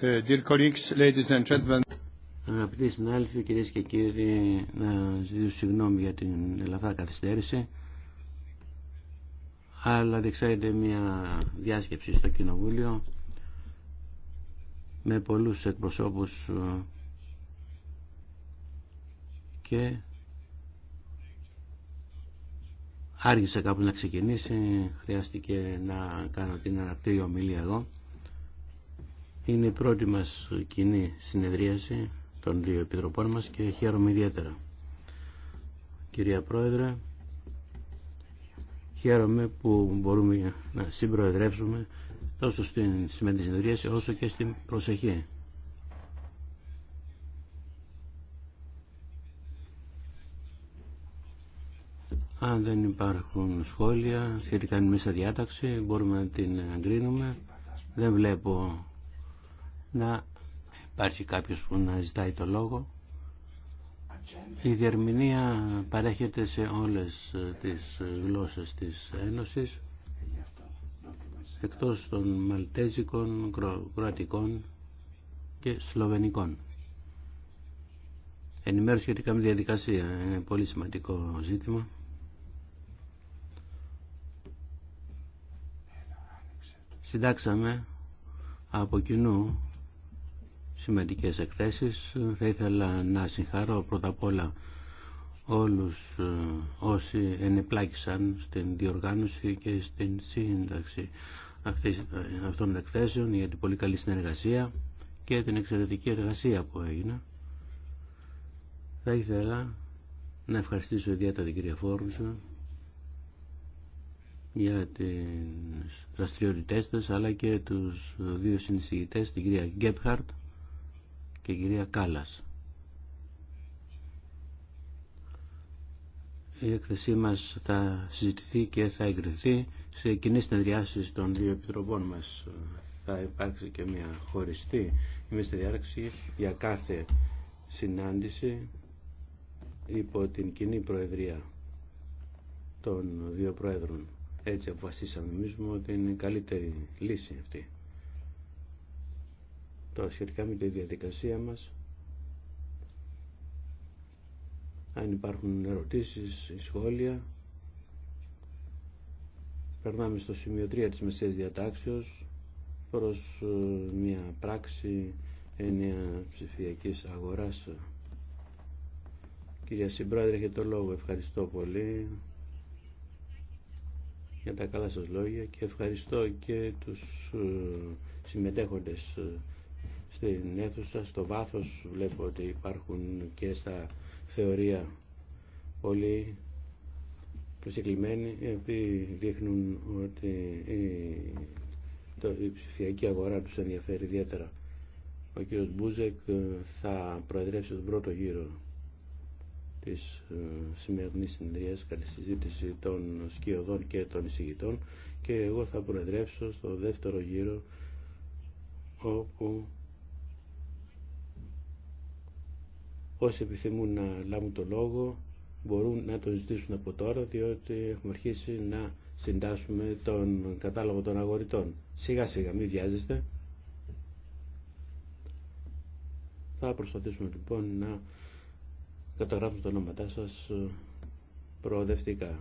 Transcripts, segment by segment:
Ε, ladies Αγαπητοί συνάδελφοι, κυρίε και κύριοι, να ζητήσω συγγνώμη για την ελαφρά καθυστέρηση. Αλλά διεξάγεται μια διάσκεψη στο Κοινοβούλιο με πολλούς εκπροσώπους ε, και άργησε κάπου να ξεκινήσει. Χρειάστηκε να κάνω την αναπτήρια ομιλία εγώ. Είναι η πρώτη μας κοινή συνεδρίαση των δύο επιτροπών μας και χαίρομαι ιδιαίτερα. Κυρία Πρόεδρε, χαίρομαι που μπορούμε να συμπροεδρεύσουμε τόσο στην σημερινή συνεδρίαση όσο και στην προσεχή. Αν δεν υπάρχουν σχόλια σχετικά με μέσα διάταξη, μπορούμε να την εγκρίνουμε. Δεν βλέπω να υπάρχει κάποιος που να ζητάει το λόγο. Η διερμηνία παρέχεται σε όλες τις γλώσσες της Ένωσης εκτός των Μαλτέζικων, Κροατικών και Σλοβενικών. Ενημέρωση σχετικά με διαδικασία. Είναι πολύ σημαντικό ζήτημα. Συντάξαμε από κοινού σημαντικές εκθέσεις. Θα ήθελα να συγχαρώ πρώτα απ' όλα όλους ε, όσοι ενεπλάκησαν στην διοργάνωση και στην σύνταξη ε, αυτών των εκθέσεων για την πολύ καλή συνεργασία και την εξαιρετική εργασία που έγινε. Θα ήθελα να ευχαριστήσω ιδιαίτερα την κυρία Φόρουσα για τις δραστηριότητές της αλλά και τους δύο συνεισηγητές, την κυρία Γκέπχαρτ και η κυρία Κάλλας. Η έκθεσή μας θα συζητηθεί και θα εγκριθεί σε κοινή συνεδριάσει των δύο επιτροπών μας. Θα υπάρξει και μια χωριστή ημιστεδιάρξη για κάθε συνάντηση υπό την κοινή προεδρία των δύο προέδρων. Έτσι αποφασίσαμε νομίζουμε ότι είναι η καλύτερη λύση αυτή το σχετικά με τη διαδικασία μας, αν υπάρχουν ερωτήσεις ή σχόλια, περνάμε στο σημείο 3 της μεσαίας διατάξεως προς ε, μια πράξη ενιαία ψηφιακής αγοράς. Κυρία Συμπρόεδρε, έχετε το λόγο. Ευχαριστώ πολύ για τα καλά σας λόγια και ευχαριστώ και τους ε, συμμετέχοντες ε, στην αίθουσα. Στο βάθος βλέπω ότι υπάρχουν και στα θεωρία πολύ οι οποίοι δείχνουν ότι η, ψηφιακή αγορά τους ενδιαφέρει ιδιαίτερα. Ο κ. Μπούζεκ ε, θα προεδρεύσει τον πρώτο γύρο της ε, σημερινής συνεδρίας κατά τη συζήτηση των σκιωδών και των εισηγητών και εγώ θα προεδρεύσω στο δεύτερο γύρο όπου Όσοι επιθυμούν να λάβουν το λόγο μπορούν να το ζητήσουν από τώρα διότι έχουμε αρχίσει να συντάσσουμε τον κατάλογο των αγοριτών. Σιγά σιγά, μην βιάζεστε. Θα προσπαθήσουμε λοιπόν να καταγράψουμε τα ονόματά σας ε, προοδευτικά.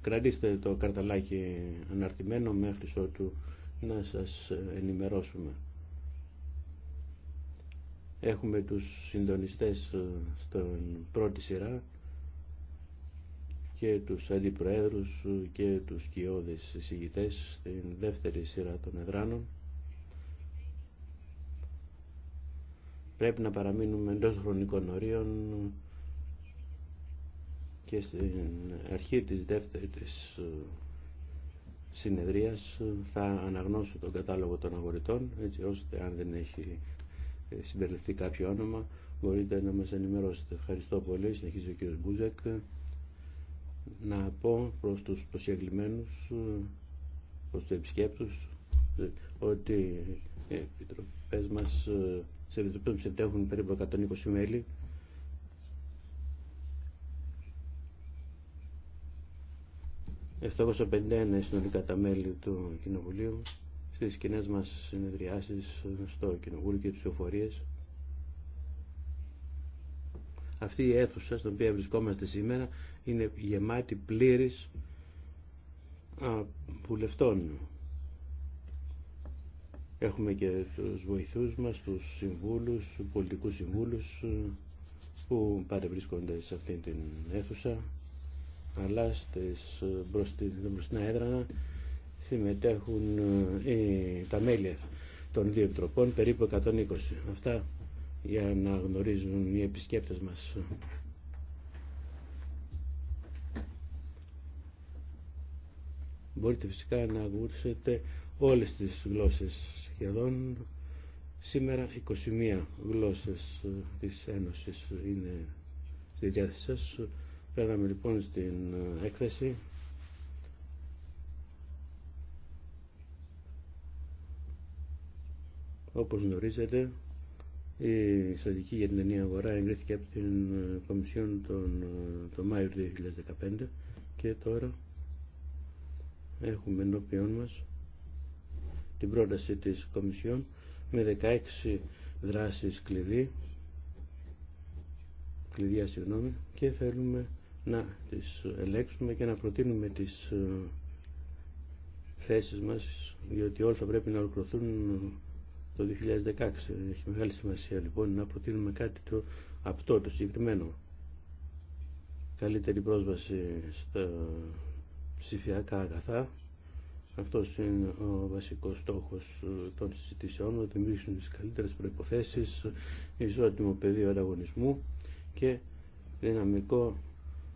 Κρατήστε το καρταλάκι αναρτημένο μέχρι ότου να σας ε, ενημερώσουμε. Έχουμε τους συντονιστές ε, στον πρώτη σειρά και τους αντιπροέδρους ε, και τους κοιόδες εισηγητές στην δεύτερη σειρά των εδράνων. Πρέπει να παραμείνουμε εντός χρονικών ορίων και στην αρχή της δεύτερης ε, συνεδρίας θα αναγνώσω τον κατάλογο των αγορητών έτσι ώστε αν δεν έχει ε, συμπεριληφθεί κάποιο όνομα, μπορείτε να μας ενημερώσετε. Ευχαριστώ πολύ, συνεχίζει ο κύριος Μπούζεκ. Να πω προς τους προσεγγλημένους, προς τους επισκέπτους, ότι οι επιτροπές μας, σε επιτροπές μας συμμετέχουν περίπου 120 μέλη, ...751 συνολικά τα μέλη του Κοινοβουλίου στις κοινέ μας συνεδριάσεις στο Κοινοβούλιο και τις ψηφοφορίες. Αυτή η αίθουσα στην οποία βρισκόμαστε σήμερα είναι γεμάτη πλήρης βουλευτών. Έχουμε και τους βοηθούς μας, τους συμβούλους, πολιτικούς συμβούλους που παρευρίσκονται σε αυτήν την αίθουσα αλλά στις στην έδρανα συμμετέχουν ε, τα μέλη των δύο επιτροπών, περίπου 120. Αυτά για να γνωρίζουν οι επισκέπτες μας. Μπορείτε φυσικά να ακούσετε όλες τις γλώσσες σχεδόν. Σήμερα 21 γλώσσες της Ένωσης είναι στη διάθεση σας. Πέραμε λοιπόν στην ε, έκθεση. Όπως γνωρίζετε, η στρατηγική για την ενία αγορά εγκρίθηκε από την ε, Κομισιόν τον, ε, τον Μάιο του 2015 και τώρα έχουμε ενώπιόν μας την πρόταση της Κομισιόν με 16 δράσεις κλειδί κλειδιά συγγνώμη και θέλουμε να τις ελέγξουμε και να προτείνουμε τις ε, θέσεις μας διότι όλοι θα πρέπει να ολοκληρωθούν το 2016. Έχει μεγάλη σημασία λοιπόν να προτείνουμε κάτι το αυτό, το συγκεκριμένο. Καλύτερη πρόσβαση στα ψηφιακά αγαθά. Αυτό είναι ο βασικό στόχο των συζητήσεών να δημιουργήσουν τι καλύτερε προποθέσει, ισότιμο πεδίο ανταγωνισμού και δυναμικό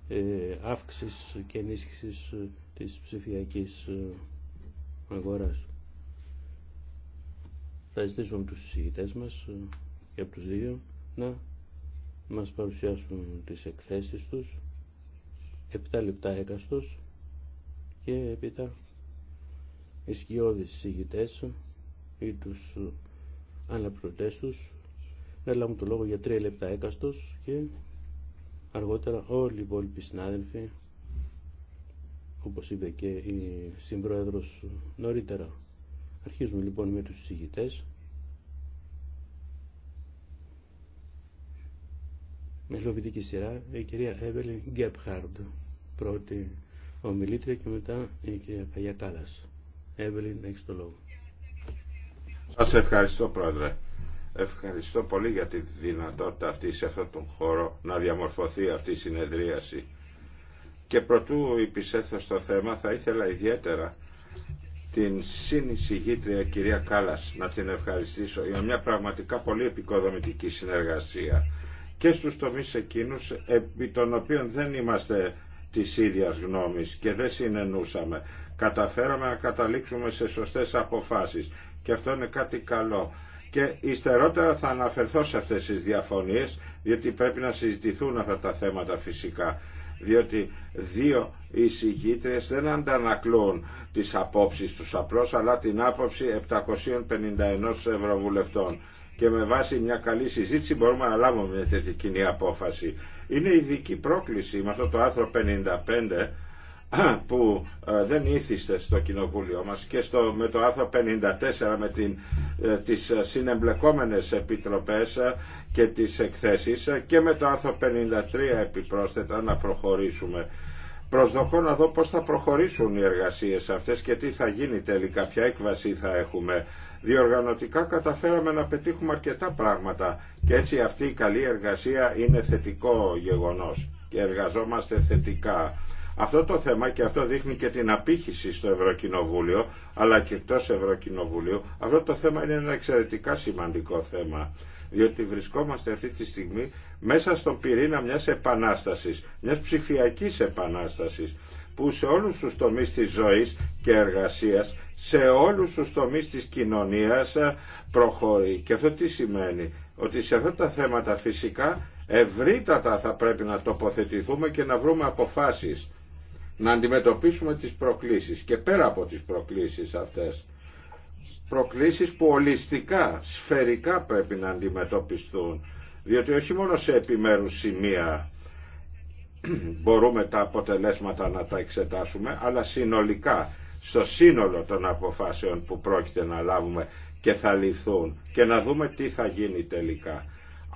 ε, αύξηση και ενίσχυση της ψηφιακής ε, αγοράς θα ζητήσουμε από τους συζητητές μας ε, και από τους δύο να μας παρουσιάσουν τις εκθέσεις τους 7 λεπτά έκαστος και επίτα οι σκιώδεις συζητητές ή τους ε, αναπληρωτές τους να λάβουν το λόγο για 3 λεπτά έκαστος και αργότερα όλοι οι υπόλοιποι συνάδελφοι όπως είπε και η συμπρόεδρος νωρίτερα. Αρχίζουμε λοιπόν με τους συζητητές με σειρά η κυρία Εύελη Γκέπχαρντ, πρώτη ομιλήτρια και μετά η κυρία Κάλλας. Εύελη, έχει το λόγο. Σα ευχαριστώ, Πρόεδρε. Ευχαριστώ πολύ για τη δυνατότητα αυτή σε αυτόν τον χώρο να διαμορφωθεί αυτή η συνεδρίαση. Και προτού υπησέθω στο θέμα, θα ήθελα ιδιαίτερα την συνεισηγήτρια κυρία Κάλλας να την ευχαριστήσω για μια πραγματικά πολύ επικοδομητική συνεργασία και στους τομείς εκείνους επί των οποίων δεν είμαστε της ίδιας γνώμης και δεν συνενούσαμε. Καταφέραμε να καταλήξουμε σε σωστές αποφάσεις και αυτό είναι κάτι καλό. Και υστερότερα θα αναφερθώ σε αυτές τις διαφωνίες, διότι πρέπει να συζητηθούν αυτά τα θέματα φυσικά. Διότι δύο εισηγήτριες δεν αντανακλούν τις απόψεις τους απλώς, αλλά την άποψη 751 ευρωβουλευτών και με βάση μια καλή συζήτηση μπορούμε να λάβουμε μια τέτοια κοινή απόφαση. Είναι ειδική πρόκληση με αυτό το άρθρο 55 που ε, δεν ήθιστε στο κοινοβούλιο μας και στο, με το άρθρο 54 με την, ε, τις συνεμπλεκόμενες επιτροπές ε, και τις εκθέσεις και με το άρθρο 53 επιπρόσθετα να προχωρήσουμε. Προσδοκώ να δω πώς θα προχωρήσουν οι εργασίες αυτές και τι θα γίνει τελικά, ποια έκβαση θα έχουμε διοργανωτικά καταφέραμε να πετύχουμε αρκετά πράγματα και έτσι αυτή η καλή εργασία είναι θετικό γεγονός και εργαζόμαστε θετικά. Αυτό το θέμα και αυτό δείχνει και την απήχηση στο Ευρωκοινοβούλιο αλλά και εκτός Ευρωκοινοβουλίου αυτό το θέμα είναι ένα εξαιρετικά σημαντικό θέμα διότι βρισκόμαστε αυτή τη στιγμή μέσα στον πυρήνα μιας επανάστασης, μιας ψηφιακής επανάστασης που σε όλους τους τομείς της ζωής και εργασίας, σε όλους τους τομείς της κοινωνίας ε, προχωρεί. Και αυτό τι σημαίνει, ότι σε αυτά τα θέματα φυσικά ευρύτατα θα πρέπει να τοποθετηθούμε και να βρούμε αποφάσεις, να αντιμετωπίσουμε τις προκλήσεις και πέρα από τις προκλήσεις αυτές. Προκλήσεις που ολιστικά, σφαιρικά πρέπει να αντιμετωπιστούν, διότι όχι μόνο σε επιμέρους σημεία μπορούμε τα αποτελέσματα να τα εξετάσουμε, αλλά συνολικά στο σύνολο των αποφάσεων που πρόκειται να λάβουμε και θα ληφθούν και να δούμε τι θα γίνει τελικά.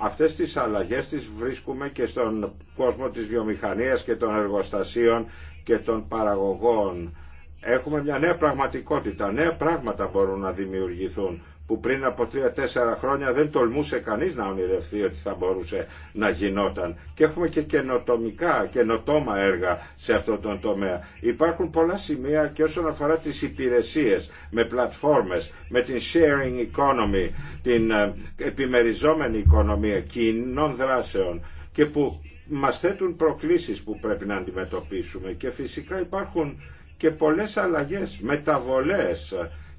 Αυτές τις αλλαγές τις βρίσκουμε και στον κόσμο της βιομηχανίας και των εργοστασίων και των παραγωγών. Έχουμε μια νέα πραγματικότητα, νέα πράγματα μπορούν να δημιουργηθούν που πριν από τρία-τέσσερα χρόνια δεν τολμούσε κανείς να ονειρευτεί ότι θα μπορούσε να γινόταν. Και έχουμε και καινοτομικά, καινοτόμα έργα σε αυτόν τον τομέα. Υπάρχουν πολλά σημεία και όσον αφορά τις υπηρεσίες, με πλατφόρμες, με την sharing economy, την ε, επιμεριζόμενη οικονομία κοινών δράσεων και που μας θέτουν προκλήσεις που πρέπει να αντιμετωπίσουμε. Και φυσικά υπάρχουν και πολλές αλλαγές, μεταβολές,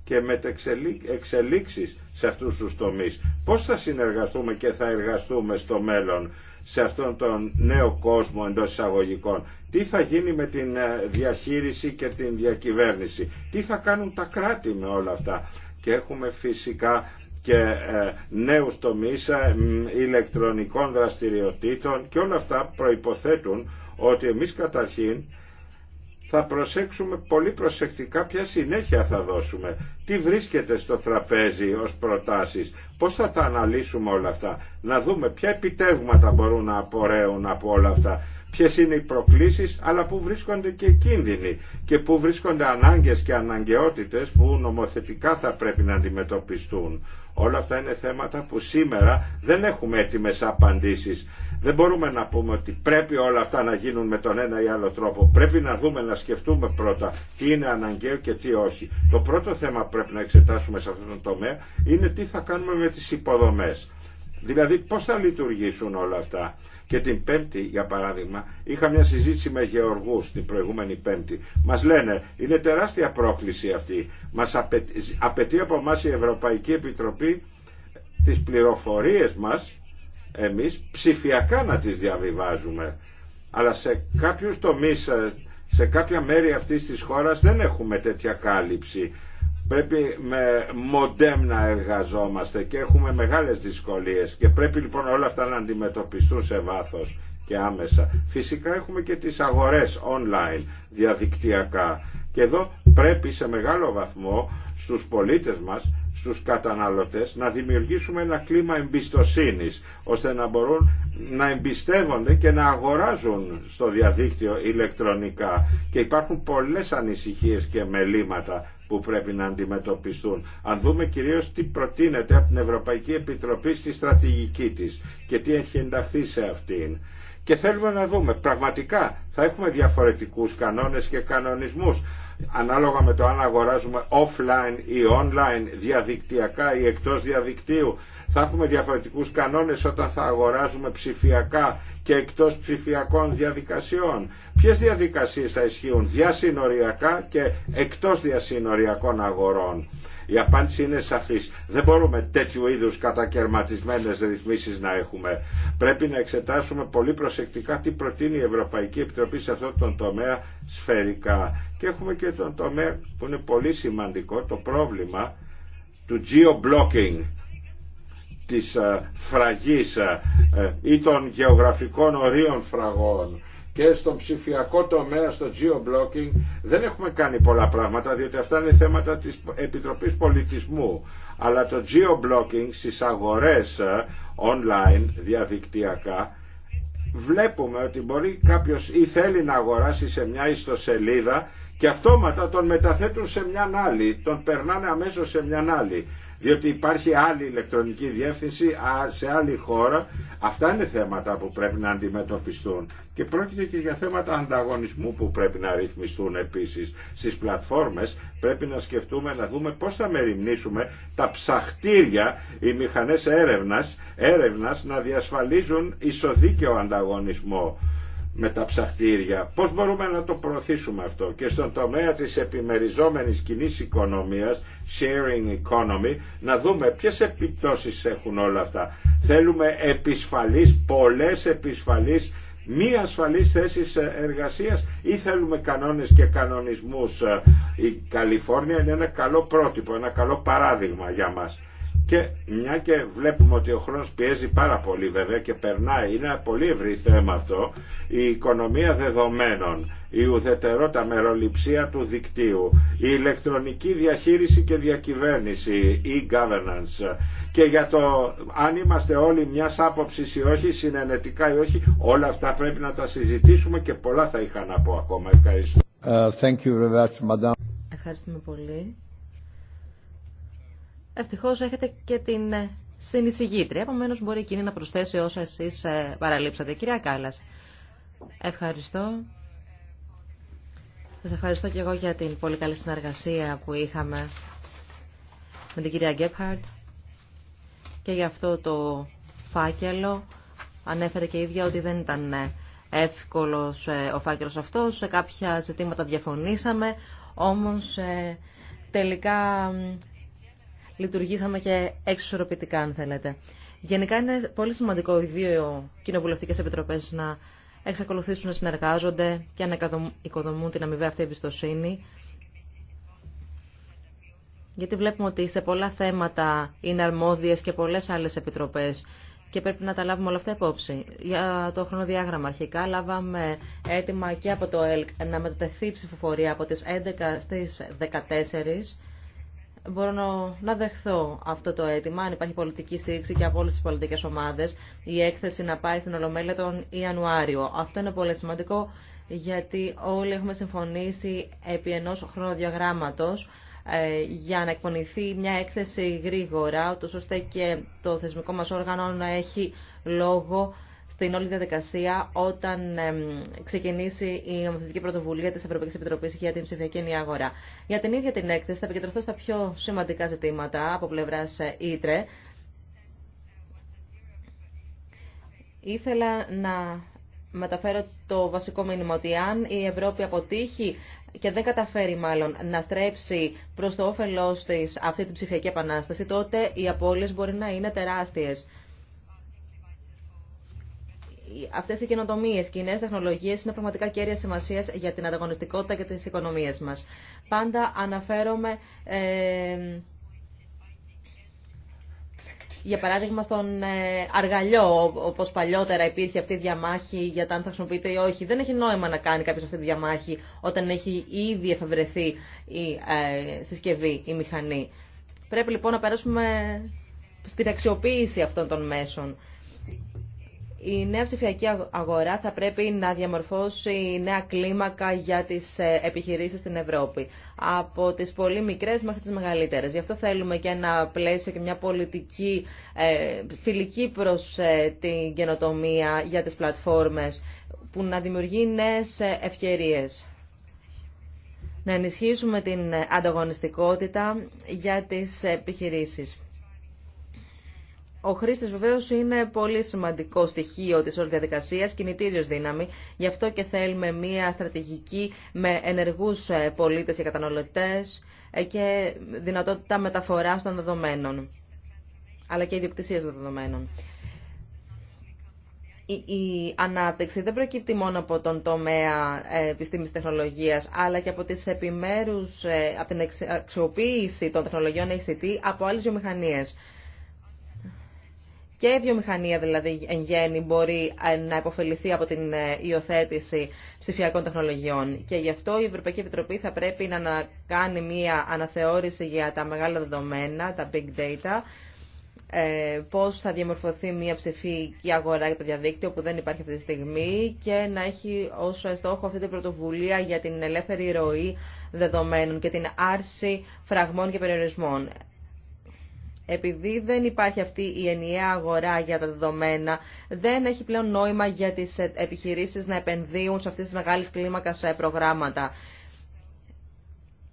και εξελίξει σε αυτούς τους τομείς. Πώς θα συνεργαστούμε και θα εργαστούμε στο μέλλον σε αυτόν τον νέο κόσμο εντός εισαγωγικών. Τι θα γίνει με την ε, διαχείριση και την διακυβέρνηση. Τι θα κάνουν τα κράτη με όλα αυτά. Και έχουμε φυσικά και ε, νέους τομείς ε, ηλεκτρονικών δραστηριοτήτων και όλα αυτά προϋποθέτουν ότι εμείς καταρχήν θα προσέξουμε πολύ προσεκτικά ποια συνέχεια θα δώσουμε. Τι βρίσκεται στο τραπέζι ως προτάσεις. Πώς θα τα αναλύσουμε όλα αυτά. Να δούμε ποια επιτεύγματα μπορούν να απορρέουν από όλα αυτά ποιες είναι οι προκλήσεις αλλά που βρίσκονται και οι κίνδυνοι και που βρίσκονται ανάγκες και αναγκαιότητες που νομοθετικά θα πρέπει να αντιμετωπιστούν. Όλα αυτά είναι θέματα που σήμερα δεν έχουμε έτοιμες απαντήσεις. Δεν μπορούμε να πούμε ότι πρέπει όλα αυτά να γίνουν με τον ένα ή άλλο τρόπο. Πρέπει να δούμε, να σκεφτούμε πρώτα τι είναι αναγκαίο και τι όχι. Το πρώτο θέμα που πρέπει να εξετάσουμε σε αυτόν τον τομέα είναι τι θα κάνουμε με τις υποδομές. Δηλαδή πώς θα λειτουργήσουν όλα αυτά. Και την Πέμπτη, για παράδειγμα, είχα μια συζήτηση με Γεωργού την προηγούμενη Πέμπτη. Μας λένε, είναι τεράστια πρόκληση αυτή. Μας απαιτεί, από εμά η Ευρωπαϊκή Επιτροπή τις πληροφορίες μας, εμείς, ψηφιακά να τις διαβιβάζουμε. Αλλά σε κάποιους τομείς, σε κάποια μέρη αυτής της χώρας δεν έχουμε τέτοια κάλυψη Πρέπει με μοντέμ να εργαζόμαστε και έχουμε μεγάλες δυσκολίες και πρέπει λοιπόν όλα αυτά να αντιμετωπιστούν σε βάθος και άμεσα. Φυσικά έχουμε και τις αγορές online διαδικτυακά και εδώ πρέπει σε μεγάλο βαθμό στους πολίτες μας, στους καταναλωτές να δημιουργήσουμε ένα κλίμα εμπιστοσύνης ώστε να μπορούν να εμπιστεύονται και να αγοράζουν στο διαδίκτυο ηλεκτρονικά και υπάρχουν πολλές ανησυχίες και μελήματα που πρέπει να αντιμετωπιστούν. Αν δούμε κυρίως τι προτείνεται από την Ευρωπαϊκή Επιτροπή στη στρατηγική της και τι έχει ενταχθεί σε αυτήν. Και θέλουμε να δούμε, πραγματικά θα έχουμε διαφορετικούς κανόνες και κανονισμούς ανάλογα με το αν αγοράζουμε offline ή online, διαδικτυακά ή εκτός διαδικτύου. Θα έχουμε διαφορετικούς κανόνες όταν θα αγοράζουμε ψηφιακά και εκτός ψηφιακών διαδικασιών. Ποιες διαδικασίες θα ισχύουν διασυνοριακά και εκτός διασυνοριακών αγορών. Η απάντηση είναι σαφής. Δεν μπορούμε τέτοιου είδους κατακαιρματισμένες ρυθμίσεις να έχουμε. Πρέπει να εξετάσουμε πολύ προσεκτικά τι προτείνει η Ευρωπαϊκή Επιτροπή σε αυτόν τον τομέα σφαιρικά. Και έχουμε και τον τομέα που είναι πολύ σημαντικό, το πρόβλημα του geo-blocking της ε, φραγής ε, ε, ή των γεωγραφικών ορίων φραγών και στον ψηφιακό τομέα, στο geo-blocking, δεν έχουμε κάνει πολλά πράγματα, διότι αυτά είναι θέματα της Επιτροπής Πολιτισμού. Αλλά το geo-blocking στις αγορές ε, online, διαδικτυακά, βλέπουμε ότι μπορεί κάποιος ή θέλει να αγοράσει σε μια ιστοσελίδα και αυτόματα τον μεταθέτουν σε μια άλλη, τον περνάνε αμέσως σε μια άλλη διότι υπάρχει άλλη ηλεκτρονική διεύθυνση σε άλλη χώρα. Αυτά είναι θέματα που πρέπει να αντιμετωπιστούν και πρόκειται και για θέματα ανταγωνισμού που πρέπει να ρυθμιστούν επίσης στις πλατφόρμες. Πρέπει να σκεφτούμε να δούμε πώς θα μεριμνήσουμε τα ψαχτήρια, οι μηχανές έρευνας, έρευνας να διασφαλίζουν ισοδίκαιο ανταγωνισμό με τα ψαχτήρια. Πώς μπορούμε να το προωθήσουμε αυτό και στον τομέα της επιμεριζόμενης κοινή οικονομίας, sharing economy, να δούμε ποιες επιπτώσεις έχουν όλα αυτά. Θέλουμε επισφαλείς, πολλές επισφαλείς, μη ασφαλείς θέσεις εργασίας ή θέλουμε κανόνες και κανονισμούς. Η Καλιφόρνια είναι ένα καλό πρότυπο, ένα καλό παράδειγμα για μας. Και μια και βλέπουμε ότι ο χρόνος πιέζει πάρα πολύ βέβαια και περνάει, είναι ένα πολύ ευρύ θέμα αυτό, η οικονομία δεδομένων, η ουδετερότητα μεροληψία του δικτύου, η ηλεκτρονική διαχείριση και διακυβέρνηση, e-governance και για το αν είμαστε όλοι μια άποψη ή όχι, συνενετικά ή όχι, όλα αυτά πρέπει να τα συζητήσουμε και πολλά θα είχα να πω ακόμα. Ευχαριστώ. Uh, thank you very much, Ευχαριστούμε πολύ. Ευτυχώ έχετε και την ε, συνεισηγήτρια. Επομένω μπορεί εκείνη να προσθέσει όσα εσείς ε, παραλείψατε. Κυρία Κάλλα, ευχαριστώ. Σας ευχαριστώ και εγώ για την πολύ καλή συνεργασία που είχαμε με την κυρία Γκέπχαρτ και για αυτό το φάκελο. Ανέφερε και η ίδια ότι δεν ήταν ε, εύκολος ο φάκελος αυτός. Σε κάποια ζητήματα διαφωνήσαμε, όμως τελικά λειτουργήσαμε και εξισορροπητικά, αν θέλετε. Γενικά είναι πολύ σημαντικό οι δύο κοινοβουλευτικέ επιτροπέ να εξακολουθήσουν να συνεργάζονται και να οικοδομούν την αμοιβή αυτή εμπιστοσύνη. Γιατί βλέπουμε ότι σε πολλά θέματα είναι αρμόδιες και πολλές άλλες επιτροπές και πρέπει να τα λάβουμε όλα αυτά υπόψη. Για το χρονοδιάγραμμα αρχικά λάβαμε έτοιμα και από το ΕΛΚ να μετατεθεί ψηφοφορία από τις 11 στις 14 μπορώ να δεχθώ αυτό το αίτημα, αν υπάρχει πολιτική στήριξη και από όλε τι πολιτικέ ομάδε, η έκθεση να πάει στην Ολομέλεια τον Ιανουάριο. Αυτό είναι πολύ σημαντικό, γιατί όλοι έχουμε συμφωνήσει επί ενό χρονοδιαγράμματο ε, για να εκπονηθεί μια έκθεση γρήγορα, ώστε και το θεσμικό μα όργανο να έχει λόγο στην όλη διαδικασία όταν ξεκινήσει η νομοθετική πρωτοβουλία τη Ευρωπαϊκή Επιτροπή για την ψηφιακή ενιαία αγορά. Για την ίδια την έκθεση θα επικεντρωθώ στα πιο σημαντικά ζητήματα από πλευρά ΙΤΡΕ. Ε, Ήθελα να μεταφέρω το βασικό μήνυμα ότι αν η Ευρώπη αποτύχει και δεν καταφέρει μάλλον να στρέψει προς το όφελός της αυτή την ψηφιακή επανάσταση, τότε οι απώλειες μπορεί να είναι τεράστιες αυτές οι καινοτομίες και οι νέες τεχνολογίες είναι πραγματικά κέρια σημασίας για την ανταγωνιστικότητα και τις οικονομίες μας. Πάντα αναφέρομαι, ε, για παράδειγμα, στον ε, αργαλιό, όπως παλιότερα υπήρχε αυτή η διαμάχη για το αν θα χρησιμοποιείται ή όχι. Δεν έχει νόημα να κάνει κάποιος αυτή τη διαμάχη όταν έχει ήδη εφευρεθεί η ε, συσκευή, η μηχανή. Πρέπει λοιπόν να περάσουμε στην αξιοποίηση αυτών των μέσων. Η νέα ψηφιακή αγορά θα πρέπει να διαμορφώσει νέα κλίμακα για τις ε, επιχειρήσεις στην Ευρώπη. Από τις πολύ μικρές μέχρι τις μεγαλύτερες. Γι' αυτό θέλουμε και ένα πλαίσιο και μια πολιτική ε, φιλική προς ε, την καινοτομία για τις πλατφόρμες που να δημιουργεί νέες ευκαιρίες. Να ενισχύσουμε την ανταγωνιστικότητα για τις επιχειρήσεις. Ο χρήστη βεβαίω είναι πολύ σημαντικό στοιχείο τη όλη διαδικασία, κινητήριο δύναμη. Γι' αυτό και θέλουμε μια στρατηγική με ενεργού ε, πολίτε και καταναλωτέ ε, και δυνατότητα μεταφορά των δεδομένων, αλλά και ιδιοκτησία των δεδομένων. Η ανάπτυξη δεν προκύπτει μόνο από τον τομέα ε, της τίμης τεχνολογίας, αλλά και από τις επιμέρους, από την αξιοποίηση των τεχνολογιών ACT από άλλες βιομηχανίες και η βιομηχανία δηλαδή εν γέννη μπορεί ε, να υποφεληθεί από την ε, υιοθέτηση ψηφιακών τεχνολογιών. Και γι' αυτό η Ευρωπαϊκή Επιτροπή θα πρέπει να κάνει μία αναθεώρηση για τα μεγάλα δεδομένα, τα big data, ε, πώς θα διαμορφωθεί μία ψηφιακή αγορά για το διαδίκτυο που δεν υπάρχει αυτή τη στιγμή και να έχει ως στόχο αυτή την πρωτοβουλία για την ελεύθερη ροή δεδομένων και την άρση φραγμών και περιορισμών. Επειδή δεν υπάρχει αυτή η ενιαία αγορά για τα δεδομένα, δεν έχει πλέον νόημα για τις επιχειρήσεις να επενδύουν σε αυτές τις μεγάλες κλίμακας ε, προγράμματα.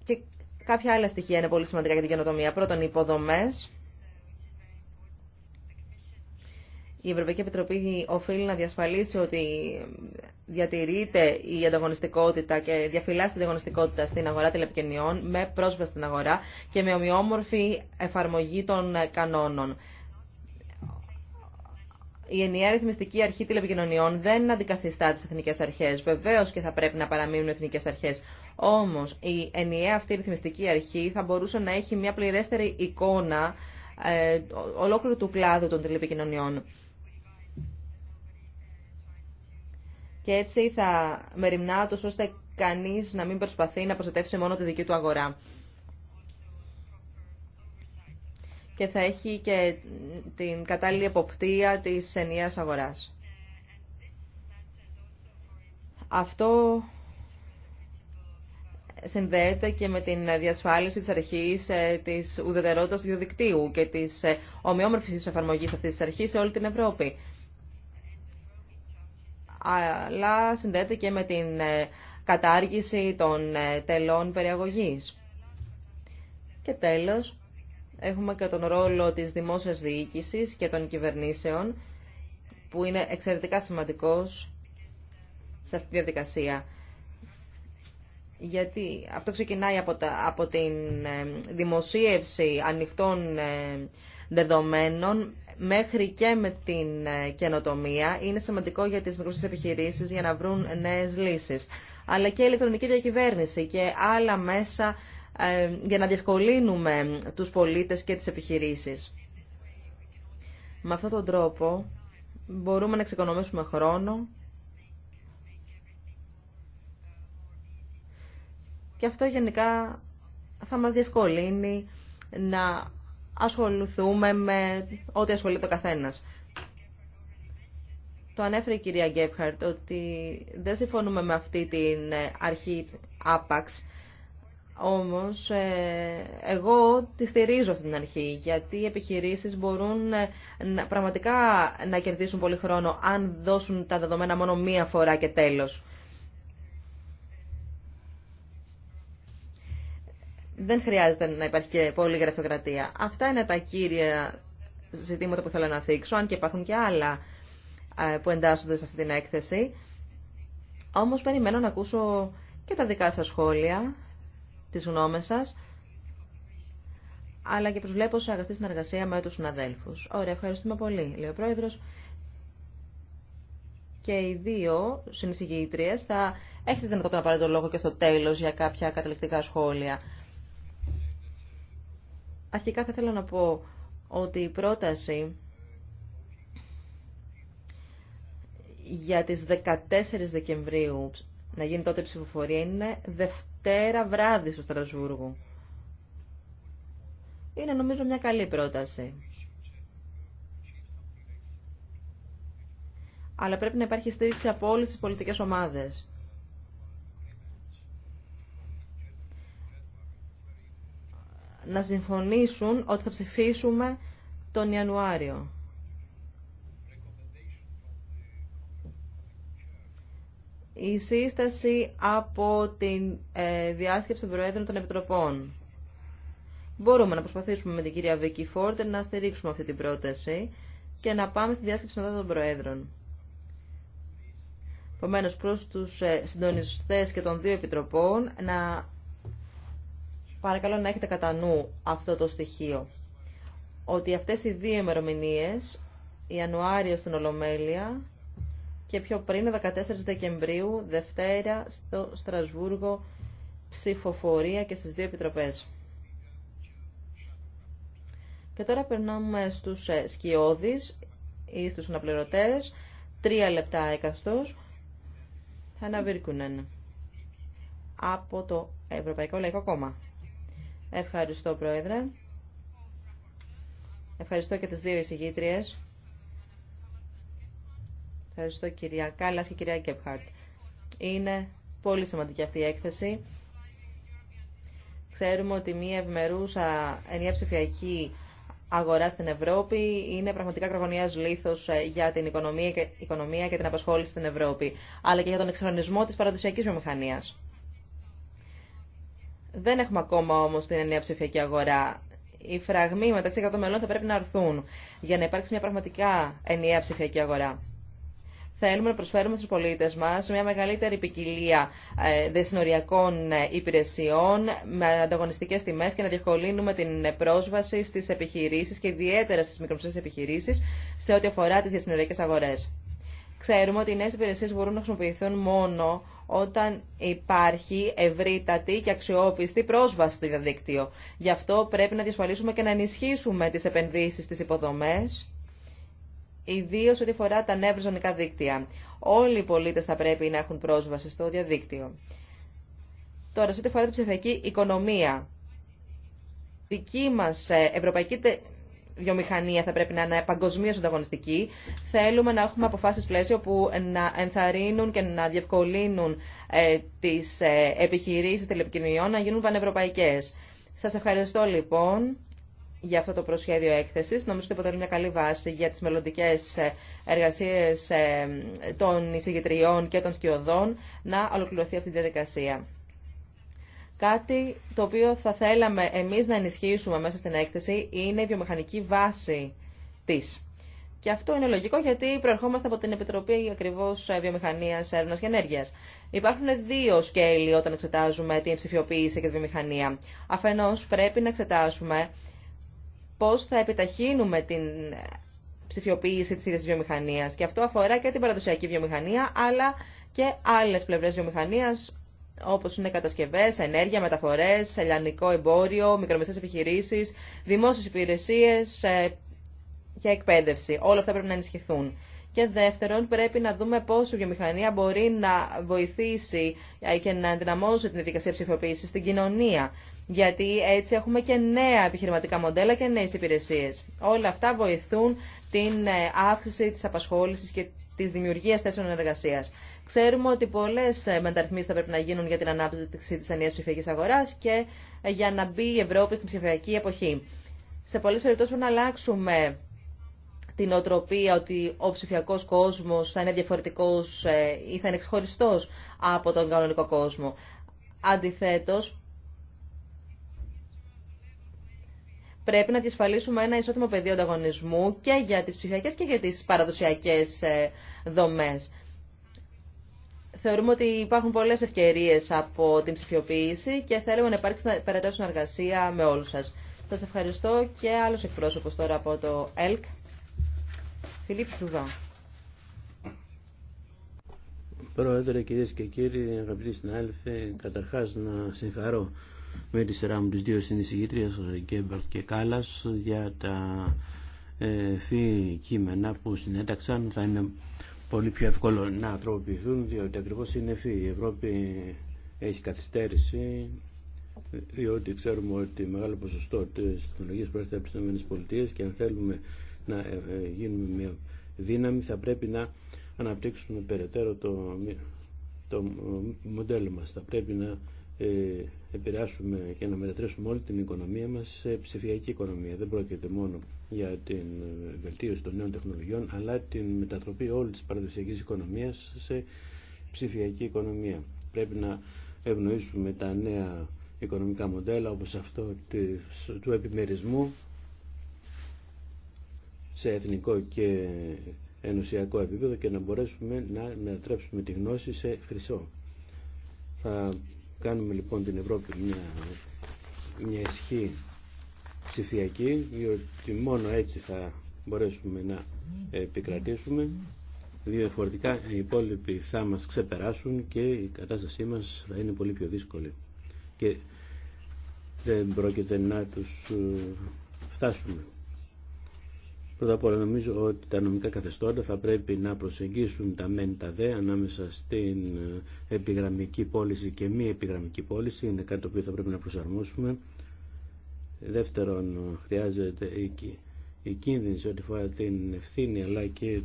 Και κάποια άλλα στοιχεία είναι πολύ σημαντικά για την καινοτομία. Πρώτον, οι υποδομές η Ευρωπαϊκή Επιτροπή οφείλει να διασφαλίσει ότι διατηρείται η ανταγωνιστικότητα και διαφυλάσσει την ανταγωνιστικότητα στην αγορά τηλεπικοινωνιών με πρόσβαση στην αγορά και με ομοιόμορφη εφαρμογή των κανόνων. Η ενιαία ρυθμιστική αρχή τηλεπικοινωνιών δεν αντικαθιστά τι εθνικέ αρχέ. Βεβαίω και θα πρέπει να παραμείνουν εθνικέ αρχέ. Όμω η ενιαία αυτή ρυθμιστική αρχή θα μπορούσε να έχει μια πληρέστερη εικόνα ε, ολόκληρου του κλάδου των τηλεπικοινωνιών. και έτσι θα μεριμνά του ώστε κανεί να μην προσπαθεί να προστατεύσει μόνο τη δική του αγορά. Και θα έχει και την κατάλληλη εποπτεία της ενιαίας αγοράς. Αυτό συνδέεται και με την διασφάλιση της αρχής ε, της ουδετερότητας του διαδικτύου και της ε, ομοιόμορφης εφαρμογής αυτής της αρχής σε όλη την Ευρώπη αλλά συνδέεται και με την ε, κατάργηση των ε, τελών περιαγωγής. Και τέλος, έχουμε και τον ρόλο της δημόσιας διοίκησης και των κυβερνήσεων, που είναι εξαιρετικά σημαντικός σε αυτή τη διαδικασία. Γιατί αυτό ξεκινάει από, τα, την ε, δημοσίευση ανοιχτών δεδομένων μέχρι και με την ε, καινοτομία είναι σημαντικό για τις μικρές επιχειρήσεις για να βρουν νέες λύσεις. Αλλά και η ηλεκτρονική διακυβέρνηση και άλλα μέσα ε, για να διευκολύνουμε τους πολίτες και τις επιχειρήσεις. Με αυτόν τον τρόπο μπορούμε να εξοικονομήσουμε χρόνο και αυτό γενικά θα μας διευκολύνει να ασχοληθούμε με ό,τι ασχολείται ο καθένας. Το ανέφερε η κυρία Γκέπχαρτ ότι δεν συμφωνούμε με αυτή την ε, αρχή άπαξ, όμως ε, εγώ τη στηρίζω στην αρχή, γιατί οι επιχειρήσεις μπορούν ε, πραγματικά να κερδίσουν πολύ χρόνο αν δώσουν τα δεδομένα μόνο μία φορά και τέλος. δεν χρειάζεται να υπάρχει και πολλή γραφειοκρατία. Αυτά είναι τα κύρια ζητήματα που θέλω να θίξω, αν και υπάρχουν και άλλα ε, που εντάσσονται σε αυτή την έκθεση. Όμως περιμένω να ακούσω και τα δικά σας σχόλια, τις γνώμες σας, αλλά και προσβλέπω σε αγαστή συνεργασία με τους συναδέλφου. Ωραία, ευχαριστούμε πολύ, λέει ο Πρόεδρος. Και οι δύο συνεισηγητρίες θα έχετε δυνατότητα να πάρετε το λόγο και στο τέλος για κάποια καταληκτικά σχόλια. Αρχικά θα ήθελα να πω ότι η πρόταση για τις 14 Δεκεμβρίου να γίνει τότε ψηφοφορία είναι Δευτέρα βράδυ στο Στρασβούργο. Είναι νομίζω μια καλή πρόταση. Αλλά πρέπει να υπάρχει στήριξη από όλες τις πολιτικές ομάδες. να συμφωνήσουν ότι θα ψηφίσουμε τον Ιανουάριο. Η σύσταση από τη ε, διάσκεψη των Προέδρων των Επιτροπών. Μπορούμε να προσπαθήσουμε με την κυρία Βίκη Φόρτερ να στηρίξουμε αυτή την πρόταση και να πάμε στη διάσκεψη των Προέδρων. Επομένω, προ του ε, συντονιστέ και των δύο επιτροπών να Παρακαλώ να έχετε κατά νου αυτό το στοιχείο. Ότι αυτές οι δύο ημερομηνίε, Ιανουάριο στην Ολομέλεια και πιο πριν, 14 Δεκεμβρίου, Δευτέρα στο Στρασβούργο, ψηφοφορία και στις δύο επιτροπές. Και τώρα περνάμε στους ε, σκιώδεις ή στους αναπληρωτές. Τρία λεπτά έκαστος. Θα αναβήρκουνεν από το Ευρωπαϊκό Λαϊκό Κόμμα. Ευχαριστώ, Πρόεδρε. Ευχαριστώ και τις δύο εισηγήτριες. Ευχαριστώ, κυρία Κάλλας και κυρία Κεπχάρτ. Είναι πολύ σημαντική αυτή η έκθεση. Ξέρουμε ότι μια ευμερούσα ενιαία ψηφιακή αγορά στην Ευρώπη είναι πραγματικά κραγωνιά λήθο ε, για την οικονομία και, την απασχόληση στην Ευρώπη, αλλά και για τον εξυγχρονισμό τη παραδοσιακή βιομηχανία. Δεν έχουμε ακόμα όμω την ενιαία ψηφιακή αγορά. Οι φραγμοί μεταξύ 100 μελών θα πρέπει να αρθούν για να υπάρξει μια πραγματικά ενιαία ψηφιακή αγορά. Θέλουμε να προσφέρουμε στους πολίτες μας μια μεγαλύτερη ποικιλία ε, δεσυνοριακών ε, υπηρεσιών με ανταγωνιστικές τιμές και να διευκολύνουμε την πρόσβαση στις επιχειρήσεις και ιδιαίτερα στις μικρομεσαίες επιχειρήσεις σε ό,τι αφορά τις δεσυνοριακές αγορές. Ξέρουμε ότι οι νέε υπηρεσίε μπορούν να χρησιμοποιηθούν μόνο όταν υπάρχει ευρύτατη και αξιόπιστη πρόσβαση στο διαδίκτυο. Γι' αυτό πρέπει να διασφαλίσουμε και να ενισχύσουμε τις επενδύσεις στι υποδομές, ιδίω ό,τι αφορά τα νευροζωνικά δίκτυα. Όλοι οι πολίτες θα πρέπει να έχουν πρόσβαση στο διαδίκτυο. Τώρα, σε ό,τι αφορά την ψηφιακή οικονομία, δική μας ε, ευρωπαϊκή βιομηχανία θα πρέπει να είναι παγκοσμίω ανταγωνιστική. Θέλουμε να έχουμε αποφάσεις πλαίσιο που να ενθαρρύνουν και να διευκολύνουν ε, τις ε, επιχειρήσεις τηλεπικοινωνιών να γίνουν πανευρωπαϊκέ. Σας ευχαριστώ λοιπόν για αυτό το προσχέδιο έκθεσης. Νομίζω ότι αποτελεί μια καλή βάση για τις μελλοντικέ ε, εργασίε των εισηγητριών και των σκιωδών να ολοκληρωθεί αυτή η διαδικασία. Κάτι το οποίο θα θέλαμε εμείς να ενισχύσουμε μέσα στην έκθεση είναι η βιομηχανική βάση της. Και αυτό είναι λογικό γιατί προερχόμαστε από την Επιτροπή ακριβώ Βιομηχανία, Έρευνα και Ενέργεια. Υπάρχουν δύο σκέλη όταν εξετάζουμε την ψηφιοποίηση και τη βιομηχανία. Αφενό, πρέπει να εξετάσουμε πώς θα επιταχύνουμε την ψηφιοποίηση της ίδια βιομηχανίας. Και αυτό αφορά και την παραδοσιακή βιομηχανία, αλλά και άλλε πλευρές βιομηχανίας... Όπω είναι κατασκευέ, ενέργεια, μεταφορέ, ελληνικό εμπόριο, μικρομεσαίες επιχειρήσεις, δημόσιες υπηρεσίες ε, και εκπαίδευση. Όλα αυτά πρέπει να ενισχυθούν. Και δεύτερον, πρέπει να δούμε πόσο η βιομηχανία μπορεί να βοηθήσει ε, και να ενδυναμώσει την διαδικασία ψηφοποίηση στην κοινωνία. Γιατί έτσι έχουμε και νέα επιχειρηματικά μοντέλα και νέε υπηρεσίε. Όλα αυτά βοηθούν την ε, αύξηση τη απασχόληση και τη δημιουργία θέσεων εργασία. Ξέρουμε ότι πολλέ ε, μεταρρυθμίσει θα πρέπει να γίνουν για την ανάπτυξη τη ενιαία ψηφιακή αγορά και ε, για να μπει η Ευρώπη στην ψηφιακή εποχή. Σε πολλέ περιπτώσει πρέπει να αλλάξουμε την οτροπία ότι ο ψηφιακό κόσμο θα είναι διαφορετικό ε, ή θα είναι ξεχωριστό από τον κανονικό κόσμο. Αντιθέτω, πρέπει να διασφαλίσουμε ένα ισότιμο πεδίο ανταγωνισμού και για τις ψηφιακές και για τις παραδοσιακές ε, δομές. Θεωρούμε ότι υπάρχουν πολλές ευκαιρίες από την ψηφιοποίηση και θέλουμε να υπάρξει περαιτέρω συνεργασία με όλους σας. Σας ευχαριστώ και άλλος εκπρόσωπος τώρα από το ΕΛΚ, Φιλίπ Σουδά. Πρόεδρε, κυρίες και κύριοι, αγαπητοί συνάδελφοι, καταρχάς να συγχαρώ με τη σειρά μου τις δύο συνεισηγήτριες Γκέμπερτ και Κάλλας για τα ευθύ κείμενα που συνέταξαν θα είναι πολύ πιο εύκολο να τροποποιηθούν διότι ακριβώς είναι ευθύ. Η Ευρώπη έχει καθυστέρηση διότι ξέρουμε ότι μεγάλο ποσοστό της τεχνολογίας προέρχεται από τις ΗΠΑ και αν θέλουμε να ε, ε, γίνουμε μια δύναμη θα πρέπει να αναπτύξουμε περαιτέρω το, το μοντέλο μας. Θα πρέπει να ε, επηρεάσουμε και να μετατρέψουμε όλη την οικονομία μας σε ψηφιακή οικονομία. Δεν πρόκειται μόνο για την βελτίωση των νέων τεχνολογιών, αλλά την μετατροπή όλη της παραδοσιακής οικονομίας σε ψηφιακή οικονομία. Πρέπει να ευνοήσουμε τα νέα οικονομικά μοντέλα όπως αυτό του επιμερισμού σε εθνικό και ενωσιακό επίπεδο και να μπορέσουμε να μετατρέψουμε τη γνώση σε χρυσό. Κάνουμε λοιπόν την Ευρώπη μια, μια ισχύ ψηφιακή, διότι μόνο έτσι θα μπορέσουμε να επικρατήσουμε. Διαφορετικά οι υπόλοιποι θα μας ξεπεράσουν και η κατάστασή μας θα είναι πολύ πιο δύσκολη. Και δεν πρόκειται να τους ε, φτάσουμε. Πρώτα απ' όλα νομίζω ότι τα νομικά καθεστώτα θα πρέπει να προσεγγίσουν τα μεν τα δε ανάμεσα στην ε, επιγραμμική πώληση και μη επιγραμμική πώληση. Είναι κάτι το οποίο θα πρέπει να προσαρμόσουμε. Δεύτερον, χρειάζεται η κίνδυνη σε ό,τι φορά την ευθύνη αλλά και ε,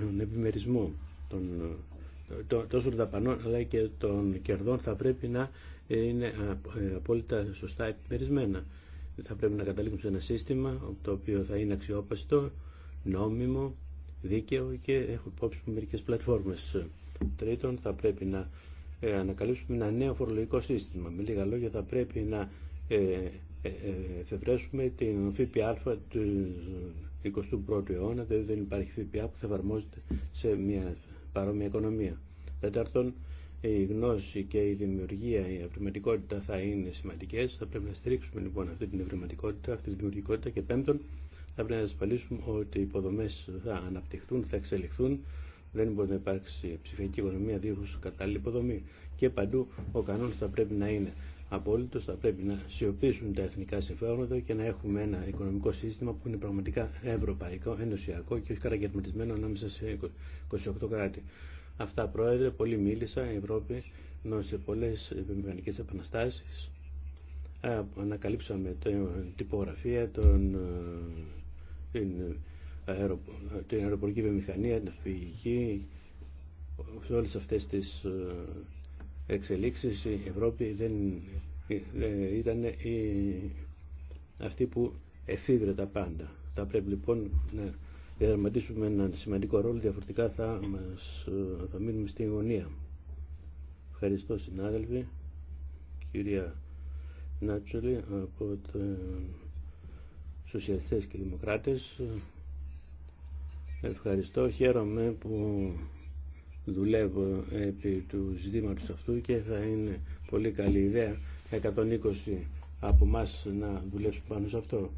τον επιμερισμό των ε, τόσο δαπανών αλλά και των κερδών θα πρέπει να είναι απόλυτα σωστά επιμερισμένα θα πρέπει να καταλήξουμε σε ένα σύστημα το οποίο θα είναι αξιόπαστο, νόμιμο, δίκαιο και έχω υπόψη μερικές πλατφόρμες. Τρίτον, θα πρέπει να ε, ανακαλύψουμε ένα νέο φορολογικό σύστημα. Με λίγα λόγια θα πρέπει να ε, ε, εφευρέσουμε την ΦΠΑ του 21ου αιώνα, δηλαδή δεν υπάρχει ΦΠΑ που θα εφαρμόζεται σε μια παρόμοια οικονομία. Τέταρτον, ε, η γνώση και η δημιουργία, η ευρηματικότητα θα είναι σημαντικέ. Θα πρέπει να στηρίξουμε λοιπόν αυτή την ευρηματικότητα, αυτή τη δημιουργικότητα και πέμπτον, θα πρέπει να ασφαλίσουμε ότι οι υποδομέ θα αναπτυχθούν, θα εξελιχθούν. Δεν μπορεί να υπάρξει ψηφιακή οικονομία δίχω κατάλληλη υποδομή. Και παντού ο κανόνα θα πρέπει να είναι απόλυτο, θα πρέπει να σιωπήσουν τα εθνικά συμφέροντα και να έχουμε ένα οικονομικό σύστημα που είναι πραγματικά ευρωπαϊκό, ενωσιακό και όχι καραγερματισμένο ανάμεσα σε 28 κράτη. Αυτά, Πρόεδρε, πολύ μίλησα. Η Ευρώπη σε πολλές βιομηχανικές επαναστάσεις. Ε, ανακαλύψαμε την τυπογραφία, τον, ε, την, ε, αερο, αεροπορική βιομηχανία, την αυπηγική. Σε όλες αυτές τις εξελίξεις η Ευρώπη δεν ήταν η, αυτή που εφήβρε τα πάντα. Θα πρέπει λοιπόν διαδραματίσουμε έναν σημαντικό ρόλο, διαφορετικά θα, μας, θα μείνουμε στην γωνία. Ευχαριστώ συνάδελφοι, κυρία Νάτσολη από τους Σοσιαλιστές και Δημοκράτες. Ευχαριστώ, χαίρομαι που δουλεύω επί του ζητήματος αυτού και θα είναι πολύ καλή ιδέα 120 από εμά να δουλέψουμε πάνω σε αυτό.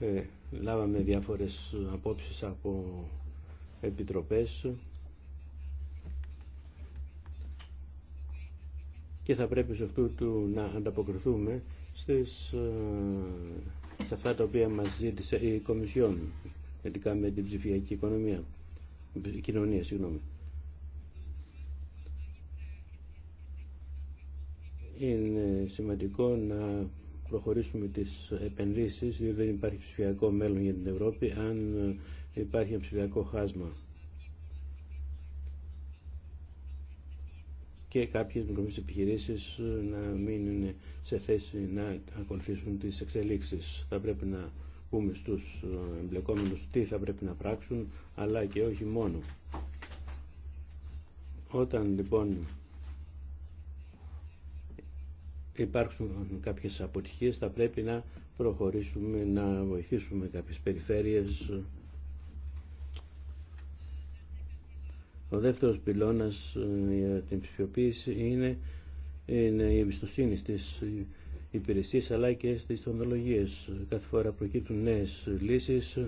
Ε, λάβαμε διάφορες απόψεις από επιτροπές και θα πρέπει σε αυτού του να ανταποκριθούμε στις, ε, σε αυτά τα οποία μας ζήτησε η Κομισιόν ειδικά με την ψηφιακή οικονομία, κοινωνία, συγγνώμη. Είναι σημαντικό να προχωρήσουμε τις επενδύσεις, διότι δεν υπάρχει ψηφιακό μέλλον για την Ευρώπη αν υπάρχει ένα ψηφιακό χάσμα. και κάποιες μικρομεσαίες επιχειρήσεις να μην είναι σε θέση να ακολουθήσουν τις εξελίξεις. Θα πρέπει να πούμε στους εμπλεκόμενους τι θα πρέπει να πράξουν, αλλά και όχι μόνο. Όταν λοιπόν Υπάρχουν κάποιες αποτυχίες θα πρέπει να προχωρήσουμε, να βοηθήσουμε κάποιες περιφέρειες. Ο δεύτερος πυλώνας ε, για την ψηφιοποίηση είναι, είναι η εμπιστοσύνη στις υπηρεσίες αλλά και στις τονολογίες. Κάθε φορά προκύπτουν νέες λύσεις,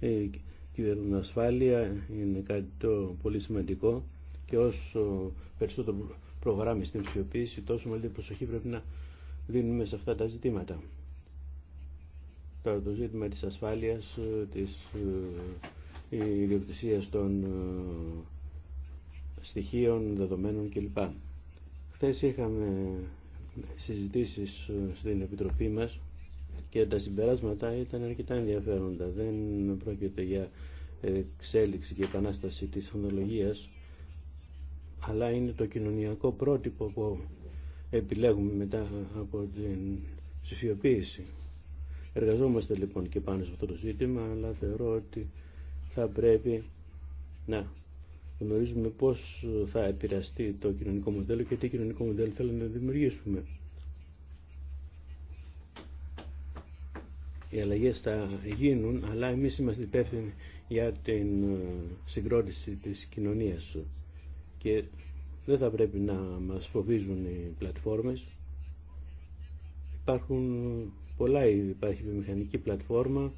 η ασφάλεια είναι κάτι το πολύ σημαντικό και όσο περισσότερο Προγράμμι στην ψηφιοποίηση, τόσο μεγάλη προσοχή πρέπει να δίνουμε σε αυτά τα ζητήματα. Τώρα το ζήτημα της ασφάλειας, ε, της ε, ιδιοκτησίας των ε, στοιχείων, δεδομένων κλπ. Χθε είχαμε συζητήσεις στην Επιτροπή μας και τα συμπεράσματα ήταν αρκετά ενδιαφέροντα. Δεν πρόκειται για εξέλιξη και επανάσταση της ονολογίας, αλλά είναι το κοινωνιακό πρότυπο που επιλέγουμε μετά από την ψηφιοποίηση. Εργαζόμαστε λοιπόν και πάνω σε αυτό το ζήτημα, αλλά θεωρώ ότι θα πρέπει να γνωρίζουμε πώς θα επηρεαστεί το κοινωνικό μοντέλο και τι κοινωνικό μοντέλο θέλουμε να δημιουργήσουμε. Οι αλλαγές θα γίνουν, αλλά εμείς είμαστε υπεύθυνοι για την ε, συγκρότηση της κοινωνίας και δεν θα πρέπει να μας φοβίζουν οι πλατφόρμες. Υπάρχουν πολλά είδη, υπάρχει βιομηχανική πλατφόρμα,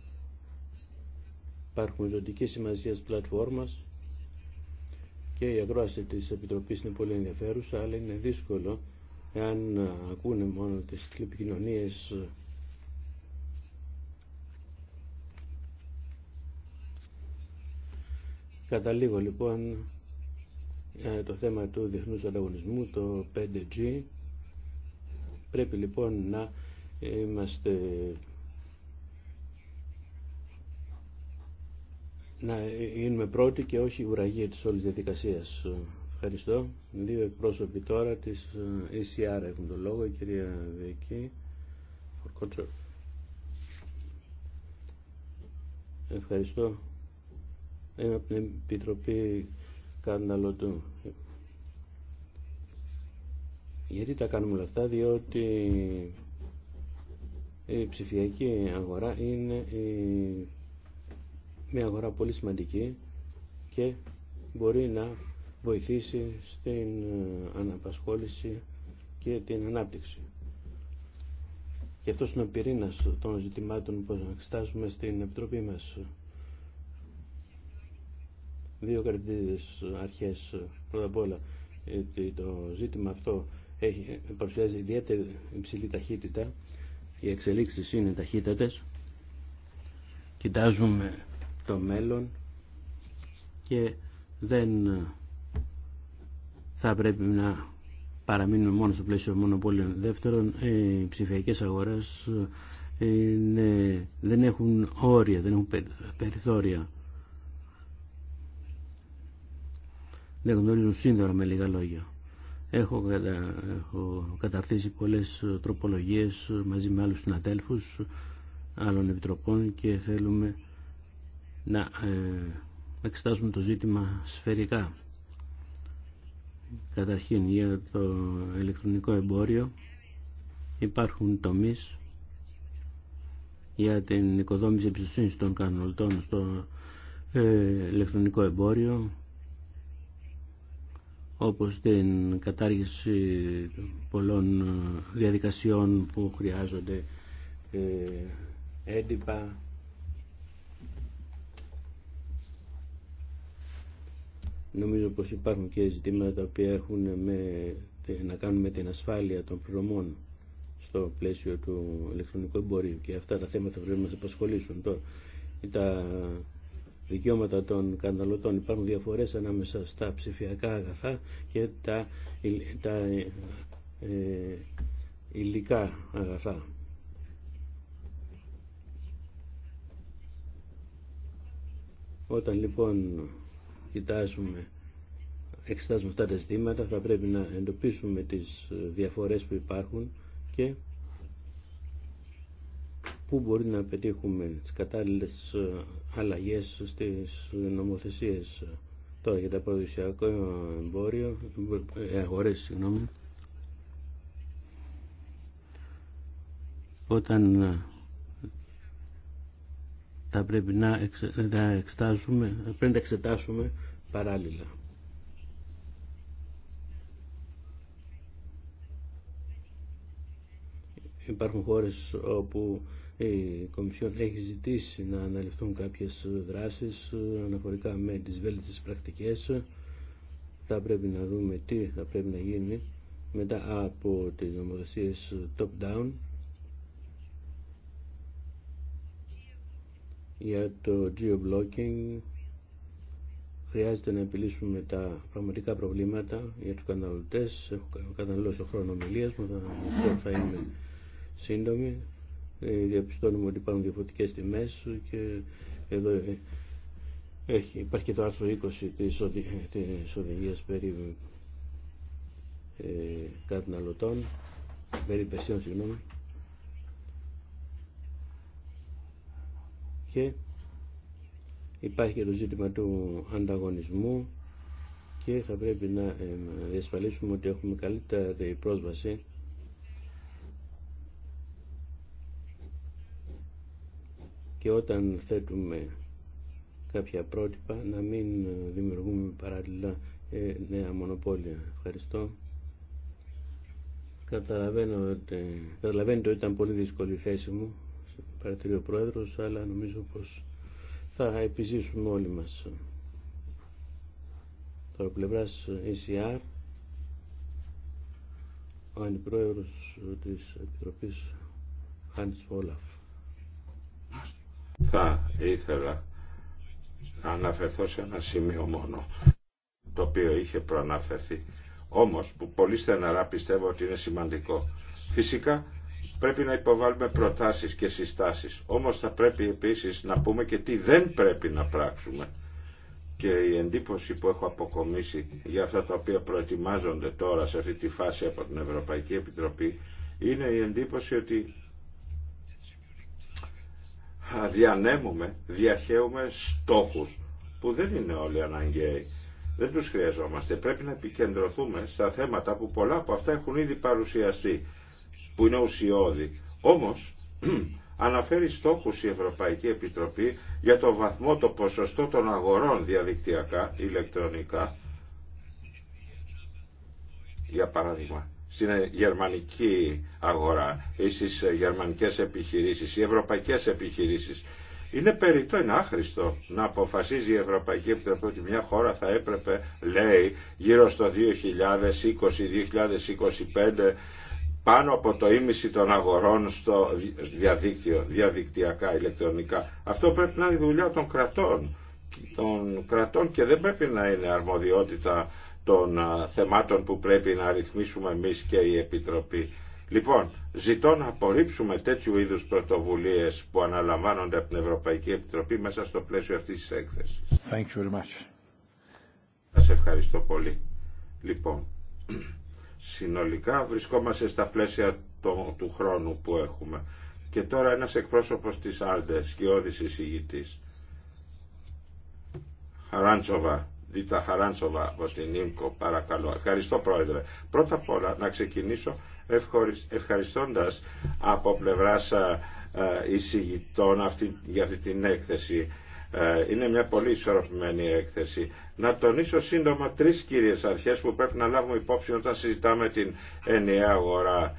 υπάρχουν ζωτική σημασία πλατφόρμας και η ακρόαση της Επιτροπής είναι πολύ ενδιαφέρουσα, αλλά είναι δύσκολο εάν ακούνε μόνο τις τηλεπικοινωνίες Καταλήγω λοιπόν ε, το θέμα του διεθνούς ανταγωνισμού, το 5G. Πρέπει λοιπόν να είμαστε να γίνουμε πρώτοι και όχι ουραγοί της όλης διαδικασίας. Ευχαριστώ. Δύο εκπρόσωποι τώρα της ECR ε, έχουν το λόγο, η κυρία Βεκή. Ευχαριστώ. Είμαι από την του. Γιατί τα κάνουμε όλα αυτά, διότι η ψηφιακή αγορά είναι μια αγορά πολύ σημαντική και μπορεί να βοηθήσει στην ε, αναπασχόληση και την ανάπτυξη. Και αυτό είναι ο πυρήνας των ζητημάτων που εξετάζουμε στην Επιτροπή μας δύο κρατήδες αρχές. Πρώτα απ' όλα ότι το ζήτημα αυτό έχει, παρουσιάζει ιδιαίτερη υψηλή ταχύτητα. Οι εξελίξεις είναι ταχύτατες. Κοιτάζουμε το μέλλον και δεν θα πρέπει να παραμείνουμε μόνο στο πλαίσιο μονοπόλιο. Δεύτερον, οι ψηφιακές αγορές δεν έχουν όρια, δεν έχουν περιθώρια. δεν γνωρίζουν σύνδερα με λίγα λόγια. Έχω, κατα... έχω καταρτήσει πολλές τροπολογίες μαζί με άλλους συναδέλφους άλλων επιτροπών και θέλουμε να ε, εξετάσουμε το ζήτημα σφαιρικά. Καταρχήν για το ηλεκτρονικό εμπόριο υπάρχουν τομείς για την οικοδόμηση εμπιστοσύνη των κανολτών στο ε, ηλεκτρονικό εμπόριο όπως την κατάργηση πολλών ε, διαδικασιών που χρειάζονται ε, έντυπα νομίζω πως υπάρχουν και ζητήματα τα οποία έχουν με, να κάνουν με την ασφάλεια των πληρωμών στο πλαίσιο του ηλεκτρονικού εμπορίου και αυτά τα θέματα πρέπει να μας απασχολήσουν τα δικαιώματα των καταναλωτών. Υπάρχουν διαφορές ανάμεσα στα ψηφιακά αγαθά και τα, τα ε, υλικά αγαθά. Όταν λοιπόν κοιτάζουμε, εξετάζουμε αυτά τα ζητήματα θα πρέπει να εντοπίσουμε τις διαφορές που υπάρχουν και πού μπορεί να πετύχουμε τις κατάλληλες ε, αλλαγές στις νομοθεσίες τώρα για τα προδοσιακό εμπόριο, ε, αγορές, συγγνώμη. Όταν ε, θα πρέπει να, εξετάσουμε, πρέπει να τα εξετάσουμε παράλληλα. Υπάρχουν χώρες όπου ε, η Κομισιόν έχει ζητήσει να αναλυφθούν κάποιες δράσεις ε, αναφορικά με τις βέλτιστες πρακτικές. Θα πρέπει να δούμε τι θα πρέπει να γίνει μετά από τις νομοθεσίες top-down για το geo-blocking χρειάζεται να επιλύσουμε τα πραγματικά προβλήματα για τους καταναλωτές έχω καταναλώσει ο χρόνο ομιλίας μου θα, θα είμαι σύντομη ε, διαπιστώνουμε ότι υπάρχουν διαφορετικέ τιμέ και εδώ ε, έχει, υπάρχει και το άρθρο 20 της, οδη, της οδηγίας περί ε, καταναλωτών, περί πεσίων, συγγνώμη. Και υπάρχει και το ζήτημα του ανταγωνισμού και θα πρέπει να ε, διασφαλίσουμε ότι έχουμε καλύτερη πρόσβαση και όταν θέτουμε κάποια πρότυπα να μην δημιουργούμε παράλληλα ε, νέα μονοπόλια. Ευχαριστώ. Καταλαβαίνω ότι, καταλαβαίνετε ότι ήταν πολύ δύσκολη η θέση μου, παρατηρεί ο Πρόεδρος, αλλά νομίζω πως θα επιζήσουμε όλοι μας. Τώρα πλευράς ECR, ο Αντιπρόεδρος της Επιτροπής Hans Βόλαφ. Θα ήθελα να αναφερθώ σε ένα σημείο μόνο, το οποίο είχε προαναφερθεί, όμως που πολύ στεναρά πιστεύω ότι είναι σημαντικό. Φυσικά πρέπει να υποβάλουμε προτάσεις και συστάσεις, όμως θα πρέπει επίσης να πούμε και τι δεν πρέπει να πράξουμε. Και η εντύπωση που έχω αποκομίσει για αυτά τα οποία προετοιμάζονται τώρα σε αυτή τη φάση από την Ευρωπαϊκή Επιτροπή είναι η εντύπωση ότι διανέμουμε, διαχέουμε στόχους που δεν είναι όλοι αναγκαίοι. Δεν τους χρειαζόμαστε. Πρέπει να επικεντρωθούμε στα θέματα που πολλά από αυτά έχουν ήδη παρουσιαστεί, που είναι ουσιώδη. Όμως, αναφέρει στόχους η Ευρωπαϊκή Επιτροπή για το βαθμό, το ποσοστό των αγορών διαδικτυακά, ηλεκτρονικά. Για παράδειγμα, στην γερμανική αγορά ή στις γερμανικές επιχειρήσεις, οι ευρωπαϊκές επιχειρήσεις. Είναι περιττό, είναι άχρηστο να αποφασίζει η Ευρωπαϊκή Επιτροπή ότι μια χώρα θα ή στο 2020-2025 πάνω από το ίμιση των αγορών στο διαδίκτυο, διαδικτυακά, ηλεκτρονικά. Αυτό πρέπει να είναι η δουλειά των κρατών, των κρατών και δεν πρέπει να είναι αρμοδιότητα των θεμάτων που πρέπει να ρυθμίσουμε εμείς και η Επιτροπή. Λοιπόν, ζητώ να απορρίψουμε τέτοιου είδους πρωτοβουλίες που αναλαμβάνονται από την Ευρωπαϊκή Επιτροπή μέσα στο πλαίσιο αυτής της έκθεσης. Thank ευχαριστώ πολύ. Λοιπόν, συνολικά βρισκόμαστε στα πλαίσια του χρόνου που έχουμε. Και τώρα ένας εκπρόσωπος της Άλντες και εισηγητή. εισηγητής. Χαράντσοβα. Δίτα Χαράντσοβα από την ΙΜΚΟ, παρακαλώ. Ευχαριστώ Πρόεδρε. Πρώτα απ' όλα να ξεκινήσω ευχαριστώντας από πλευράς εισηγητών για αυτή την έκθεση. Ε, είναι μια πολύ ισορροπημένη έκθεση. Να τονίσω σύντομα τρεις κύριες αρχές που πρέπει να λάβουμε υπόψη όταν συζητάμε την ενιαία αγορά.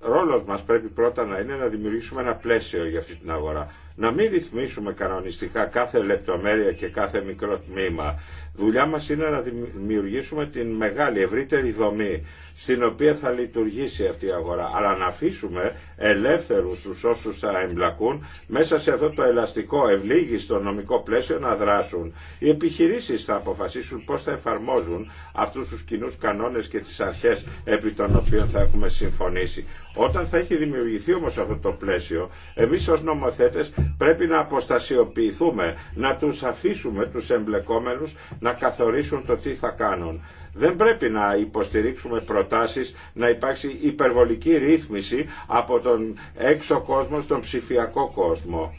Ρόλος μας πρέπει πρώτα να είναι να δημιουργήσουμε ένα πλαίσιο για αυτή την αγορά να μην ρυθμίσουμε κανονιστικά κάθε λεπτομέρεια και κάθε μικρό τμήμα. Δουλειά μας είναι να δημιουργήσουμε την μεγάλη ευρύτερη δομή στην οποία θα λειτουργήσει αυτή η αγορά. Αλλά να αφήσουμε ελεύθερους τους όσους θα εμπλακούν μέσα σε αυτό το ελαστικό ευλίγιστο νομικό πλαίσιο να δράσουν. Οι επιχειρήσεις θα αποφασίσουν πώς θα εφαρμόζουν αυτούς τους κοινού κανόνες και τις αρχές επί των οποίων θα έχουμε συμφωνήσει. Όταν θα έχει δημιουργηθεί όμω αυτό το πλαίσιο, εμεί ω νομοθέτες Πρέπει να αποστασιοποιηθούμε, να τους αφήσουμε τους εμπλεκόμενους να καθορίσουν το τι θα κάνουν. Δεν πρέπει να υποστηρίξουμε προτάσεις να υπάρξει υπερβολική ρύθμιση από τον έξω κόσμο στον ψηφιακό κόσμο.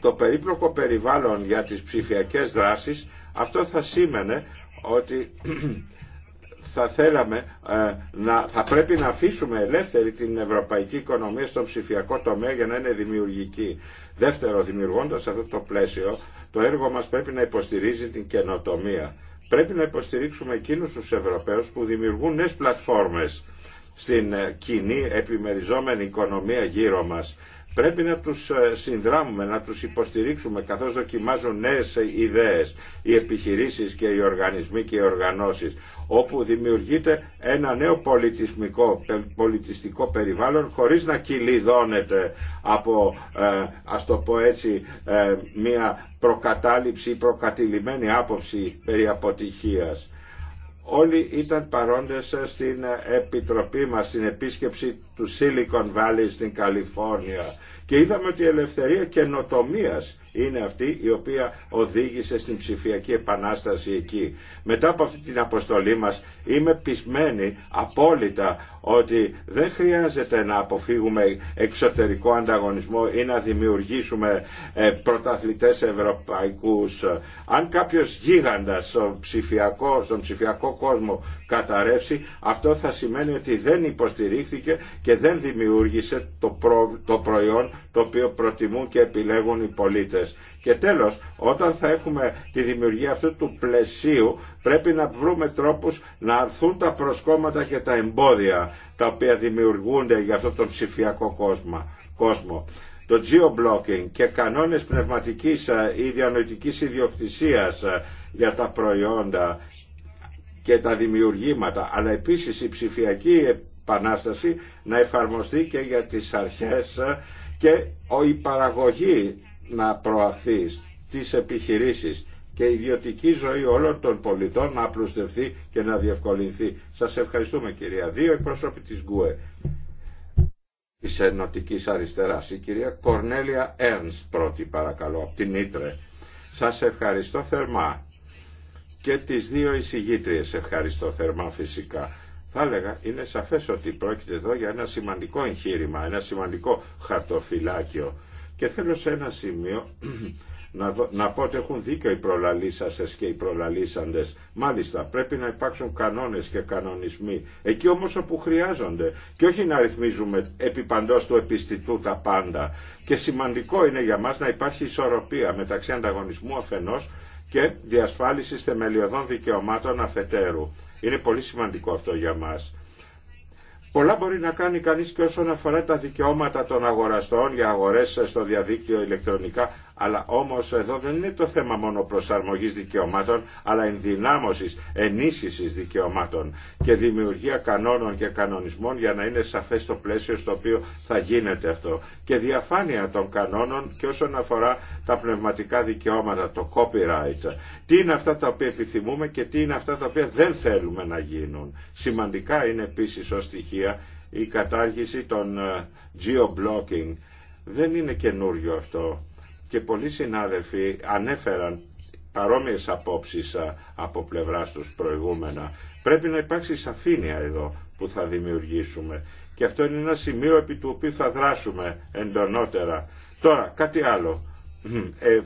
Το περίπλοκο περιβάλλον για τις ψηφιακές δράσεις αυτό θα σήμαινε ότι θα θέλαμε ε, να, θα πρέπει να αφήσουμε ελεύθερη την ευρωπαϊκή οικονομία στον ψηφιακό τομέα για να είναι δημιουργική. Δεύτερο, δημιουργώντας αυτό το πλαίσιο, το έργο μας πρέπει να υποστηρίζει την καινοτομία. Πρέπει να υποστηρίξουμε εκείνους τους Ευρωπαίους που δημιουργούν νέες πλατφόρμες στην ε, κοινή επιμεριζόμενη οικονομία γύρω μας Πρέπει να τους ε, συνδράμουμε, να τους υποστηρίξουμε καθώς δοκιμάζουν νέες ε, ιδέες οι επιχειρήσεις και οι οργανισμοί και οι οργανώσεις όπου δημιουργείται ένα νέο πολιτιστικό περιβάλλον χωρίς να κυλιδώνεται από, ε, ας το πω έτσι, μια προκατάληψη ή προκατηλημένη άποψη περί αποτυχίας όλοι ήταν παρόντες στην επιτροπή μας, στην επίσκεψη του Silicon Valley στην Καλιφόρνια και είδαμε ότι η ελευθερία καινοτομία είναι αυτή η οποία οδήγησε στην ψηφιακή επανάσταση εκεί. Μετά από αυτή την αποστολή μας είμαι πισμένη απόλυτα ότι δεν χρειάζεται να αποφύγουμε εξωτερικό ανταγωνισμό ή να δημιουργήσουμε ε, πρωταθλητές ευρωπαϊκούς. Αν κάποιος γίγαντας στον ψηφιακό, στον ψηφιακό κόσμο καταρρεύσει, αυτό θα σημαίνει ότι δεν υποστηρίχθηκε και δεν δημιούργησε το, το προϊόν το οποίο προτιμούν και επιλέγουν οι πολίτες. Και τέλος, όταν θα έχουμε τη δημιουργία αυτού του πλαισίου, πρέπει να βρούμε τρόπους να αρθούν τα προσκόμματα και τα εμπόδια τα οποία δημιουργούνται για αυτόν τον ψηφιακό κόσμο το geo-blocking και κανόνες πνευματικής ε, ή διανοητικής ιδιοκτησίας ε, για τα προϊόντα και τα δημιουργήματα, αλλά επίσης η ψηφιακή επανάσταση να εφαρμοστεί και για τις αρχές ε, και η παραγωγή να προαχθεί στις επιχειρήσεις και η ιδιωτική ζωή όλων των πολιτών να απλουστευτεί και να διευκολυνθεί. Σας ευχαριστούμε κυρία. Δύο εκπρόσωποι της ΓΚΟΕ της Ενωτικής Αριστεράς. Η κυρία Κορνέλια Έρνς πρώτη παρακαλώ από την Ήτρε. Σας ευχαριστώ θερμά και τις δύο εισηγήτριες ευχαριστώ θερμά φυσικά θα έλεγα, είναι σαφές ότι πρόκειται εδώ για ένα σημαντικό εγχείρημα, ένα σημαντικό χαρτοφυλάκιο. Και θέλω σε ένα σημείο να, να πω ότι έχουν δίκιο οι προλαλήσασες και οι προλαλήσαντες. Μάλιστα, πρέπει να υπάρξουν κανόνες και κανονισμοί. Εκεί όμως όπου χρειάζονται. Και όχι να ρυθμίζουμε επί παντός του επιστητού τα πάντα. Και σημαντικό είναι για μας να υπάρχει ισορροπία μεταξύ ανταγωνισμού αφενός και διασφάλισης θεμελιωδών δικαιωμάτων αφετέρου. Είναι πολύ σημαντικό αυτό για μας. Πολλά μπορεί να κάνει κανείς και όσον αφορά τα δικαιώματα των αγοραστών για αγορές στο διαδίκτυο ηλεκτρονικά, αλλά όμως εδώ δεν είναι το θέμα μόνο προσαρμογής δικαιωμάτων, αλλά ενδυνάμωσης, ενίσχυσης δικαιωμάτων και δημιουργία κανόνων και κανονισμών για να είναι σαφές το πλαίσιο στο οποίο θα γίνεται αυτό. Και διαφάνεια των κανόνων και όσον αφορά τα πνευματικά δικαιώματα, το copyright. Τι είναι αυτά τα οποία επιθυμούμε και τι είναι αυτά τα οποία δεν θέλουμε να γίνουν. Σημαντικά είναι επίσης ως στοιχεία η κατάργηση των ε, geo-blocking. Δεν είναι καινούριο αυτό και πολλοί συνάδελφοι ανέφεραν παρόμοιες απόψεις από πλευρά τους προηγούμενα. Πρέπει να υπάρξει σαφήνεια εδώ που θα δημιουργήσουμε και αυτό είναι ένα σημείο επί του οποίου θα δράσουμε εντονότερα. Τώρα, κάτι άλλο. Ε, ε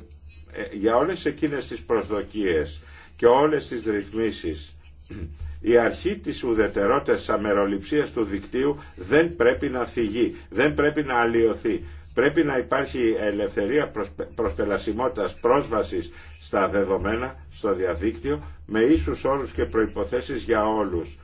για όλες εκείνες τις προσδοκίες και όλες τις ρυθμίσεις η αρχή της ουδετερότητας αμεροληψίας του δικτύου δεν πρέπει να θυγεί, δεν πρέπει να αλλοιωθεί. Πρέπει να υπάρχει ελευθερία προσπελασιμότητας πρόσβασης στα δεδομένα, στο διαδίκτυο, με ίσους όρους και προϋποθέσεις για όλους.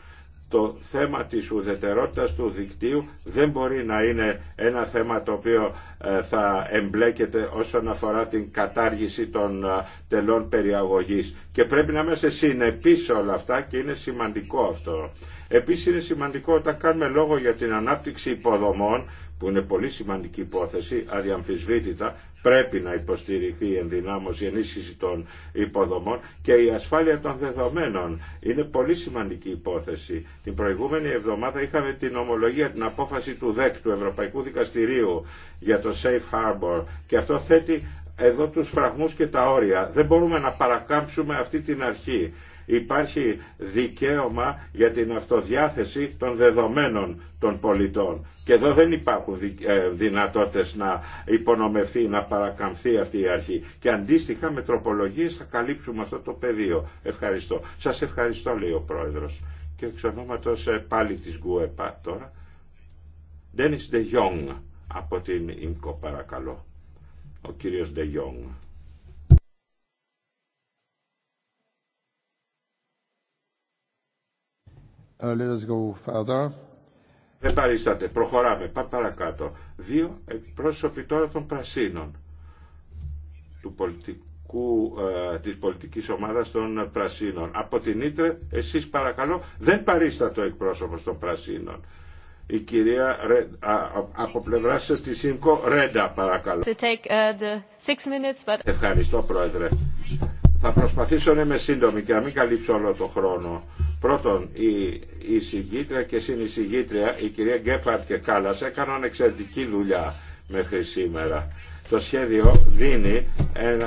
Το θέμα της ουδετερότητας του δικτύου δεν μπορεί να είναι ένα θέμα το οποίο ε, θα εμπλέκεται όσον αφορά την κατάργηση των ε, τελών περιαγωγής. Και πρέπει να είμαστε συνεπείς σε όλα αυτά και είναι σημαντικό αυτό. Επίσης είναι σημαντικό όταν κάνουμε λόγο για την ανάπτυξη υποδομών που είναι πολύ σημαντική υπόθεση, αδιαμφισβήτητα πρέπει να υποστηριχθεί η ενδυνάμωση, η ενίσχυση των υποδομών και η ασφάλεια των δεδομένων. Είναι πολύ σημαντική υπόθεση. Την προηγούμενη εβδομάδα είχαμε την ομολογία, την απόφαση του ΔΕΚ, του Ευρωπαϊκού Δικαστηρίου, για το Safe Harbor και αυτό θέτει εδώ τους φραγμούς και τα όρια. Δεν μπορούμε να παρακάμψουμε αυτή την αρχή υπάρχει δικαίωμα για την αυτοδιάθεση των δεδομένων των πολιτών. Και εδώ δεν υπάρχουν ε, δυνατότητες να υπονομευθεί, να παρακαμφθεί αυτή η αρχή. Και αντίστοιχα με τροπολογίες θα καλύψουμε αυτό το πεδίο. Ευχαριστώ. Σας ευχαριστώ λέει ο Πρόεδρος. Και εξ ονόματος ε, πάλι της Γκουεπα τώρα. Ντένις Ντε από την ΙΜΚΟ παρακαλώ. Ο κύριος Ντε Δεν uh, παρίσταται. Προχωράμε. Πάμε παρακάτω. Δύο εκπρόσωποι τώρα των Πρασίνων του πολιτικού, uh, της πολιτικής ομάδας των Πρασίνων. Από την Ήτρε, εσείς παρακαλώ, δεν ο εκπρόσωπος των Πρασίνων. Η κυρία από πλευρά σας τη ΣΥΜΚΟ Ρέντα παρακαλώ. take, uh, minutes, but... Ευχαριστώ Πρόεδρε. Θα προσπαθήσω να είμαι σύντομη και να μην καλύψω όλο το χρόνο. Πρώτον, η, η συγγήτρια και συνεισηγήτρια, η κυρία Γκέπαρτ και Κάλλας, έκαναν εξαιρετική δουλειά μέχρι σήμερα. Το σχέδιο δίνει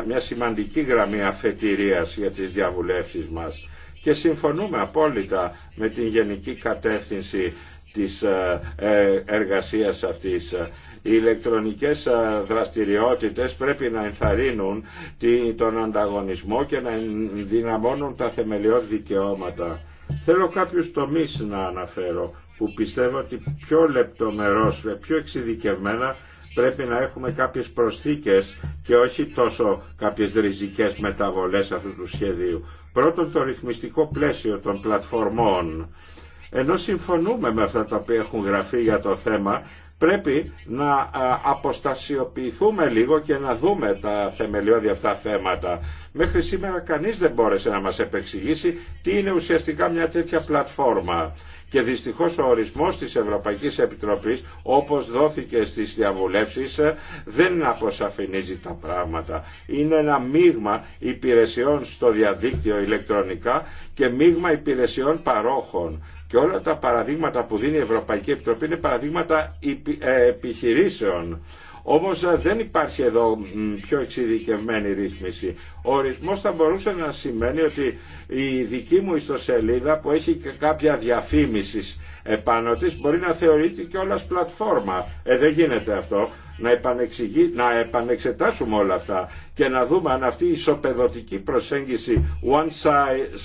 μια σημαντική γραμμή αφετηρίας για τις διαβουλεύσεις μας και συμφωνούμε απόλυτα με την γενική κατεύθυνση της ε, ε, εργασίας αυτής. Οι ηλεκτρονικές ε, δραστηριότητες πρέπει να ενθαρρύνουν τον ανταγωνισμό και να ενδυναμώνουν τα θεμελιώδη δικαιώματα. Θέλω κάποιους τομείς να αναφέρω που πιστεύω ότι πιο λεπτομερώς, πιο εξειδικευμένα πρέπει να έχουμε κάποιες προσθήκες και όχι τόσο κάποιες ριζικές μεταβολές αυτού του σχεδίου. Πρώτον το ρυθμιστικό πλαίσιο των πλατφορμών ενώ συμφωνούμε με αυτά τα οποία έχουν γραφεί για το θέμα, πρέπει να αποστασιοποιηθούμε λίγο και να δούμε τα θεμελιώδη αυτά θέματα. Μέχρι σήμερα κανείς δεν μπόρεσε να μας επεξηγήσει τι είναι ουσιαστικά μια τέτοια πλατφόρμα. Και δυστυχώς ο ορισμός της Ευρωπαϊκής Επιτροπής, όπως δόθηκε στις διαβουλεύσεις, δεν αποσαφηνίζει τα πράγματα. Είναι ένα μείγμα υπηρεσιών στο διαδίκτυο ηλεκτρονικά και μείγμα υπηρεσιών παρόχων. Και όλα τα παραδείγματα που δίνει η Ευρωπαϊκή Επιτροπή είναι παραδείγματα ε, επιχειρήσεων όμως ε, δεν υπάρχει εδώ πιο εξειδικευμένη ρύθμιση. Ο ορισμός θα μπορούσε να σημαίνει ότι η δική μου ιστοσελίδα που έχει και κάποια διαφήμιση επάνω της μπορεί να θεωρείται και όλας πλατφόρμα. Ε, δεν γίνεται αυτό. Να, να επανεξετάσουμε όλα αυτά και να δούμε αν αυτή η ισοπεδωτική προσέγγιση one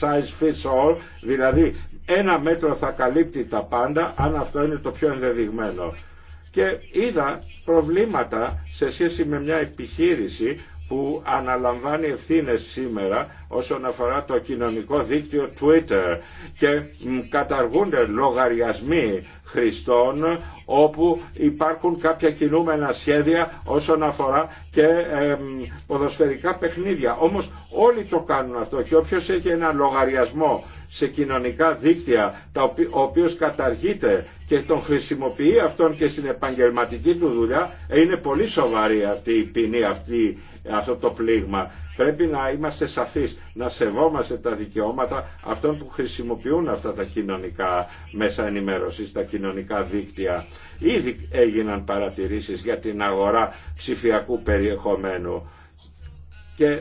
size fits all, δηλαδή ένα μέτρο θα καλύπτει τα πάντα, αν αυτό είναι το πιο ενδεδειγμένο και είδα προβλήματα σε σχέση με μια επιχείρηση που αναλαμβάνει ευθύνες σήμερα όσον αφορά το κοινωνικό δίκτυο Twitter και καταργούνται λογαριασμοί χρηστών όπου υπάρχουν κάποια κινούμενα σχέδια όσον αφορά και ε, ποδοσφαιρικά παιχνίδια. Όμως όλοι το κάνουν αυτό και όποιος έχει ένα λογαριασμό σε κοινωνικά δίκτυα, ο οποίος καταργείται και τον χρησιμοποιεί αυτόν και στην επαγγελματική του δουλειά, ε, είναι πολύ σοβαρή αυτή η ποινή, αυτό το πλήγμα. Πρέπει να είμαστε σαφείς, να σεβόμαστε τα δικαιώματα αυτών που χρησιμοποιούν αυτά τα κοινωνικά μέσα ενημέρωσης, τα κοινωνικά δίκτυα. Ήδη έγιναν παρατηρήσεις για την αγορά ψηφιακού περιεχομένου και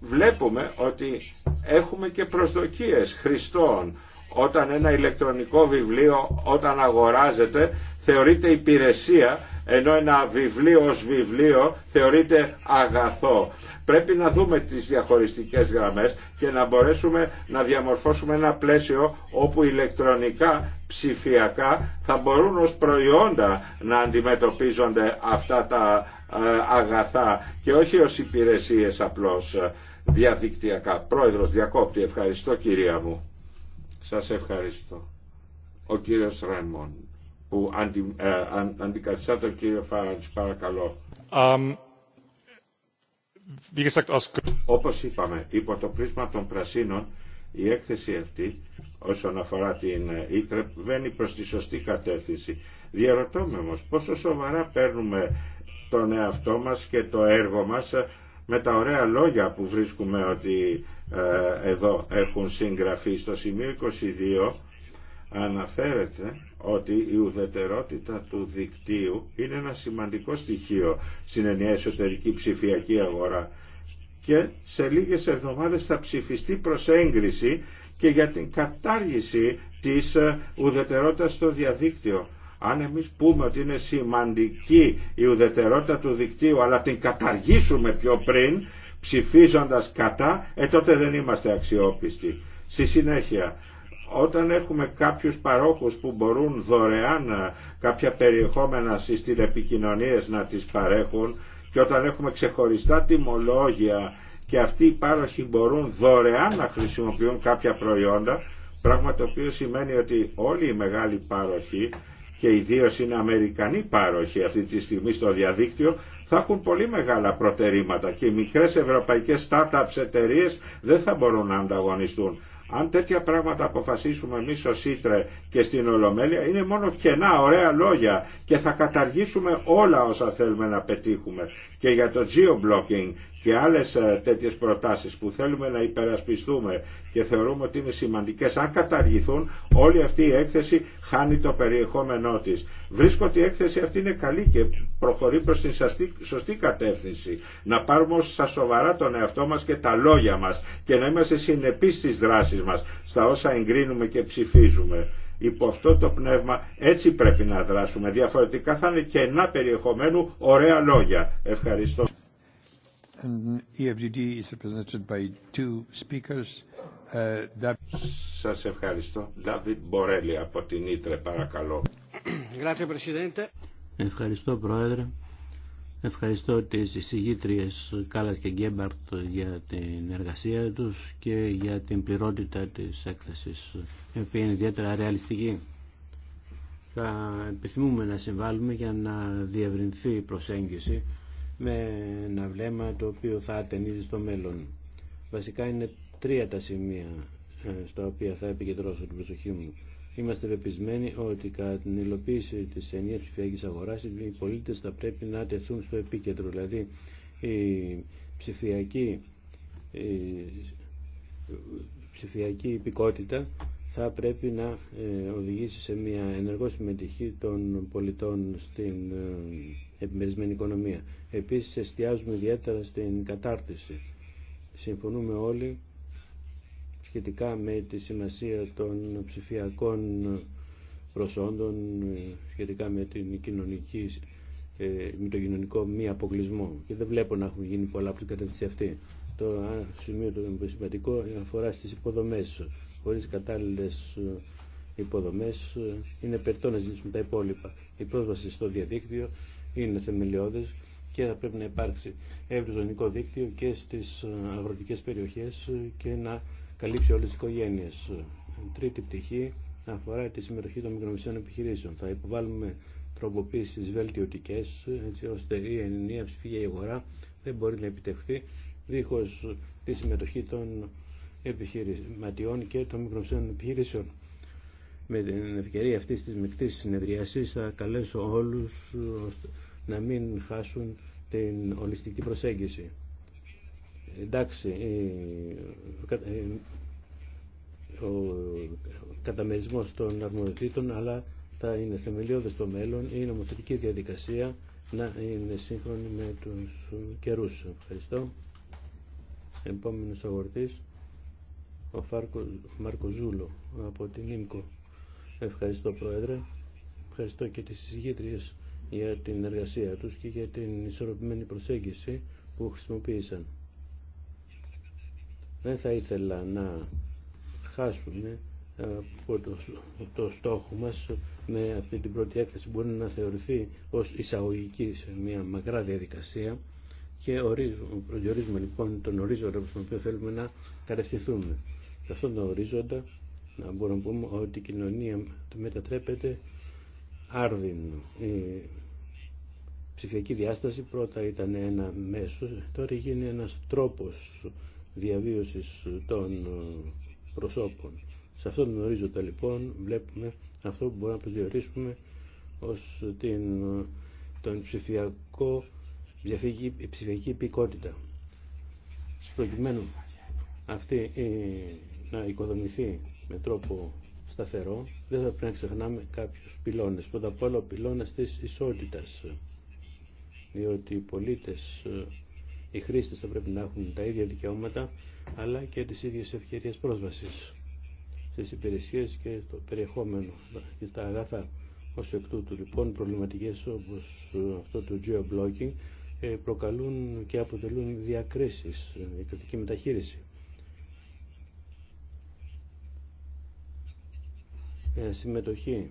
βλέπουμε ότι έχουμε και προσδοκίες χρηστών όταν ένα ηλεκτρονικό βιβλίο όταν αγοράζεται θεωρείται υπηρεσία ενώ ένα βιβλίο ως βιβλίο θεωρείται αγαθό. Πρέπει να δούμε τις διαχωριστικές γραμμές και να μπορέσουμε να διαμορφώσουμε ένα πλαίσιο όπου ηλεκτρονικά, ψηφιακά θα μπορούν ως προϊόντα να αντιμετωπίζονται αυτά τα ε, αγαθά και όχι ως υπηρεσίες απλώς ε, διαδικτυακά. Πρόεδρος Διακόπτη, ευχαριστώ κυρία μου. Σας ευχαριστώ. Ο κύριος Ρέμον που αντι, ε, αν, αντικαθιστά τον κύριο Φάραντς, παρακαλώ. Um, Όπως είπαμε, υπό το πρίσμα των πρασίνων, η έκθεση αυτή όσον αφορά την ΙΤΡΕΠ ε, βαίνει προς τη σωστή κατεύθυνση. Διαρωτώ πόσο σοβαρά παίρνουμε τον εαυτό μας και το έργο μας με τα ωραία λόγια που βρίσκουμε ότι ε, εδώ έχουν συγγραφεί. Στο σημείο 22 αναφέρεται ότι η ουδετερότητα του δικτύου είναι ένα σημαντικό στοιχείο στην ενιαία εσωτερική ψηφιακή αγορά και σε λίγες εβδομάδες θα ψηφιστεί προς έγκριση και για την κατάργηση της ε, ουδετερότητας στο διαδίκτυο. Αν εμείς πούμε ότι είναι σημαντική η ουδετερότητα του δικτύου αλλά την καταργήσουμε πιο πριν ψηφίζοντας κατά, ε τότε δεν είμαστε αξιόπιστοι. Στη συνέχεια, όταν έχουμε κάποιους παρόχους που μπορούν δωρεάν ε, κάποια περιεχόμενα στις τηλεπικοινωνίες να τις παρέχουν και όταν έχουμε ξεχωριστά τιμολόγια και αυτοί οι πάροχοι μπορούν δωρεάν να χρησιμοποιούν κάποια προϊόντα, πράγμα το οποίο σημαίνει ότι όλοι οι μεγάλοι πάροχοι και ιδίω είναι Αμερικανοί πάροχοι αυτή τη στιγμή στο διαδίκτυο, θα έχουν πολύ μεγάλα προτερήματα και οι μικρές ευρωπαϊκές startups εταιρείες δεν θα μπορούν να ανταγωνιστούν. Αν τέτοια πράγματα αποφασίσουμε εμείς ως Ήτρε και στην Ολομέλεια είναι μόνο κενά ωραία λόγια και θα καταργήσουμε όλα όσα θέλουμε να πετύχουμε. Και για το geo-blocking και άλλες ε, τέτοιες προτάσεις που θέλουμε να υπερασπιστούμε και θεωρούμε ότι είναι σημαντικές, αν καταργηθούν όλη αυτή η έκθεση χάνει το περιεχόμενό της. Βρίσκω ότι η έκθεση αυτή είναι καλή και προχωρεί προς την σωστή κατεύθυνση. Να πάρουμε όσο στα σοβαρά τον εαυτό μας και τα λόγια μας και να είμαστε συνεπείς στις δράσεις μας, στα όσα εγκρίνουμε και ψηφίζουμε υπό αυτό το πνεύμα έτσι πρέπει να δράσουμε. Διαφορετικά θα είναι κενά περιεχομένου ωραία λόγια. Ευχαριστώ. E uh, Σας ευχαριστώ. David Μπορέλη από την Ήτρε, παρακαλώ. Ευχαριστώ, Πρόεδρε. Ευχαριστώ τις εισηγήτριες Κάλλας και Γκέμπαρτ για την εργασία τους και για την πληρότητα της έκθεσης, η οποία είναι ιδιαίτερα ρεαλιστική. Θα επιθυμούμε να συμβάλλουμε για να διευρυνθεί η προσέγγιση με ένα βλέμμα το οποίο θα ατενίζει στο μέλλον. Βασικά είναι τρία τα σημεία ε, στα οποία θα επικεντρώσω την προσοχή μου. Είμαστε πεπισμένοι ότι κατά την υλοποίηση της ενιαία ψηφιακή αγοράς οι πολίτες θα πρέπει να τεθούν στο επίκεντρο. Δηλαδή η ψηφιακή, η ψηφιακή υπηκότητα θα πρέπει να ε, οδηγήσει σε μια ενεργό συμμετοχή των πολιτών στην ε, επιμερισμένη οικονομία. Επίσης εστιάζουμε ιδιαίτερα στην κατάρτιση. Συμφωνούμε όλοι σχετικά με τη σημασία των ψηφιακών προσόντων, σχετικά με, την κοινωνική, ε, με το κοινωνικό μη αποκλεισμό. Και δεν βλέπω να έχουν γίνει πολλά από την κατεύθυνση αυτή. Το σημείο το σημαντικό αφορά στις υποδομές. Χωρίς κατάλληλες ε, υποδομές ε, είναι περτό να ζητήσουμε τα υπόλοιπα. Η πρόσβαση στο διαδίκτυο είναι θεμελιώδες και θα πρέπει να υπάρξει ευρυζωνικό δίκτυο και στις ε, αγροτικές περιοχές και να καλύψει όλες τις οικογένειες. Τρίτη πτυχή αφορά τη συμμετοχή των μικρομεσαίων επιχειρήσεων. Θα υποβάλουμε τροποποίησεις βελτιωτικές έτσι ώστε η ενιαία η αγορά δεν μπορεί να επιτευχθεί δίχως τη συμμετοχή των επιχειρηματιών και των μικρομεσαίων επιχειρήσεων. Με την ευκαιρία αυτής της μεικτής συνεδρίασης θα καλέσω όλους να μην χάσουν την ολιστική προσέγγιση. Εντάξει, ο καταμερισμός των αρμοδιοτήτων, αλλά θα είναι θεμελιώδες στο μέλλον η νομοθετική διαδικασία να είναι σύγχρονη με τους καιρούς. Ευχαριστώ. Επόμενος αγορτής, ο Φάρκο, Μάρκο Ζούλο από την ΙΜΚΟ. Ευχαριστώ Πρόεδρε. Ευχαριστώ και τις συζητήτριες για την εργασία τους και για την ισορροπημένη προσέγγιση που χρησιμοποίησαν. Δεν θα ήθελα να χάσουμε από το, στόχο μας με αυτή την πρώτη έκθεση μπορεί να θεωρηθεί ως εισαγωγική σε μια μακρά διαδικασία και προδιορίζουμε λοιπόν τον ορίζοντα στον οποίο θέλουμε να κατευθυνθούμε. Σε αυτόν τον ορίζοντα να μπορούμε να πούμε ότι η κοινωνία μετατρέπεται Άρδιν. Η ψηφιακή διάσταση πρώτα ήταν ένα μέσο, τώρα γίνει ένας τρόπος διαβίωσης των προσώπων. Σε αυτόν τον ορίζοντα λοιπόν βλέπουμε αυτό που μπορούμε να προσδιορίσουμε ως την, τον ψηφιακό η ψηφιακή υπηκότητα. Προκειμένου αυτή η, να οικοδομηθεί με τρόπο σταθερό, δεν θα πρέπει να ξεχνάμε κάποιους πυλώνες. Πρώτα απ' όλα ο πυλώνας της ισότητας, διότι οι πολίτες, ε, οι χρήστες θα πρέπει να έχουν τα ίδια δικαιώματα, αλλά και τις ίδιες ευκαιρίες πρόσβασης στις υπηρεσίες και το περιεχόμενο και τα αγαθά. Ως εκ τούτου λοιπόν προβληματικές όπως ε, αυτό το geo-blocking ε, προκαλούν και αποτελούν διακρίσεις, διακριτική μεταχείριση. Ε, συμμετοχή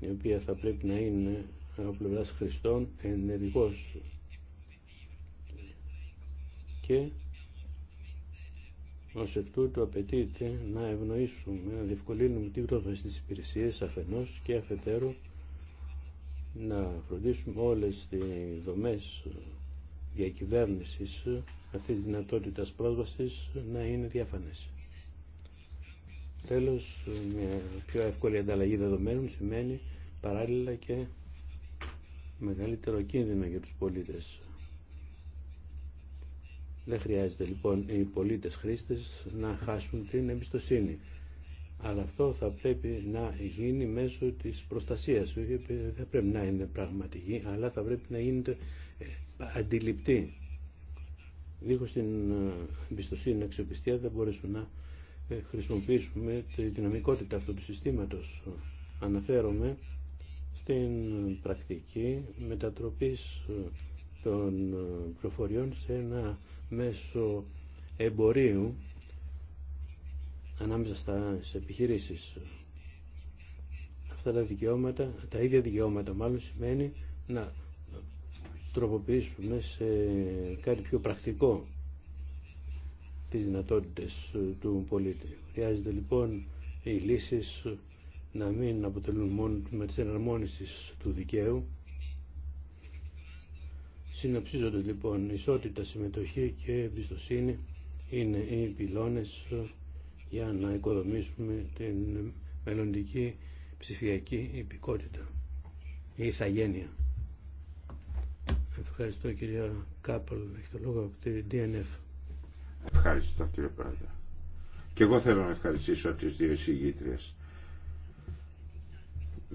η οποία θα πρέπει να είναι από πλευράς Χριστών ενεργός και ως εκ τούτου απαιτείται να ευνοήσουμε, να διευκολύνουμε την πρόσβαση της υπηρεσίας αφενός και αφετέρου να φροντίσουμε όλες τις δομές διακυβέρνησης αυτής της δυνατότητας πρόσβασης να είναι διάφανες. Τέλος, μια πιο εύκολη ανταλλαγή δεδομένων σημαίνει παράλληλα και μεγαλύτερο κίνδυνο για τους πολίτες. Δεν χρειάζεται λοιπόν οι πολίτες χρήστες να χάσουν την εμπιστοσύνη. Αλλά αυτό θα πρέπει να γίνει μέσω της προστασίας. Δεν πρέπει να είναι πραγματική, αλλά θα πρέπει να γίνεται ε, αντιληπτή. Δίχως την ε, εμπιστοσύνη και αξιοπιστία δεν μπορέσουν να ε, χρησιμοποιήσουμε τη δυναμικότητα αυτού του συστήματος. Αναφέρομαι στην πρακτική μετατροπής ε, των ε, προφοριών σε ένα μέσο εμπορίου ανάμεσα στα επιχειρήσεις. Αυτά τα δικαιώματα, τα ίδια δικαιώματα μάλλον σημαίνει να τροποποιήσουμε σε κάτι πιο πρακτικό τις δυνατότητες ε, του πολίτη. Χρειάζεται λοιπόν οι λύσεις ε, να μην αποτελούν μόνο με τις εναρμόνισεις του δικαίου. Συνοψίζονται λοιπόν ισότητα, συμμετοχή και εμπιστοσύνη είναι οι πυλώνες ε, για να οικοδομήσουμε την μελλοντική ψηφιακή υπηκότητα ή ηθαγένεια. Ευχαριστώ κυρία Κάπολ, έχει το λόγο από τη DNF. Ευχαριστώ κύριε Πρόεδρε. Και εγώ θέλω να ευχαριστήσω τις δύο εισηγήτριες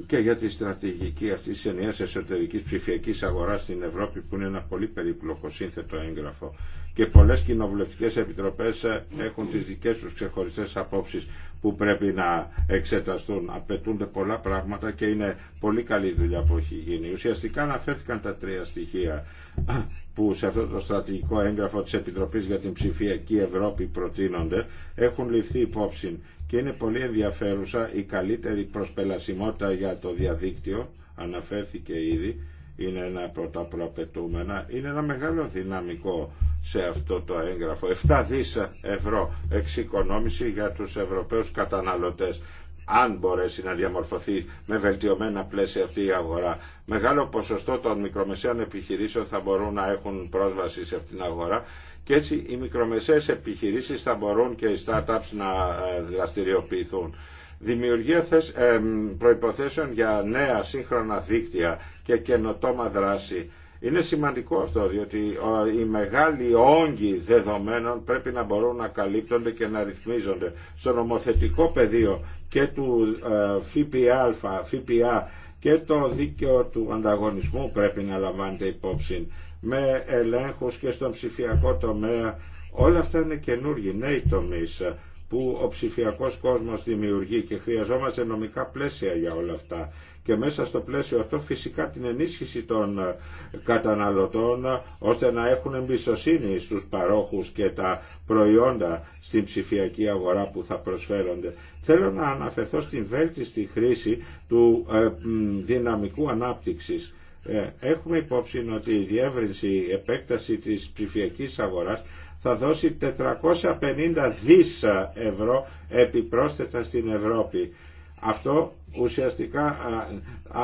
και για τη στρατηγική αυτή τη ενιαία εσωτερική ψηφιακή αγορά στην Ευρώπη, που είναι ένα πολύ περίπλοκο σύνθετο έγγραφο και πολλές κοινοβουλευτικές επιτροπές ε, έχουν τις δικές τους ξεχωριστές απόψεις που πρέπει να εξεταστούν. Απαιτούνται πολλά πράγματα και είναι πολύ καλή δουλειά που έχει γίνει. Ουσιαστικά αναφέρθηκαν τα τρία στοιχεία ε, που σε αυτό το στρατηγικό έγγραφο της Επιτροπής για την Ψηφιακή Ευρώπη προτείνονται, έχουν ληφθεί υπόψη και είναι πολύ ενδιαφέρουσα η καλύτερη προσπελασιμότητα για το διαδίκτυο, αναφέρθηκε ήδη, είναι ένα από τα προαπαιτούμενα. Είναι ένα μεγάλο δυναμικό σε αυτό το έγγραφο. 7 δις ευρώ εξοικονόμηση για τους Ευρωπαίους καταναλωτές αν μπορέσει να διαμορφωθεί με βελτιωμένα πλαίσια αυτή η αγορά. Μεγάλο ποσοστό των μικρομεσαίων επιχειρήσεων θα μπορούν να έχουν πρόσβαση σε αυτήν την αγορά και έτσι οι μικρομεσαίες επιχειρήσεις θα μπορούν και οι startups να ε, δραστηριοποιηθούν δημιουργία προϋποθέσεων για νέα σύγχρονα δίκτυα και καινοτόμα δράση. Είναι σημαντικό αυτό, διότι οι μεγάλοι όγκοι δεδομένων πρέπει να μπορούν να καλύπτονται και να ρυθμίζονται. Στο νομοθετικό πεδίο και του ε, ΦΠΑ, ΦΠΑ και το δίκαιο του ανταγωνισμού πρέπει να λαμβάνεται υπόψη με ελέγχους και στον ψηφιακό τομέα. Όλα αυτά είναι καινούργιοι νέοι τομείς που ο ψηφιακός κόσμος δημιουργεί και χρειαζόμαστε νομικά πλαίσια για όλα αυτά. Και μέσα στο πλαίσιο αυτό φυσικά την ενίσχυση των καταναλωτών ώστε να έχουν εμπιστοσύνη στους παρόχους και τα προϊόντα στην ψηφιακή αγορά που θα προσφέρονται. Θέλω να αναφερθώ στην βέλτιστη χρήση του ε, δυναμικού ανάπτυξης. Ε, έχουμε υπόψη ότι η διεύρυνση, η επέκταση της ψηφιακής αγοράς θα δώσει 450 δις ευρώ επιπρόσθετα στην Ευρώπη. Αυτό ουσιαστικά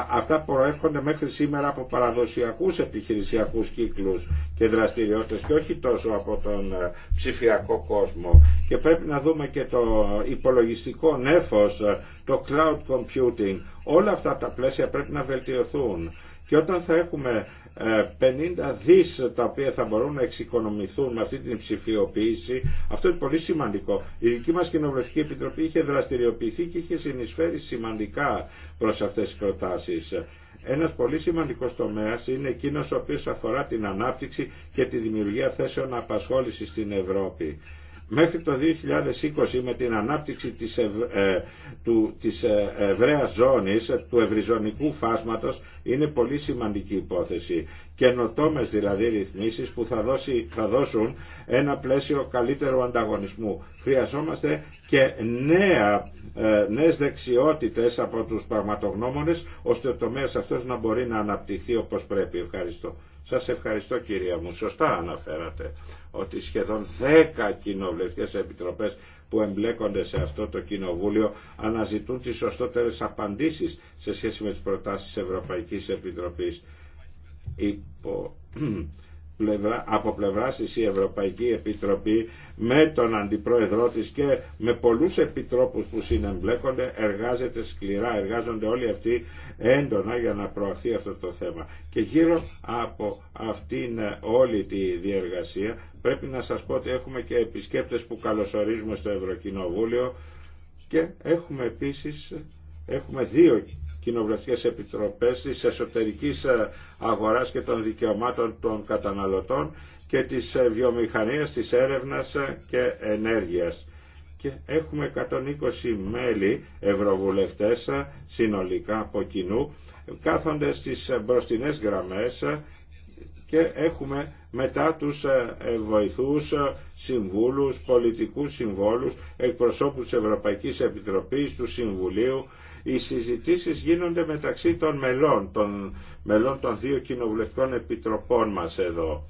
αυτά προέρχονται μέχρι σήμερα από παραδοσιακούς επιχειρησιακούς κύκλους και δραστηριότητες και όχι τόσο από τον ε, ψηφιακό κόσμο και πρέπει να δούμε και το υπολογιστικό νέφος ε, το cloud computing όλα αυτά τα πλαίσια πρέπει να βελτιωθούν και όταν θα έχουμε 50 ε, δις τα οποία θα μπορούν να εξοικονομηθούν με αυτή την ψηφιοποίηση, αυτό είναι πολύ σημαντικό. Η δική μας Κοινοβουλευτική Επιτροπή είχε δραστηριοποιηθεί και είχε συνεισφέρει σημαντικά προς αυτές τις προτάσεις. Ένας πολύ σημαντικός τομέας είναι εκείνος ο οποίος αφορά την ανάπτυξη και τη δημιουργία θέσεων απασχόλησης στην Ευρώπη. Μέχρι το 2020 με την ανάπτυξη της, ευ, ζώνη ε, του, της ε, ζώνης, του ευρυζωνικού φάσματος, είναι πολύ σημαντική υπόθεση. Καινοτόμες δηλαδή ρυθμίσεις που θα, δώσουν ένα πλαίσιο καλύτερου ανταγωνισμού. Χρειαζόμαστε και νέα, δεξιότητε νέες δεξιότητες από τους πραγματογνώμονες, ώστε ο τομέας αυτός να μπορεί να αναπτυχθεί όπως πρέπει. Ευχαριστώ. Σας ευχαριστώ κυρία μου. Σωστά αναφέρατε ότι σχεδόν 10 κοινοβουλευτικές επιτροπές που εμπλέκονται σε αυτό το κοινοβούλιο αναζητούν τις σωστότερες απαντήσεις σε σχέση με τις προτάσεις Ευρωπαϊκής Επιτροπής. από πλευράς της η Ευρωπαϊκή Επιτροπή με τον Αντιπρόεδρό της και με πολλούς επιτρόπους που συνεμπλέκονται εργάζεται σκληρά, εργάζονται όλοι αυτοί έντονα για να προαχθεί αυτό το θέμα. Και γύρω από αυτήν ε, όλη τη διεργασία πρέπει να σας πω ότι έχουμε και επισκέπτες που καλωσορίζουμε στο Ευρωκοινοβούλιο και έχουμε επίσης έχουμε δύο κοινοβουλευτικέ επιτροπές τη εσωτερική ε, αγοράς και των δικαιωμάτων των καταναλωτών και ε, της βιομηχανίας, τη έρευνας ε, και ενέργειας. Και έχουμε 120 μέλη ευρωβουλευτέ συνολικά από κοινού, κάθονται στις μπροστινές γραμμές και έχουμε μετά τους βοηθούς, συμβούλους, πολιτικούς συμβόλους, εκπροσώπους της Ευρωπαϊκής Επιτροπής, του Συμβουλίου, οι συζητήσεις γίνονται μεταξύ των μελών, των μελών των δύο κοινοβουλευτικών επιτροπών μας εδώ.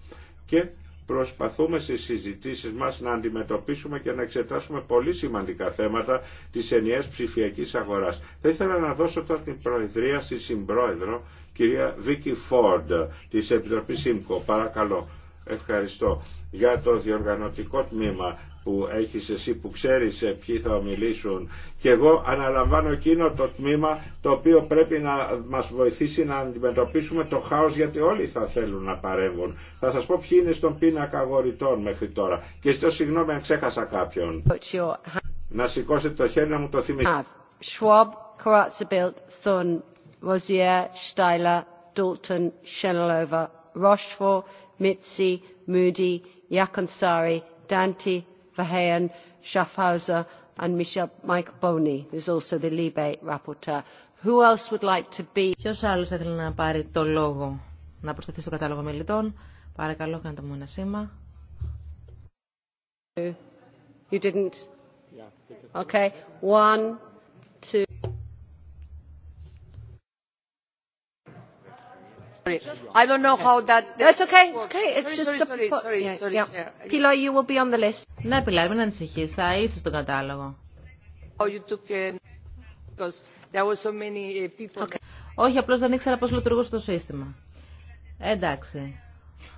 Και προσπαθούμε στις συζητήσεις μας να αντιμετωπίσουμε και να εξετάσουμε πολύ σημαντικά θέματα της ενιαίας ψηφιακής αγοράς. Θα ήθελα να δώσω τώρα την προεδρία στη συμπρόεδρο, κυρία Βίκη Φόρντ, της Επιτροπής ΣΥΜΚΟ. Παρακαλώ. Ευχαριστώ. Για το διοργανωτικό τμήμα που έχεις εσύ που ξέρεις ποιοι θα μιλήσουν και εγώ αναλαμβάνω εκείνο το τμήμα το οποίο πρέπει να μας βοηθήσει να αντιμετωπίσουμε το χάος γιατί όλοι θα θέλουν να παρέμβουν. Θα σας πω ποιοι είναι στον πίνακα αγοριτών μέχρι τώρα και στο συγγνώμη αν ξέχασα κάποιον. Να σηκώσετε το χέρι να μου το θυμηθείτε. Ah, Verheyen, Schaffhauser and Michael boni who is also the Libe rapporteur. Who else would like to be... Ποιος άλλος θα θέλει να πάρει το λόγο να προσθεθεί στο κατάλογο μελητών. Παρακαλώ, κάντε μου ένα σήμα. You didn't? Yeah, Okay. One, I don't know how that. That's okay. It's okay. It's just a. Sorry, sorry, Pilar, you will be on the list. Ναι, Pilar, μην ανησυχείς. Θα είσαι στον κατάλογο. Oh, you took. Because there were so many people. Όχι, απλώς δεν ήξερα πώς λειτουργούσε το σύστημα. Εντάξει.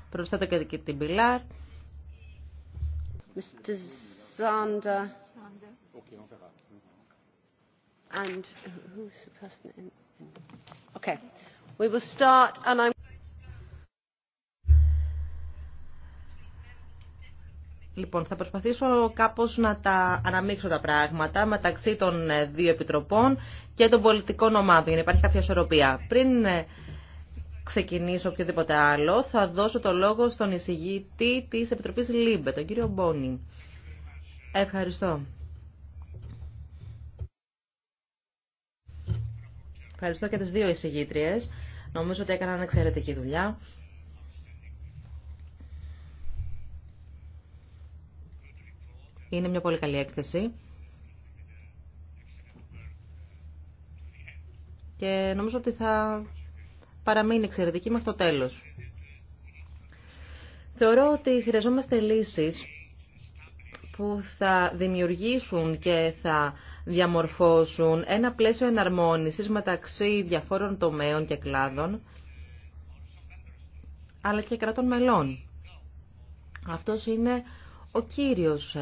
Προσθέτω και την Pilar. Mr. Zander. And who's the person in... Okay. Λοιπόν, θα προσπαθήσω κάπως να τα αναμίξω τα πράγματα μεταξύ των ε, δύο επιτροπών και των πολιτικών ομάδων, για να υπάρχει κάποια ισορροπία. Πριν ε, ξεκινήσω οποιοδήποτε άλλο, θα δώσω το λόγο στον εισηγητή της Επιτροπής ΛΥΜΠΕ, τον κύριο Μπόνι. Ευχαριστώ. Ευχαριστώ και τις δύο εισηγήτριες. Νομίζω ότι έκαναν εξαιρετική δουλειά. Είναι μια πολύ καλή έκθεση. Και νομίζω ότι θα παραμείνει εξαιρετική μέχρι το τέλος. Θεωρώ ότι χρειαζόμαστε λύσεις που θα δημιουργήσουν και θα διαμορφώσουν ένα πλαίσιο εναρμόνισης μεταξύ διαφόρων τομέων και κλάδων, αλλά και κρατών μελών. Αυτός είναι ο κύριος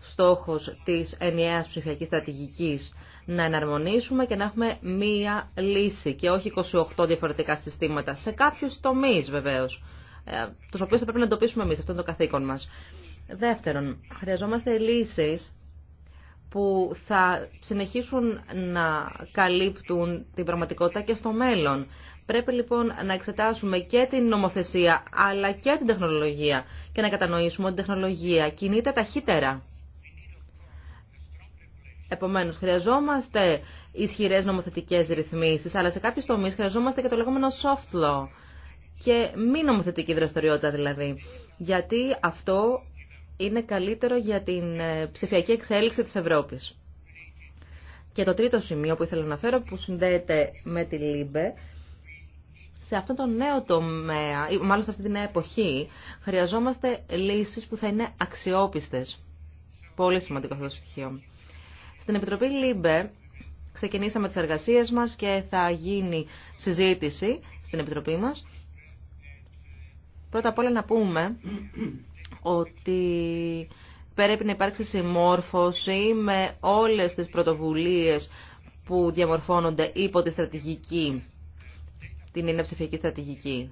στόχος της ενιαίας ψηφιακής στρατηγικής, να εναρμονίσουμε και να έχουμε μία λύση και όχι 28 διαφορετικά συστήματα, σε κάποιους τομείς βεβαίως, ε, τους οποίους θα πρέπει να εντοπίσουμε εμείς, αυτό είναι το καθήκον μας. Δεύτερον, χρειαζόμαστε λύσεις που θα συνεχίσουν να καλύπτουν την πραγματικότητα και στο μέλλον. Πρέπει λοιπόν να εξετάσουμε και την νομοθεσία αλλά και την τεχνολογία και να κατανοήσουμε ότι η τεχνολογία κινείται ταχύτερα. Επομένως, χρειαζόμαστε ισχυρές νομοθετικές ρυθμίσεις, αλλά σε κάποιους τομείς χρειαζόμαστε και το λεγόμενο soft law και μη νομοθετική δραστηριότητα δηλαδή. Γιατί αυτό είναι καλύτερο για την ε, ψηφιακή εξέλιξη της Ευρώπης. Και το τρίτο σημείο που ήθελα να αναφέρω που συνδέεται με τη ΛΥΜΠΕ, σε αυτόν τον νέο τομέα, ή μάλλον σε αυτή την νέα εποχή, χρειαζόμαστε λύσεις που θα είναι αξιόπιστες. Πολύ σημαντικό αυτό το στοιχείο. Στην Επιτροπή ΛΥΜΠΕ ξεκινήσαμε τις εργασίες μας και θα γίνει συζήτηση στην Επιτροπή μας. Πρώτα απ' όλα να πούμε ότι πρέπει να υπάρξει συμμόρφωση με όλες τις πρωτοβουλίες που διαμορφώνονται υπό τη στρατηγική, την είναι ψηφιακή στρατηγική.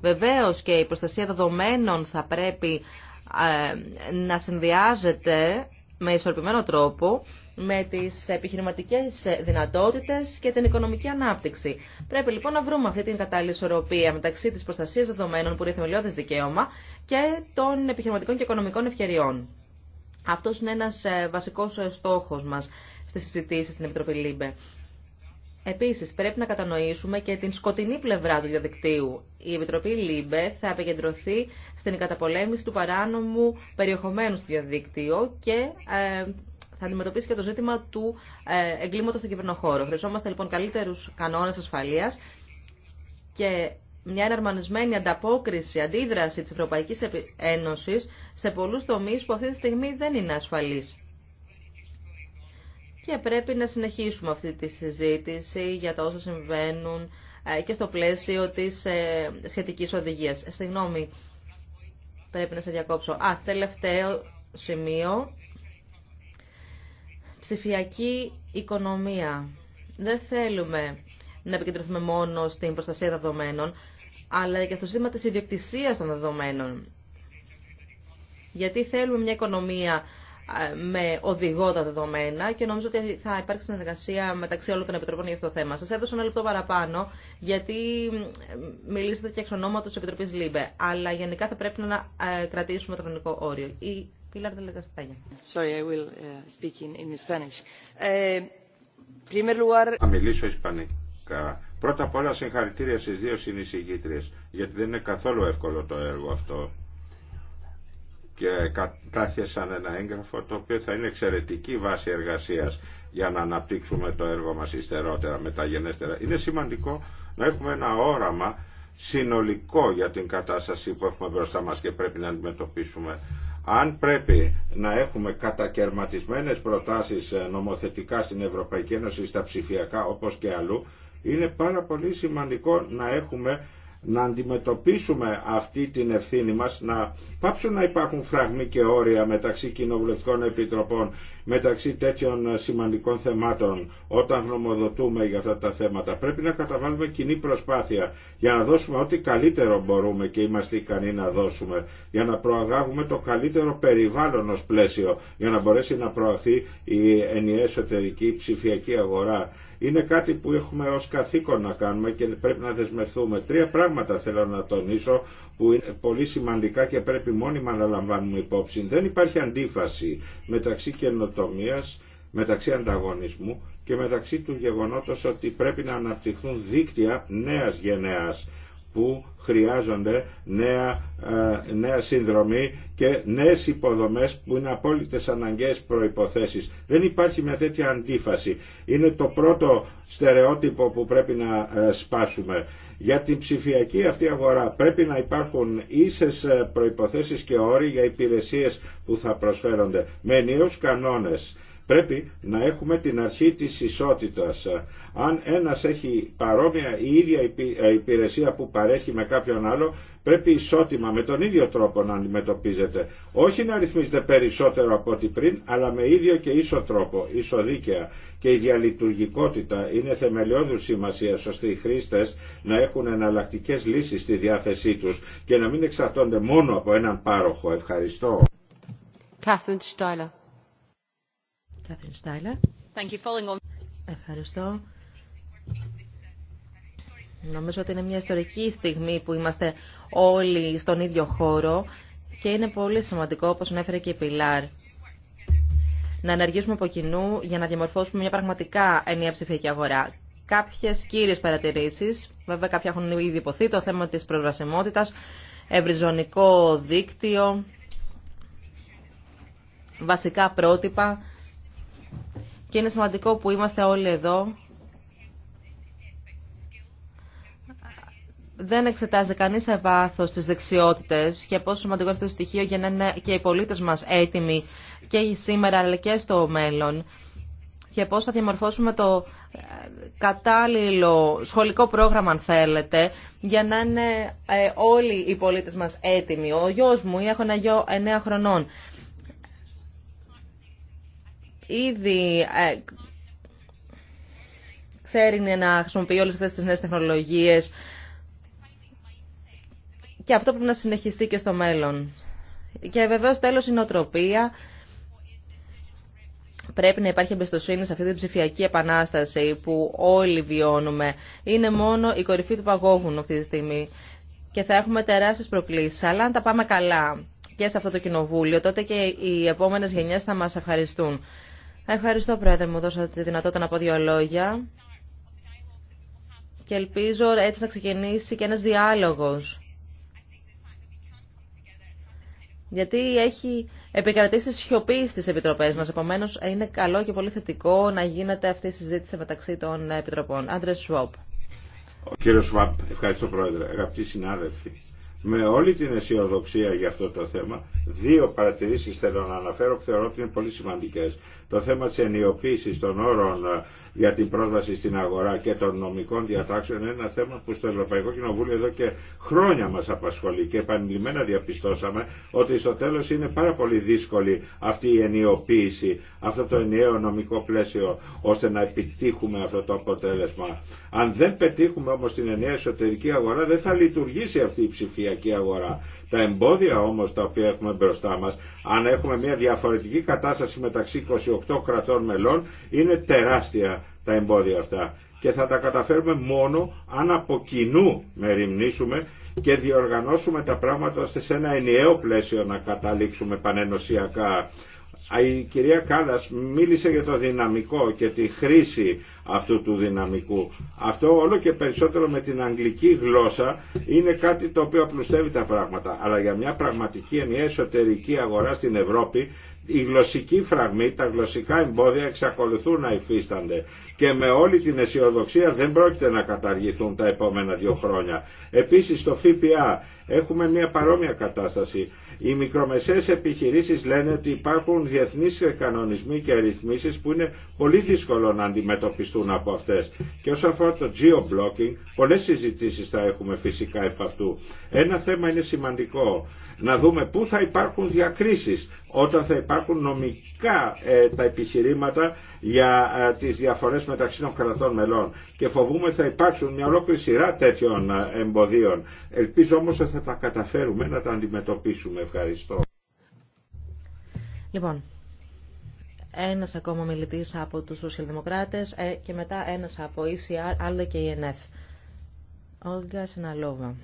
Βεβαίως και η προστασία δεδομένων θα πρέπει ε, να συνδυάζεται με ισορροπημένο τρόπο με τις επιχειρηματικές δυνατότητες και την οικονομική ανάπτυξη. Πρέπει λοιπόν να βρούμε αυτή την κατάλληλη ισορροπία μεταξύ της προστασίας δεδομένων που είναι θεμελιώδες δικαίωμα και των επιχειρηματικών και οικονομικών ευκαιριών. Αυτό είναι ένας ε, βασικός ε, στόχος μας στι συζητήσει στην Επιτροπή ΛΥΜΠΕ. Επίσης, πρέπει να κατανοήσουμε και την σκοτεινή πλευρά του διαδικτύου. Η Επιτροπή ΛΥΜΠΕ θα επικεντρωθεί στην καταπολέμηση του παράνομου περιεχομένου στο διαδίκτυο και ε, θα αντιμετωπίσει και το ζήτημα του εγκλήματος στον κυβερνοχώρο. Χρειαζόμαστε λοιπόν καλύτερου κανόνε ασφαλεία και μια εναρμονισμένη ανταπόκριση, αντίδραση της Ευρωπαϊκής Ένωσης σε πολλούς τομείς που αυτή τη στιγμή δεν είναι ασφαλής. Και πρέπει να συνεχίσουμε αυτή τη συζήτηση για τα όσα συμβαίνουν ε, και στο πλαίσιο της ε, σχετικής οδηγίας. Ε, συγγνώμη, πρέπει να σε διακόψω. Α, τελευταίο σημείο. Ψηφιακή οικονομία. Δεν θέλουμε να επικεντρωθούμε μόνο στην προστασία δεδομένων αλλά και στο σύστημα της ιδιοκτησίας των δεδομένων. Γιατί θέλουμε μια οικονομία με οδηγό τα δεδομένα και νομίζω ότι θα υπάρξει συνεργασία μεταξύ όλων των επιτροπών για αυτό το θέμα. Σα έδωσα ένα λεπτό παραπάνω, γιατί μιλήσατε και εξ ονόματο τη Επιτροπή ΛΥΜΠΕ. Αλλά γενικά θα πρέπει να ε, κρατήσουμε το χρονικό όριο. Η Πίλαρ Sorry, I will ε, speak in, ε, Θα μιλήσω Πρώτα απ' όλα συγχαρητήρια στις δύο συνεισηγήτριες, γιατί δεν είναι καθόλου εύκολο το έργο αυτό. Και κατάθεσαν ένα έγγραφο το οποίο θα είναι εξαιρετική βάση εργασίας για να αναπτύξουμε το έργο μας υστερότερα, μεταγενέστερα. Είναι σημαντικό να έχουμε ένα όραμα συνολικό για την κατάσταση που έχουμε μπροστά μας και πρέπει να αντιμετωπίσουμε. Αν πρέπει να έχουμε κατακαιρματισμένες προτάσεις ε, νομοθετικά στην Ευρωπαϊκή Ένωση στα ψηφιακά όπως και αλλού, είναι πάρα πολύ σημαντικό να έχουμε να αντιμετωπίσουμε αυτή την ευθύνη μας, να πάψουν να υπάρχουν φραγμοί και όρια μεταξύ κοινοβουλευτικών επιτροπών, μεταξύ τέτοιων σημαντικών θεμάτων, όταν γνωμοδοτούμε για αυτά τα θέματα. Πρέπει να καταβάλουμε κοινή προσπάθεια για να δώσουμε ό,τι καλύτερο μπορούμε και είμαστε ικανοί να δώσουμε, για να προαγάγουμε το καλύτερο περιβάλλον ως πλαίσιο, για να μπορέσει να προαχθεί η ενιαία εσωτερική ψηφιακή αγορά είναι κάτι που έχουμε ως καθήκον να κάνουμε και πρέπει να δεσμευτούμε. Τρία πράγματα θέλω να τονίσω που είναι πολύ σημαντικά και πρέπει μόνιμα να λαμβάνουμε υπόψη. Δεν υπάρχει αντίφαση μεταξύ καινοτομία, μεταξύ ανταγωνισμού και μεταξύ του γεγονότος ότι πρέπει να αναπτυχθούν δίκτυα νέας γενεάς που χρειάζονται νέα, ε, νέα συνδρομή και νέες υποδομές που είναι απόλυτες αναγκαίες προϋποθέσεις. Δεν υπάρχει μια τέτοια αντίφαση. Είναι το πρώτο στερεότυπο που πρέπει να ε, σπάσουμε. Για την ψηφιακή αυτή αγορά πρέπει να υπάρχουν ίσες ε, προϋποθέσεις και όροι για υπηρεσίες που θα προσφέρονται με νέους κανόνες Πρέπει να έχουμε την αρχή της ισότητας. Αν ένας έχει παρόμοια η ίδια ε, υπηρεσία που παρέχει με κάποιον άλλο, πρέπει ισότιμα με τον ίδιο τρόπο να αντιμετωπίζεται. Όχι να ρυθμίζεται περισσότερο από ό,τι πριν, αλλά με ίδιο και ίσο τρόπο, δίκαια. Και η διαλειτουργικότητα είναι θεμελιώδου σημασία ώστε οι χρήστε να έχουν εναλλακτικέ λύσει στη διάθεσή του και να μην εξαρτώνται μόνο από έναν πάροχο. Ευχαριστώ. Ευχαριστώ. Νομίζω ότι είναι μια ιστορική στιγμή που είμαστε όλοι στον ίδιο χώρο και είναι πολύ σημαντικό, όπως ανέφερε και η Πιλάρ, να ενεργήσουμε από κοινού για να διαμορφώσουμε μια πραγματικά ενιαία ψηφιακή αγορά. Κάποιε κύριε παρατηρήσει, βέβαια κάποια έχουν ήδη υποθεί, το θέμα τη προσβασιμότητα, ευρυζωνικό δίκτυο, βασικά πρότυπα και είναι σημαντικό που είμαστε όλοι εδώ. Δεν εξετάζει κανεί σε βάθο τι δεξιότητε και πόσο σημαντικό αυτό το στοιχείο για να είναι και οι πολίτε μα έτοιμοι και σήμερα αλλά και στο μέλλον και πώς θα διαμορφώσουμε το ε, κατάλληλο σχολικό πρόγραμμα, αν θέλετε, για να είναι ε, όλοι οι πολίτες μας έτοιμοι. Ο γιος μου, έχω ένα γιο 9 χρονών, ήδη ε, ξέρει να χρησιμοποιεί όλες αυτές τις νέες τεχνολογίες και αυτό πρέπει να συνεχιστεί και στο μέλλον. Και βεβαίως τέλος η νοοτροπία. Πρέπει να υπάρχει εμπιστοσύνη σε αυτή την ψηφιακή επανάσταση που όλοι βιώνουμε. Είναι μόνο η κορυφή του παγόβουνου αυτή τη στιγμή και θα έχουμε τεράστιες προκλήσεις. Αλλά αν τα πάμε καλά και σε αυτό το κοινοβούλιο, τότε και οι επόμενες γενιές θα μας ευχαριστούν. Ευχαριστώ, Πρόεδρε, μου δώσατε τη δυνατότητα να πω δύο λόγια. Και ελπίζω έτσι να ξεκινήσει και ένας διάλογος. Γιατί έχει επικρατήσει σιωπή στις επιτροπές μας. Επομένως, είναι καλό και πολύ θετικό να γίνεται αυτή η συζήτηση μεταξύ των επιτροπών. Άντρες Σουάπ. Ο κύριος Σουάπ, ευχαριστώ πρόεδρε. Αγαπητοί συνάδελφοι, με όλη την αισιοδοξία για αυτό το θέμα, δύο παρατηρήσεις θέλω να αναφέρω που θεωρώ ότι είναι πολύ σημαντικές. Το θέμα της ενιοποίησης των όρων για την πρόσβαση στην αγορά και των νομικών διατάξεων είναι ένα θέμα που στο Ευρωπαϊκό Κοινοβούλιο εδώ και χρόνια μας απασχολεί και επανειλημμένα διαπιστώσαμε ότι στο τέλος είναι πάρα πολύ δύσκολη αυτή η ενιοποίηση, αυτό το ενιαίο νομικό πλαίσιο ώστε να επιτύχουμε αυτό το αποτέλεσμα. Αν δεν πετύχουμε όμως την ενιαία εσωτερική αγορά δεν θα λειτουργήσει αυτή η ψηφιακή αγορά τα εμπόδια όμως τα οποία έχουμε μπροστά μας, αν έχουμε μια διαφορετική κατάσταση μεταξύ 28 κρατών μελών, είναι τεράστια τα εμπόδια αυτά. Και θα τα καταφέρουμε μόνο αν από κοινού μεριμνήσουμε και διοργανώσουμε τα πράγματα ώστε σε ένα ενιαίο πλαίσιο να καταλήξουμε πανενοσιακά η κυρία Κάλλας μίλησε για το δυναμικό και τη χρήση αυτού του δυναμικού. Αυτό όλο και περισσότερο με την αγγλική γλώσσα είναι κάτι το οποίο απλουστεύει τα πράγματα. Αλλά για μια πραγματική ενιαία εσωτερική αγορά στην Ευρώπη η γλωσσική φραγμή, τα γλωσσικά εμπόδια εξακολουθούν να υφίστανται και με όλη την αισιοδοξία δεν πρόκειται να καταργηθούν τα επόμενα δύο χρόνια. Επίσης στο ΦΠΑ έχουμε μια παρόμοια κατάσταση. Οι μικρομεσαίες επιχειρήσεις λένε ότι υπάρχουν διεθνείς κανονισμοί και ρυθμίσεις που είναι πολύ δύσκολο να αντιμετωπιστούν από αυτές. Και όσον αφορά το geo-blocking, πολλές συζητήσεις θα έχουμε φυσικά επ' αυτού. Ένα θέμα είναι σημαντικό. Να δούμε πού θα υπάρχουν διακρίσεις όταν θα υπάρχουν νομικά ε, τα επιχειρήματα για ε, τις διαφορές μεταξύ των κρατών μελών και φοβούμε θα υπάρξουν μια ολόκληρη σειρά τέτοιων ε, εμποδίων. Ελπίζω όμως ότι θα τα καταφέρουμε να τα αντιμετωπίσουμε. Ευχαριστώ. Λοιπόν, ένας ακόμα μιλητής από τους Σοσιαλδημοκράτες ε, και μετά ένας από ECR, άλλα και ΕΝΕΦ. Όλγα Σιναλόβα.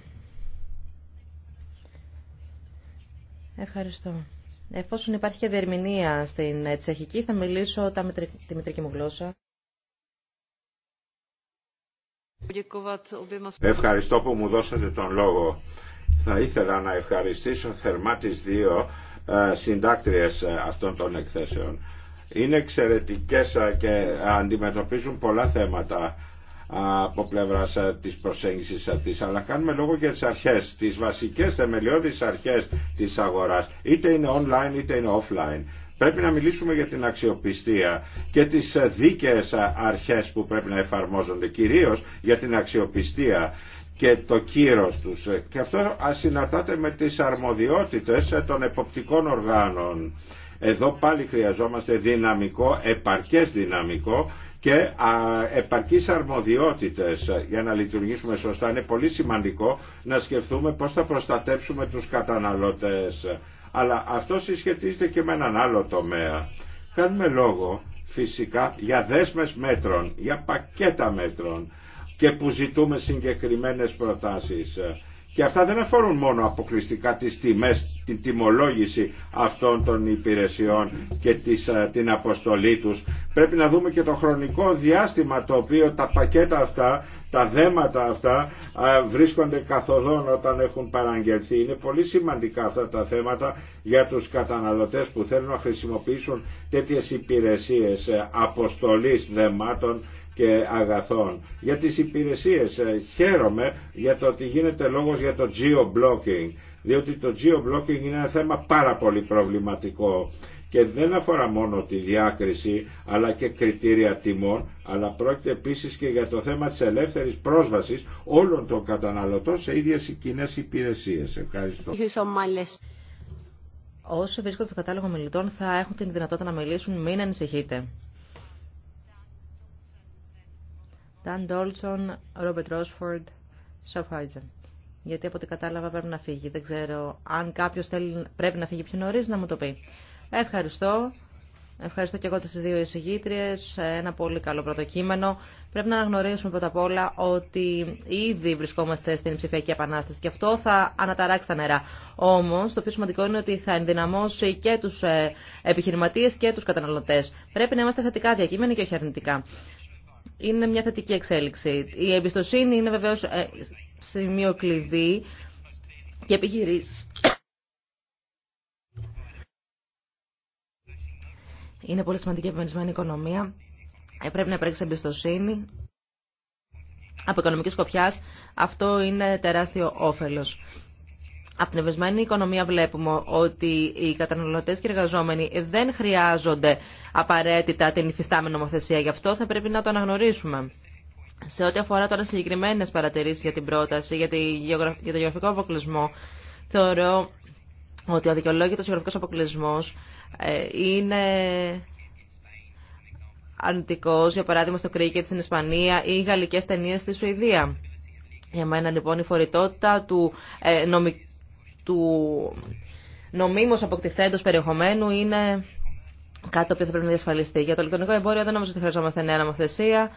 Ευχαριστώ. Εφόσον υπάρχει και διερμηνία στην ε, τσεχική, θα μιλήσω τα τη μητρική μου γλώσσα. Ευχαριστώ που μου δώσατε τον λόγο. Θα ήθελα να ευχαριστήσω θερμά τις δύο ε, συντάκτριες ε, αυτών των εκθέσεων. Είναι εξαιρετικές ε, και αντιμετωπίζουν πολλά θέματα από πλευρά της προσέγγισης αυτής αλλά κάνουμε λόγο για τις αρχές τις βασικές θεμελιώδεις αρχές της αγοράς είτε είναι online είτε είναι offline Πρέπει να μιλήσουμε για την αξιοπιστία και τις δίκαιες αρχές που πρέπει να εφαρμόζονται, κυρίως για την αξιοπιστία και το κύρος τους. Και αυτό συναρτάται με τις αρμοδιότητες των εποπτικών οργάνων. Εδώ πάλι χρειαζόμαστε δυναμικό, επαρκές δυναμικό και επαρκείς αρμοδιότητες για να λειτουργήσουμε σωστά. Είναι πολύ σημαντικό να σκεφτούμε πώς θα προστατέψουμε τους καταναλωτές αλλά αυτό συσχετίζεται και με έναν άλλο τομέα. Κάνουμε λόγο φυσικά για δέσμες μέτρων, για πακέτα μέτρων και που ζητούμε συγκεκριμένες προτάσεις. Και αυτά δεν αφορούν μόνο αποκλειστικά τις τιμές, την τιμολόγηση αυτών των υπηρεσιών και ε, την αποστολή τους. Πρέπει να δούμε και το χρονικό διάστημα το οποίο τα πακέτα αυτά τα θέματα αυτά βρίσκονται καθοδόν όταν έχουν παραγγελθεί. Είναι πολύ σημαντικά αυτά τα θέματα για τους καταναλωτές που θέλουν να χρησιμοποιήσουν τέτοιες υπηρεσίες ε, αποστολής δεμάτων και αγαθών. Για τις υπηρεσίες ε, χαίρομαι για το ότι γίνεται λόγος για το geo-blocking, διότι το geo-blocking είναι ένα θέμα πάρα πολύ προβληματικό και δεν αφορά μόνο τη διάκριση αλλά και κριτήρια τιμών αλλά πρόκειται επίσης και για το θέμα της ελεύθερης πρόσβασης όλων των καταναλωτών σε ίδιες οι κοινές υπηρεσίες. Ευχαριστώ. Όσοι βρίσκονται στο κατάλογο μιλητών θα έχουν την δυνατότητα να μιλήσουν, μην ανησυχείτε. Dan Dolson, Robert Rosford, Schaffhausen. Γιατί από ό,τι κατάλαβα πρέπει να φύγει. Δεν ξέρω αν κάποιο πρέπει να φύγει πιο νωρί να μου το πει. Ευχαριστώ. Ευχαριστώ και εγώ τις δύο εισηγήτριες. Ένα πολύ καλό πρωτοκείμενο. Πρέπει να αναγνωρίσουμε πρώτα απ' όλα ότι ήδη βρισκόμαστε στην ψηφιακή επανάσταση και αυτό θα αναταράξει τα νερά. Όμως το πιο σημαντικό είναι ότι θα ενδυναμώσει και τους ε, επιχειρηματίες και τους καταναλωτές. Πρέπει να είμαστε θετικά διακείμενοι και όχι αρνητικά. Είναι μια θετική εξέλιξη. Η εμπιστοσύνη είναι βεβαίως ε, σημείο κλειδί και επιχειρήσει. Είναι πολύ σημαντική η επιμερισμένη οικονομία. Ε, πρέπει να υπάρξει εμπιστοσύνη. Από οικονομική σκοπιά αυτό είναι τεράστιο όφελο. Από την ευεσμένη οικονομία βλέπουμε ότι οι καταναλωτέ και οι εργαζόμενοι δεν χρειάζονται απαραίτητα την υφιστάμενη νομοθεσία. Γι' αυτό θα πρέπει να το αναγνωρίσουμε. Σε ό,τι αφορά τώρα συγκεκριμένε παρατηρήσει για την πρόταση, για, το γεωγραφικό αποκλεισμό, θεωρώ ότι ο δικαιολόγητο γεωγραφικό αποκλεισμό ε, είναι αρνητικό, για παράδειγμα στο κρίκετ στην Ισπανία ή οι γαλλικές ταινίες στη Σουηδία. Για μένα λοιπόν η φορητότητα του, ε, νομι... του νομίμως αποκτηθέντος περιεχομένου είναι κάτι το οποίο θα πρέπει να διασφαλιστεί. Για το ηλεκτρονικό εμπόριο δεν νομίζω ότι χρειαζόμαστε νέα νομοθεσία.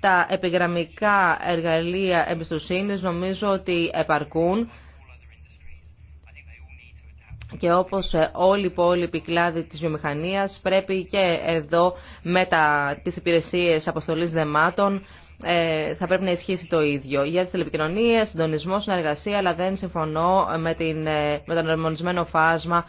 Τα επιγραμμικά εργαλεία εμπιστοσύνη νομίζω ότι επαρκούν και όπως ε, όλοι οι υπόλοιποι κλάδοι της βιομηχανίας πρέπει και εδώ με τα, τις υπηρεσίες αποστολής δεμάτων ε, θα πρέπει να ισχύσει το ίδιο. Για τις τηλεπικοινωνίες, συντονισμό, συνεργασία, αλλά δεν συμφωνώ με, την, ε, με τον αρμονισμένο φάσμα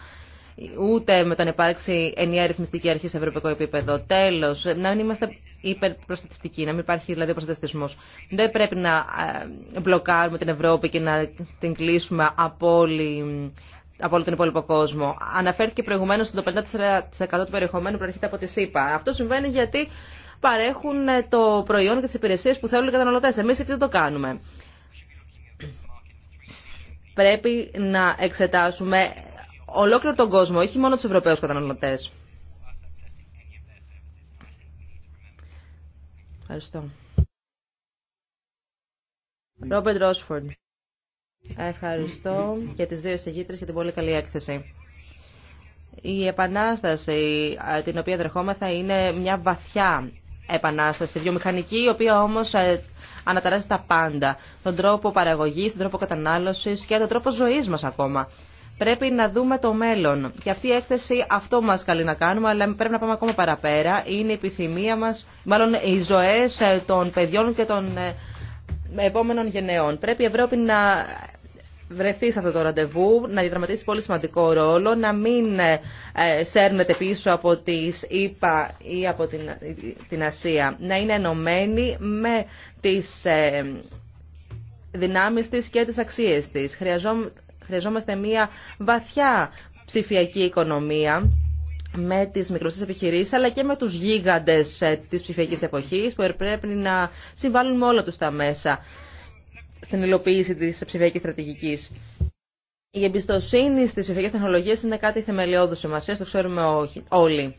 ούτε με τον υπάρξει ενιαία ρυθμιστική αρχή σε ευρωπαϊκό επίπεδο. Τέλο, να μην είμαστε υπερπροστατευτικοί, να μην υπάρχει δηλαδή προστατευτισμό. Δεν πρέπει να μπλοκάρουμε την Ευρώπη και να την κλείσουμε από όλη από όλο τον υπόλοιπο κόσμο. Αναφέρθηκε προηγουμένω ότι το 54% του περιεχομένου προέρχεται από τη ΣΥΠΑ. Αυτό συμβαίνει γιατί παρέχουν ε, το προϊόν και τι υπηρεσίε που θέλουν οι καταναλωτέ. Εμεί εκεί δεν το κάνουμε. Πρέπει να εξετάσουμε ολόκληρο τον κόσμο, όχι μόνο του Ευρωπαίου καταναλωτέ. Ευχαριστώ. Ρόμπερτ Ευχαριστώ για τις δύο εισηγήτρες για την πολύ καλή έκθεση. Η επανάσταση ε, την οποία δρεχόμεθα είναι μια βαθιά επανάσταση βιομηχανική, η οποία όμως ε, αναταράζει τα πάντα. Τον τρόπο παραγωγής, τον τρόπο κατανάλωσης και τον τρόπο ζωής μας ακόμα. Πρέπει να δούμε το μέλλον. Και αυτή η έκθεση αυτό μα καλεί να κάνουμε, αλλά πρέπει να πάμε ακόμα παραπέρα. Είναι η επιθυμία μα, μάλλον οι ζωέ ε, των παιδιών και των επόμενων γενεών. Πρέπει η Ευρώπη να βρεθεί σε αυτό το ραντεβού, να διαδραματίσει πολύ σημαντικό ρόλο, να μην ε, σέρνεται πίσω από τις ΗΠΑ ή από την, την Ασία. Να είναι ενωμένη με τις ε, δυνάμεις της και τις αξίες της. Χρειαζόμαστε μια βαθιά ψηφιακή οικονομία με τις μικρές επιχειρήσει, αλλά και με τους γίγαντες ε, τη ψηφιακή εποχή που πρέπει να συμβάλλουν με όλα του τα μέσα στην υλοποίηση της ψηφιακή στρατηγική. Η εμπιστοσύνη στις ψηφιακές τεχνολογίες είναι κάτι θεμελιώδου σημασία, το ξέρουμε όλοι.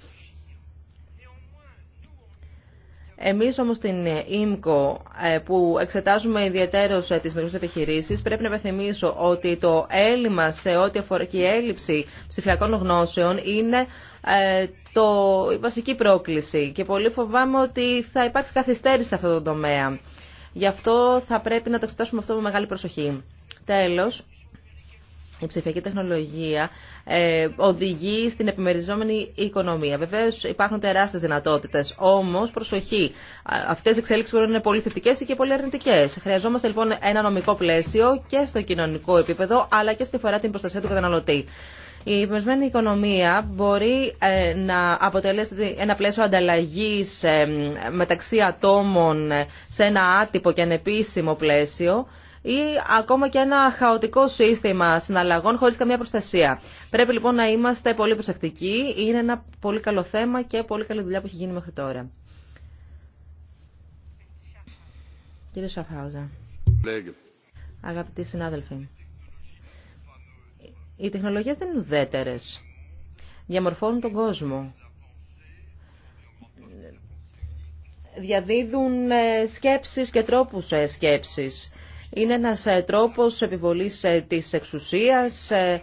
Εμείς όμως στην ε, ΙΜΚΟ ε, που εξετάζουμε ιδιαίτερως ε, τις μικρές επιχειρήσεις πρέπει να υπενθυμίσω ότι το έλλειμμα σε ό,τι αφορά και η έλλειψη ψηφιακών γνώσεων είναι το, η βασική πρόκληση και πολύ φοβάμαι ότι θα υπάρξει καθυστέρηση σε αυτό το τομέα. Γι' αυτό θα πρέπει να το εξετάσουμε αυτό με μεγάλη προσοχή. Τέλος, η ψηφιακή τεχνολογία ε, οδηγεί στην επιμεριζόμενη οικονομία. Βεβαίω υπάρχουν τεράστιε δυνατότητε. Όμω, προσοχή, αυτέ οι εξέλιξει μπορούν να είναι πολύ θετικέ και πολύ αρνητικέ. Χρειαζόμαστε λοιπόν ένα νομικό πλαίσιο και στο κοινωνικό επίπεδο, αλλά και στη φορά την προστασία του καταναλωτή. Η επιμερισμένη οικονομία μπορεί ε, να αποτελέσει ένα πλαίσιο ανταλλαγής ε, μεταξύ ατόμων ε, σε ένα άτυπο και ανεπίσημο πλαίσιο ή ακόμα και ένα χαοτικό σύστημα συναλλαγών χωρίς καμία προστασία. Πρέπει λοιπόν να είμαστε πολύ προσεκτικοί. Είναι ένα πολύ καλό θέμα και πολύ καλή δουλειά που έχει γίνει μέχρι τώρα. Κύριε Σαφάουζα, αγαπητοί συνάδελφοι, οι τεχνολογίες δεν είναι ουδέτερες. Διαμορφώνουν τον κόσμο. Διαδίδουν ε, σκέψεις και τρόπους ε, σκέψης είναι ένας ε, τρόπος επιβολής ε, της εξουσίας ε,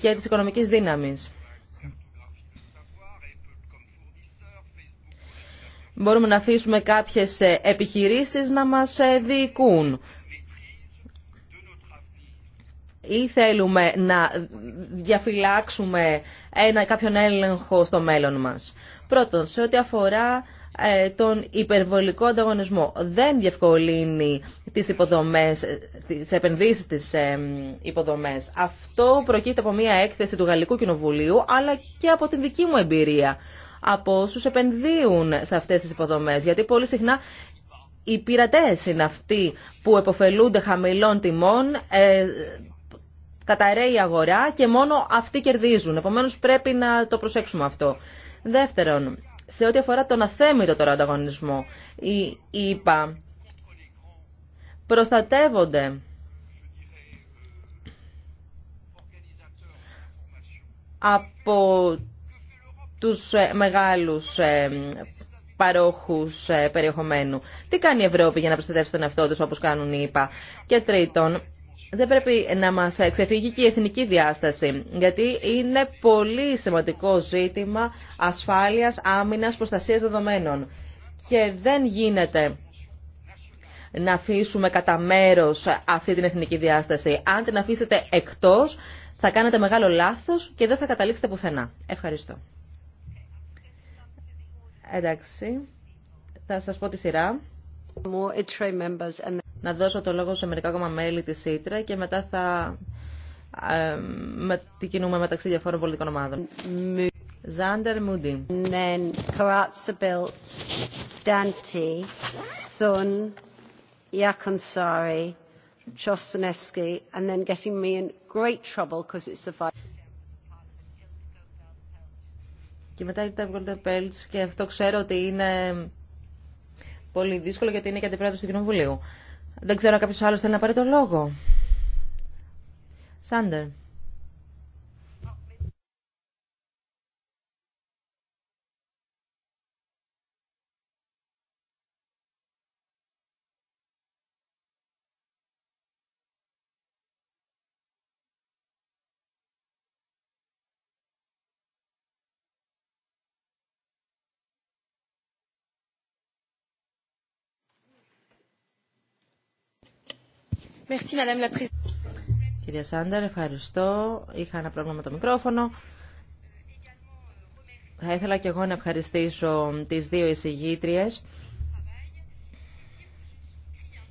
και της οικονομικής δύναμης. Μπορούμε να αφήσουμε κάποιες επιχειρήσεις να μας διοικούν. Ή θέλουμε να διαφυλάξουμε ένα, κάποιον έλεγχο στο μέλλον μας. Πρώτον, σε ό,τι αφορά ε, τον υπερβολικό ανταγωνισμό. Δεν διευκολύνει τις υποδομές, τις επενδύσεις στις ε, υποδομές. Αυτό προκύπτει από μια έκθεση του Γαλλικού Κοινοβουλίου, αλλά και από την δική μου εμπειρία από όσους επενδύουν σε αυτές τις υποδομές. Γιατί πολύ συχνά οι πειρατές είναι αυτοί που επωφελούνται χαμηλών τιμών, ε, καταραίει η αγορά και μόνο αυτοί κερδίζουν. Επομένως πρέπει να το προσέξουμε αυτό. Δεύτερον, σε ό,τι αφορά τον αθέμητο τώρα ανταγωνισμό. Οι ΙΠΑ προστατεύονται από τους ε, μεγάλους ε, παρόχους ε, περιεχομένου. Τι κάνει η Ευρώπη για να προστατεύσει τον εαυτό τους όπως κάνουν οι ΙΠΑ. Και τρίτον, δεν πρέπει να μας ξεφύγει και η εθνική διάσταση, γιατί είναι πολύ σημαντικό ζήτημα ασφάλειας, άμυνας, προστασίας δεδομένων. Και δεν γίνεται να αφήσουμε κατά μέρο αυτή την εθνική διάσταση. Αν την αφήσετε εκτός, θα κάνετε μεγάλο λάθος και δεν θα καταλήξετε πουθενά. Ευχαριστώ. Εντάξει, θα σας πω τη σειρά να δώσω το λόγο σε μερικά ακόμα μέλη της ΣΥΤΡΑ και μετά θα ε, με, τι κινούμε μεταξύ διαφόρων πολιτικών ομάδων. Ζάντερ Μούντι. Νεν, Κοράτσα Μπιλτ, Ντάντι, Θουν, Ιακονσάρι, Τσοσνέσκι, and then getting me in great trouble because it's the fight. Και μετά τα Τάβγολτα Πέλτς και αυτό ξέρω ότι είναι πολύ δύσκολο γιατί είναι και αντιπρόεδρος του Κοινοβουλίου. Δεν ξέρω αν κάποιος άλλος θέλει να πάρει τον λόγο. Σάντερ. Κυρία Σάντερ, ευχαριστώ. Είχα ένα πρόβλημα με το μικρόφωνο. Θα ήθελα και εγώ να ευχαριστήσω τις δύο εισηγήτριες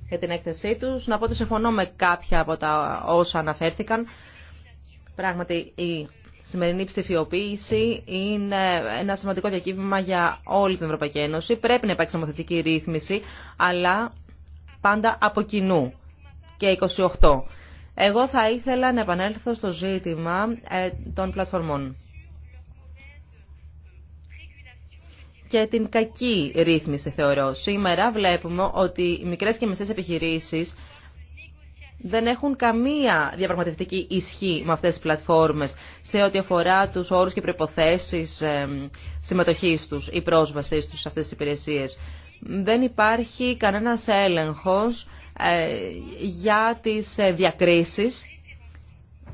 για την έκθεσή τους. Να πω ότι συμφωνώ με κάποια από τα όσα αναφέρθηκαν. Πράγματι, η σημερινή ψηφιοποίηση είναι ένα σημαντικό διακύβημα για όλη την Ευρωπαϊκή Ένωση. Πρέπει να υπάρξει νομοθετική ρύθμιση, αλλά πάντα από κοινού και 28. Εγώ θα ήθελα να επανέλθω στο ζήτημα ε, των πλατφορμών και την κακή ρύθμιση θεωρώ. Σήμερα βλέπουμε ότι οι μικρές και μεσές επιχειρήσεις δεν έχουν καμία διαπραγματευτική ισχύ με αυτές τις πλατφόρμες σε ό,τι αφορά τους όρους και προϋποθέσεις ε, συμμετοχής τους ή πρόσβασης τους σε αυτές τις υπηρεσίες. Δεν υπάρχει κανένας έλεγχος ε, για τις ε, διακρίσεις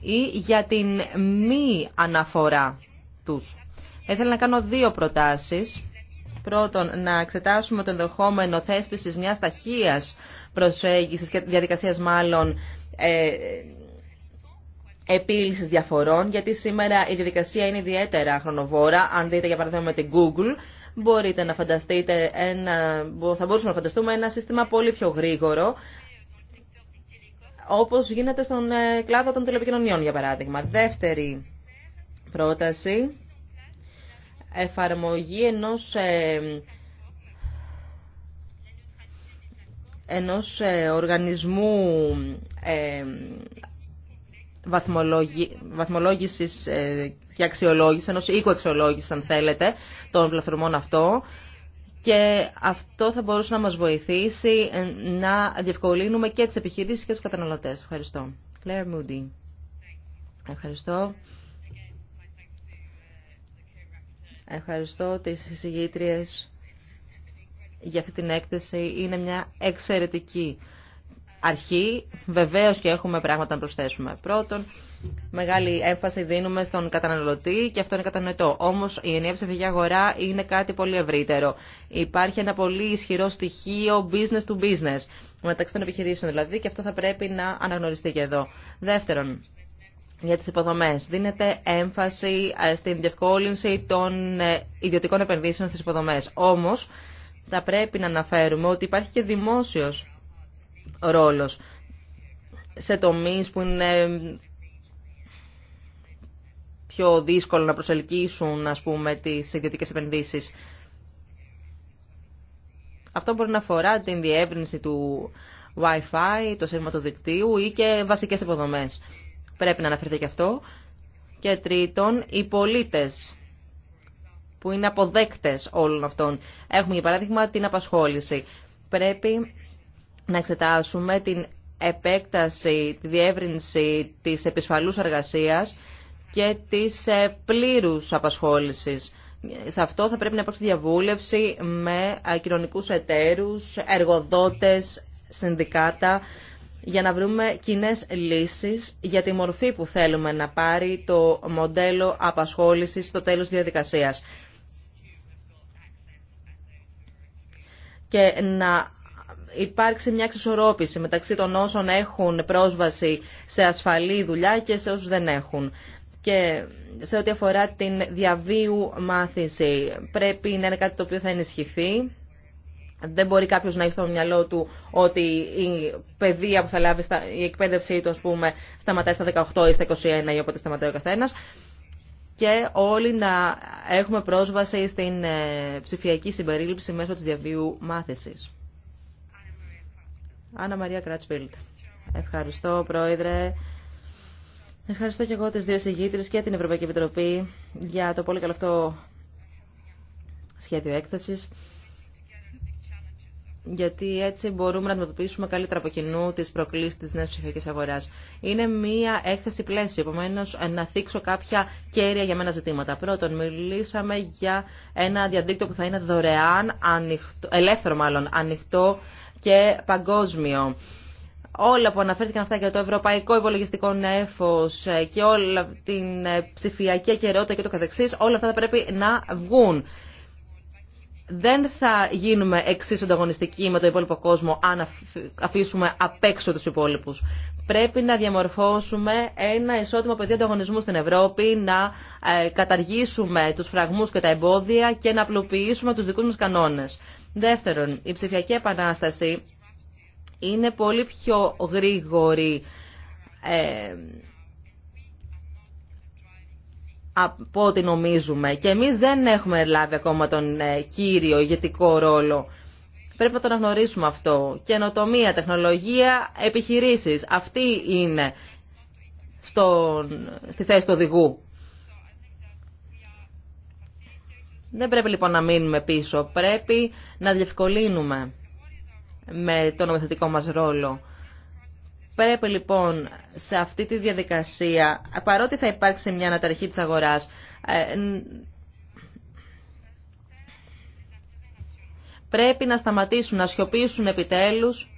ή για την μη αναφορά τους. Ήθελα να κάνω δύο προτάσεις. Πρώτον, να εξετάσουμε το ενδεχόμενο θέσπισης μιας ταχείας προσέγγισης και διαδικασίας μάλλον ε, επίλυσης διαφορών, γιατί σήμερα η διαδικασία είναι ιδιαίτερα χρονοβόρα. Αν δείτε για παράδειγμα με την Google, μπορείτε να φανταστείτε ένα, θα μπορούσαμε να φανταστούμε ένα σύστημα πολύ πιο γρήγορο, όπως γίνεται στον ε, κλάδο των τηλεπικοινωνιών, για παράδειγμα. Δεύτερη πρόταση, εφαρμογή ενός, ε, ενός ε, οργανισμού βαθμολόγησης ε, και αξιολόγησης, ενός οίκου αξιολόγησης αν θέλετε, των πλατφορμών αυτό. Και αυτό θα μπορούσε να μας βοηθήσει ε, να διευκολύνουμε και τις επιχειρήσεις και τους καταναλωτές. Ευχαριστώ. Claire Moody. Ευχαριστώ. Ευχαριστώ τις εισηγήτριες για αυτή την έκθεση. Είναι μια εξαιρετική αρχή. Βεβαίως και έχουμε πράγματα να προσθέσουμε. Πρώτον, μεγάλη έμφαση δίνουμε στον καταναλωτή και αυτό είναι κατανοητό. Όμως η ενιαία ψηφιακή αγορά είναι κάτι πολύ ευρύτερο. Υπάρχει ένα πολύ ισχυρό στοιχείο business to business μεταξύ των επιχειρήσεων δηλαδή και αυτό θα πρέπει να αναγνωριστεί και εδώ. Δεύτερον, για τις υποδομές. Δίνεται έμφαση ε, στην διευκόλυνση των ε, ιδιωτικών επενδύσεων στις υποδομές. Όμως, θα πρέπει να αναφέρουμε ότι υπάρχει και δημόσιος ρόλος σε τομείς που είναι πιο δύσκολο να προσελκύσουν ας πούμε, τις ιδιωτικές επενδύσεις. Αυτό μπορεί να αφορά την διεύρυνση του Wi-Fi, το σύνδεμα του δικτύου ή και βασικές υποδομές. Πρέπει να αναφερθεί και αυτό. Και τρίτον, οι πολίτες που είναι αποδέκτες όλων αυτών. Έχουμε για παράδειγμα την απασχόληση. Πρέπει να εξετάσουμε την επέκταση, τη διεύρυνση της επισφαλούς εργασίας και της ε, πλήρους απασχόλησης. Σε αυτό θα πρέπει να υπάρξει διαβούλευση με ε, κοινωνικούς εταίρους, εργοδότες, συνδικάτα, για να βρούμε κοινέ λύσεις για τη μορφή που θέλουμε να πάρει το μοντέλο απασχόλησης στο τέλος διαδικασίας. Και να υπάρξει μια εξισορρόπηση μεταξύ των όσων έχουν πρόσβαση σε ασφαλή δουλειά και σε όσους δεν έχουν. Και σε ό,τι αφορά την διαβίου μάθηση, πρέπει να είναι κάτι το οποίο θα ενισχυθεί. Δεν μπορεί κάποιο να έχει στο μυαλό του ότι η παιδεία που θα λάβει, η εκπαίδευσή του, α πούμε, σταματάει στα 18 ή στα 21 ή όποτε σταματάει ο καθένα. Και όλοι να έχουμε πρόσβαση στην ε, ψηφιακή συμπερίληψη μέσω τη διαβίου μάθηση. Άννα Μαρία Κρατσπίλτ. Ευχαριστώ, Πρόεδρε. Ευχαριστώ και εγώ τις δύο συγγήτρες και την Ευρωπαϊκή Επιτροπή για το πολύ καλό αυτό σχέδιο έκθεσης γιατί έτσι μπορούμε να αντιμετωπίσουμε καλύτερα από κοινού τι προκλήσει τη νέα ψηφιακή αγορά. Είναι μία έκθεση πλαίσιο, επομένω να θίξω κάποια κέρια για μένα ζητήματα. Πρώτον, μιλήσαμε για ένα διαδίκτυο που θα είναι δωρεάν, ανοιχτό, ελεύθερο μάλλον, ανοιχτό και παγκόσμιο. Όλα που αναφέρθηκαν αυτά για το ευρωπαϊκό υπολογιστικό νέφος και όλα την ψηφιακή ακαιρεότητα και το καθεξής, όλα αυτά θα πρέπει να βγουν δεν θα γίνουμε εξίσου ανταγωνιστικοί με το υπόλοιπο κόσμο αν αφήσουμε απ' έξω τους υπόλοιπους. Πρέπει να διαμορφώσουμε ένα ισότιμο πεδίο ανταγωνισμού στην Ευρώπη, να ε, καταργήσουμε τους φραγμούς και τα εμπόδια και να απλοποιήσουμε τους δικούς μας κανόνες. Δεύτερον, η ψηφιακή επανάσταση είναι πολύ πιο γρήγορη ε, από ό,τι νομίζουμε. Και εμείς δεν έχουμε λάβει ακόμα τον ε, κύριο ηγετικό ρόλο. Πρέπει να το αναγνωρίσουμε αυτό. Καινοτομία, τεχνολογία, επιχειρήσεις. Αυτή είναι στο, στη θέση του οδηγού. Δεν πρέπει λοιπόν να μείνουμε πίσω. Πρέπει να διευκολύνουμε με τον νομοθετικό μας ρόλο. Πρέπει λοιπόν σε αυτή τη διαδικασία, παρότι θα υπάρξει μια αναταρχή της αγοράς, ε, πρέπει να σταματήσουν, να σιωπήσουν επιτέλους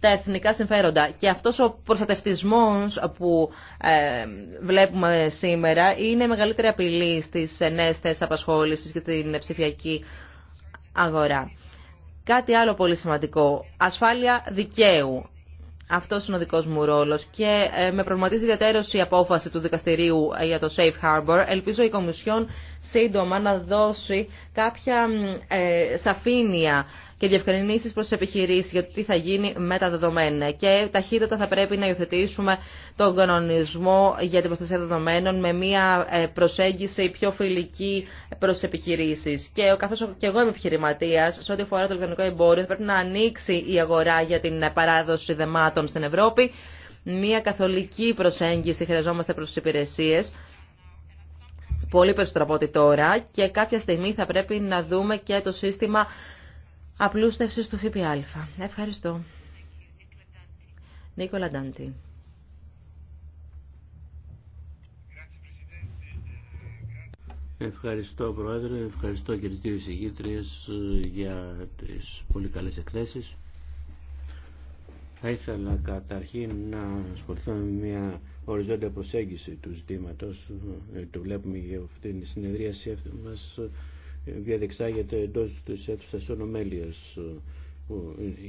τα εθνικά συμφέροντα. Και αυτός ο προστατευτισμός που ε, βλέπουμε σήμερα είναι η μεγαλύτερη απειλή στις νέες θέσεις απασχόλησης και την ψηφιακή αγορά. Κάτι άλλο πολύ σημαντικό. Ασφάλεια δικαίου. Αυτό είναι ο δικό μου ρόλο και ε, με προβληματίζει ιδιαίτερω η απόφαση του δικαστηρίου ε, για το Safe Harbor. Ελπίζω η Κομισιόν σύντομα να δώσει κάποια ε, σαφήνεια και διευκρινήσει προ τι επιχειρήσει για το τι θα γίνει με τα δεδομένα. Και ταχύτατα θα πρέπει να υιοθετήσουμε τον κανονισμό για την προστασία δεδομένων με μια ε, προσέγγιση πιο φιλική προς τι επιχειρήσεις. Και καθώ και εγώ είμαι επιχειρηματία, σε ό,τι αφορά το ηλεκτρονικό εμπόριο, θα πρέπει να ανοίξει η αγορά για την παράδοση δεμάτων στην Ευρώπη. Μια καθολική προσέγγιση χρειαζόμαστε προ τι υπηρεσίε πολύ περισσότερο από ό,τι τώρα και κάποια στιγμή θα πρέπει να δούμε και το σύστημα Απλούστευση του ΦΠΑ. Ευχαριστώ. Νίκολα Ντάντι. Ευχαριστώ Πρόεδρε, ευχαριστώ και τις δύο εισηγήτριες ε, για τις πολύ καλές εκθέσεις. Θα ήθελα καταρχήν να ασχοληθώ με μια οριζόντια προσέγγιση του ζητήματος. Ε, το βλέπουμε για αυτήν τη συνεδρίαση αυτή μας ε, διαδεξάγεται εντό τη αίθουσα ονομέλεια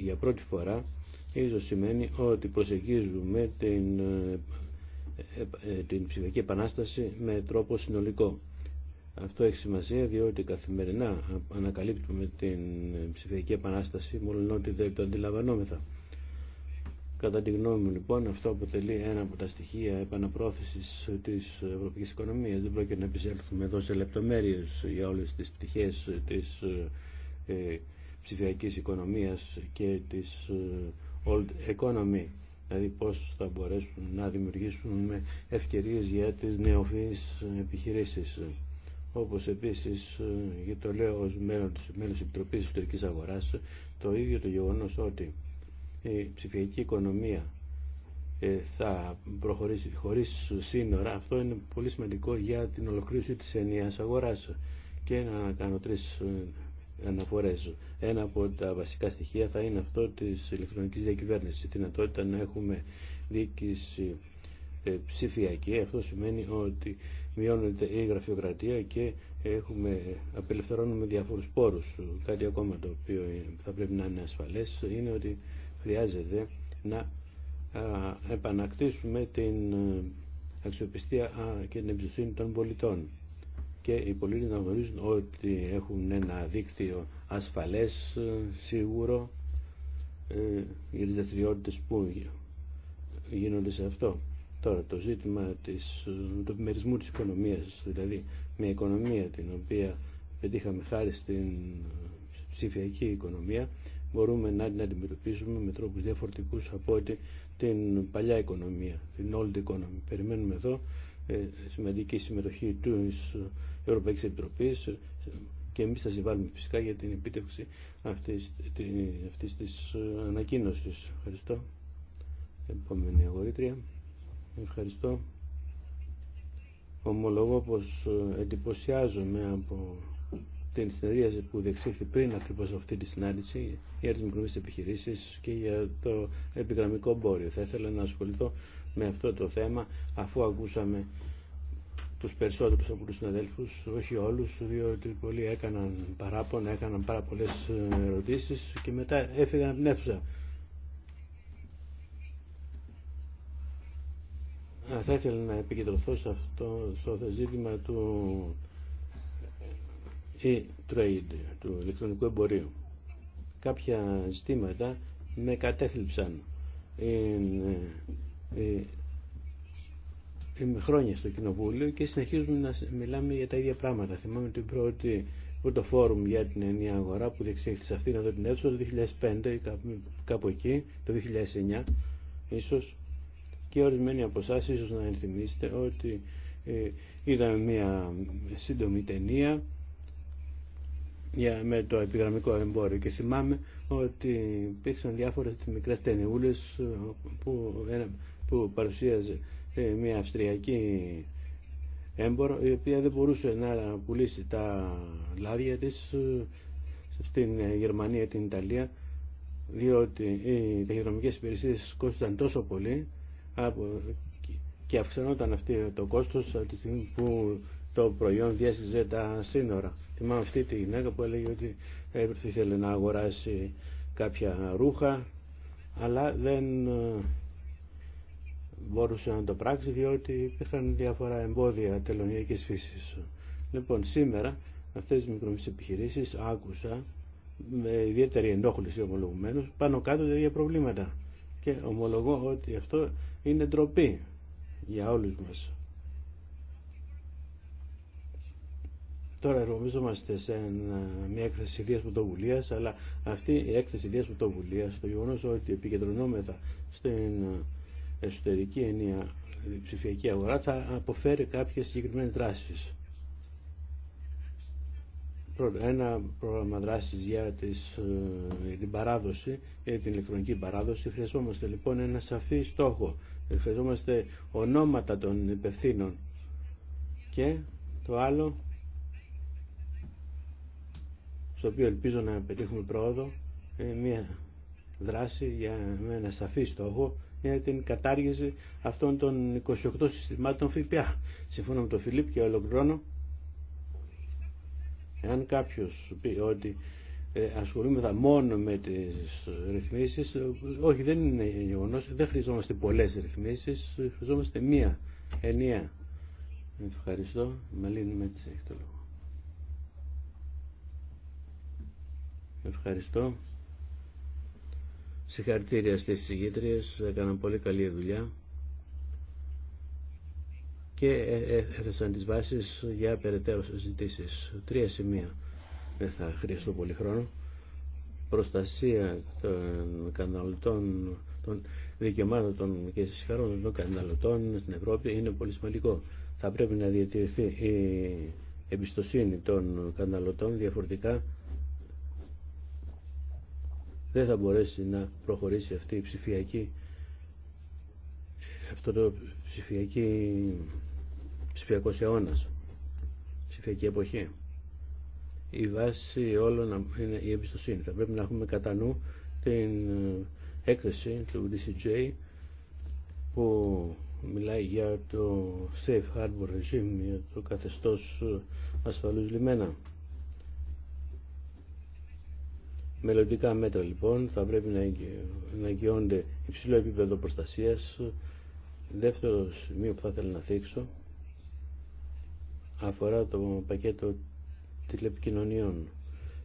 για πρώτη φορά ίσως σημαίνει ότι προσεγγίζουμε την, ε, ε, ε, την ψηφιακή επανάσταση με τρόπο συνολικό. Αυτό έχει σημασία διότι καθημερινά ανακαλύπτουμε την ψηφιακή επανάσταση μόνο ότι δεν το αντιλαμβανόμεθα. Κατά τη γνώμη μου λοιπόν αυτό αποτελεί ένα από τα στοιχεία επαναπρόθεσης της ευρωπαϊκής οικονομίας. Δεν πρόκειται να επισέλθουμε εδώ σε λεπτομέρειες για όλες τις πτυχές της ε, ψηφιακής οικονομίας και της ε, old economy. Δηλαδή πώς θα μπορέσουν να δημιουργήσουν ευκαιρίες για τις νεοφυείς επιχειρήσεις. Όπως επίσης, ε, και το λέω ως μέλος της Επιτροπής Ιστορικής Αγοράς, το ίδιο το γεγονός ότι η ψηφιακή οικονομία ε, θα προχωρήσει χωρίς σύνορα, αυτό είναι πολύ σημαντικό για την ολοκλήρωση της ενιαίας αγοράς. Και να κάνω τρεις ε, αναφορές. Ένα από τα βασικά στοιχεία θα είναι αυτό της ηλεκτρονικής διακυβέρνησης, η δυνατότητα να έχουμε διοίκηση ε, ψηφιακή. Αυτό σημαίνει ότι μειώνεται η γραφειοκρατία και έχουμε, απελευθερώνουμε διαφόρους πόρους. Κάτι ακόμα το οποίο θα πρέπει να είναι ασφαλές είναι ότι Χρειάζεται να επανακτήσουμε την ε, αξιοπιστία και την εμπιστοσύνη των πολιτών. Και οι πολίτες να γνωρίζουν ότι έχουν ένα δίκτυο ασφαλές, ε, σίγουρο, ε, για τις δραστηριότητε που γίνονται σε αυτό. Τώρα το ζήτημα της, του επιμερισμού της οικονομίας, δηλαδή μια οικονομία την οποία πετύχαμε χάρη στην ψηφιακή οικονομία, μπορούμε να την αντιμετωπίσουμε με τρόπους διαφορετικούς από ότι την παλιά οικονομία, την old economy. Περιμένουμε εδώ ε, σημαντική συμμετοχή του Ευρωπαϊκής Επιτροπή ε, και εμείς θα συμβάλλουμε φυσικά για την επίτευξη αυτής, τη της ε, ανακοίνωσης. Ευχαριστώ. Επόμενη αγορήτρια. Ευχαριστώ. Ομολογώ πως εντυπωσιάζομαι από την συνεδρίαση που διεξήχθη πριν ακριβώ αυτή τη συνάντηση για τι μικρομεσαίε επιχειρήσει και για το επιγραμμικό εμπόριο. Θα ήθελα να ασχοληθώ με αυτό το θέμα αφού ακούσαμε του περισσότερου από του συναδέλφου, όχι όλου. διότι πολλοί έκαναν παράπονα, έκαναν πάρα πολλέ ε, ερωτήσει και μετά έφυγαν από την αίθουσα. Θα ήθελα να επικεντρωθώ σε αυτό, το ζήτημα του e-trade, του ηλεκτρονικού εμπορίου. Κάποια ζητήματα με κατέθλιψαν. ε, χρόνια στο Κοινοβούλιο και συνεχίζουμε να μιλάμε για τα ίδια πράγματα. Θυμάμαι την πρώτη το φόρουμ για την ενιαία αγορά που διεξήχθη σε αυτήν εδώ την το 2005 κάπου, κάπου εκεί, το 2009 ίσως και ορισμένοι από εσά ίσως να ενθυμίσετε ότι ε, είδαμε μια σύντομη ταινία για, με το επιγραμμικό εμπόριο και θυμάμαι ότι υπήρξαν διάφορες μικρές ταινιούλες ε, που, που παρουσίαζε ε, μια αυστριακή έμπορο η οποία δεν μπορούσε να πουλήσει τα λάδια της ε, στην Γερμανία την Ιταλία διότι οι ταχυδρομικές υπηρεσίες κόστησαν τόσο πολύ και αυξανόταν αυτό το κόστος από τη που το προϊόν διέσυζε τα σύνορα. Θυμάμαι αυτή τη γυναίκα που έλεγε ότι έπρεπε ήθελε να αγοράσει κάποια ρούχα αλλά δεν ε, μπορούσε να το πράξει διότι υπήρχαν διάφορα εμπόδια τελωνιακής φύσης. Λοιπόν, σήμερα αυτές τις μικρομεσαίες επιχειρήσεις άκουσα με ιδιαίτερη ενόχληση ομολογουμένως πάνω κάτω τα προβλήματα και ομολογώ ότι αυτό είναι ντροπή για όλους μας. Τώρα εργομίζομαστε σε μια έκθεση ιδίας πρωτοβουλία, αλλά αυτή η έκθεση ιδίας πρωτοβουλία, το γεγονό ότι επικεντρωνόμεθα στην εσωτερική ενία ψηφιακή αγορά, θα αποφέρει κάποιες συγκεκριμένες δράσεις. Ένα πρόγραμμα δράσης για, ε, για την παράδοση, για την ηλεκτρονική παράδοση. Χρειαζόμαστε λοιπόν ένα σαφή στόχο. Χρειαζόμαστε ονόματα των υπευθύνων. Και το άλλο το οποίο ελπίζω να πετύχουμε πρόοδο, ε, μια δράση για με ένα σαφή στόχο για την κατάργηση αυτών των 28 συστημάτων ΦΠΑ. Συμφωνώ με τον Φιλίπ και ολοκληρώνω. Εάν κάποιος πει ότι ε, ασχολούμεθα μόνο με τις ρυθμίσεις, ε, όχι δεν είναι γεγονό, δεν χρειαζόμαστε πολλές ρυθμίσεις, χρειαζόμαστε μία ενία. Ευχαριστώ. με Μέτση έχει το λόγο. Ευχαριστώ. Συγχαρητήρια στις συγγήτριες, έκαναν πολύ καλή δουλειά και ε, ε, έθεσαν τις βάσεις για περαιτέρω συζητήσει. Τρία σημεία. Δεν θα χρειαστώ πολύ χρόνο. Προστασία των καταναλωτών, των δικαιωμάτων των και συγχαρών των καταναλωτών στην Ευρώπη είναι πολύ σημαντικό. Θα πρέπει να διατηρηθεί η εμπιστοσύνη των καταναλωτών διαφορετικά δεν θα μπορέσει να προχωρήσει αυτή η ψηφιακή αυτό το ψηφιακή ψηφιακός αιώνας ψηφιακή εποχή η βάση όλων είναι η εμπιστοσύνη θα πρέπει να έχουμε κατά νου την ε, έκθεση του DCJ που μιλάει για το safe harbor regime για το καθεστώς ασφαλούς λιμένα Μελλοντικά μέτρα λοιπόν θα πρέπει να εγγυώνται υψηλό επίπεδο προστασίας. Δεύτερο σημείο που θα ήθελα να θίξω αφορά το πακέτο τηλεπικοινωνιών.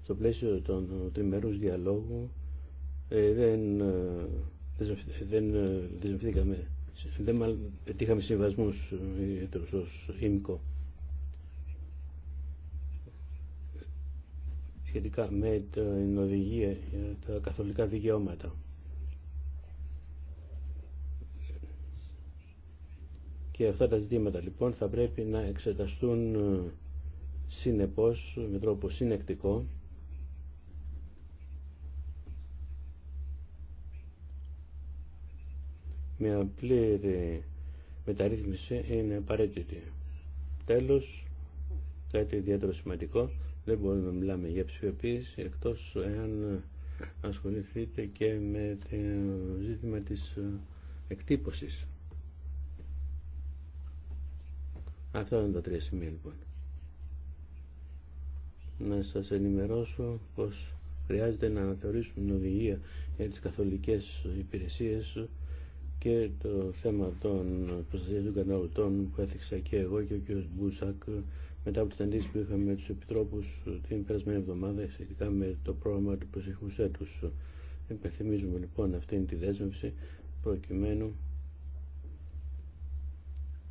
Στο πλαίσιο των τριμερούς διαλόγου ε, δεν, ε, δεν ε, δεν πετύχαμε συμβασμούς ε, ιδιαίτερους ως Ήμικο. σχετικά με την οδηγία τα καθολικά δικαιώματα. Και αυτά τα ζητήματα λοιπόν θα πρέπει να εξεταστούν ε, συνεπώς, με τρόπο συνεκτικό, μια πλήρη μεταρρύθμιση είναι απαραίτητη. Τέλος, κάτι ιδιαίτερο σημαντικό, δεν μπορούμε να μιλάμε για ψηφιοποίηση εκτός εάν ασχοληθείτε και με το ζήτημα της ε, εκτύπωσης. Αυτά είναι τα τρία σημεία λοιπόν. Να σας ενημερώσω πως χρειάζεται να αναθεωρήσουμε την οδηγία για τις καθολικές υπηρεσίες και το θέμα των προστασίας των καταναλωτών που έθιξα και εγώ και ο κ. Μπούσακ μετά από τις αντίσεις που είχαμε τους επιτρόπους ε, την περασμένη εβδομάδα σχετικά με το πρόγραμμα του προσεχούς έτους. Ε, υπενθυμίζουμε λοιπόν αυτήν τη δέσμευση προκειμένου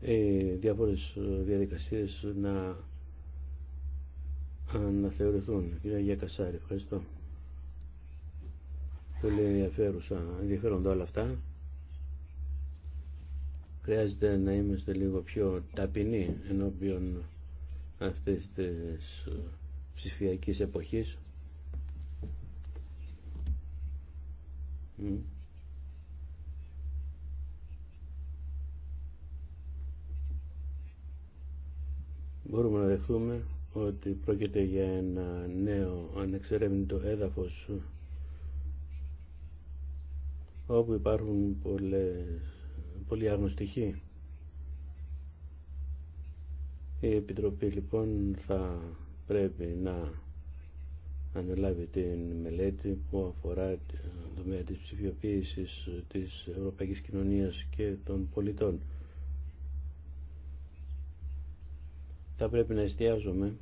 οι ε, διάφορες διαδικασίες να αναθεωρηθούν. Αγία Κασάρη, ευχαριστώ. Πολύ ενδιαφέρουσα, ενδιαφέροντα όλα αυτά. Χρειάζεται να είμαστε λίγο πιο ταπεινοί ενώπιον αυτής της ε, ψηφιακής εποχής μπορούμε να δεχθούμε ότι πρόκειται για ένα νέο ανεξερεύνητο έδαφος όπου υπάρχουν πολλές, πολλοί άγνωστοι η Επιτροπή λοιπόν θα πρέπει να ανελάβει την μελέτη που αφορά το τομέα της ψηφιοποίησης της ευρωπαϊκής κοινωνίας και των πολιτών. Θα πρέπει να εστιάζουμε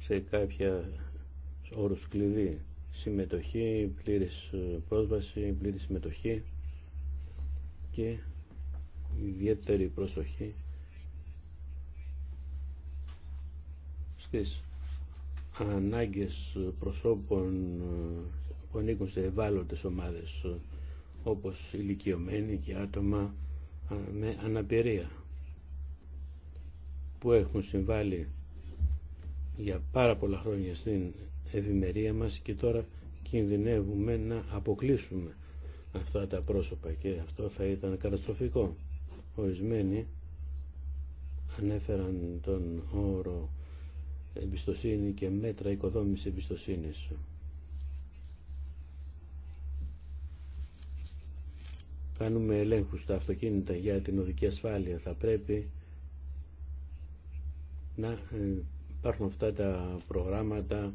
σε κάποια όρους κλειδί. Συμμετοχή, πλήρης πρόσβαση, πλήρη συμμετοχή και ιδιαίτερη προσοχή στις ανάγκες προσώπων που ανήκουν σε ευάλωτες ομάδες όπως ηλικιωμένοι και άτομα με αναπηρία που έχουν συμβάλει για πάρα πολλά χρόνια στην ευημερία μας και τώρα κινδυνεύουμε να αποκλείσουμε αυτά τα πρόσωπα και αυτό θα ήταν καταστροφικό. Ορισμένοι ανέφεραν τον όρο εμπιστοσύνη και μέτρα οικοδόμησης εμπιστοσύνης. Κάνουμε ελέγχους στα αυτοκίνητα για την οδική ασφάλεια. Θα πρέπει να ε, υπάρχουν αυτά τα προγράμματα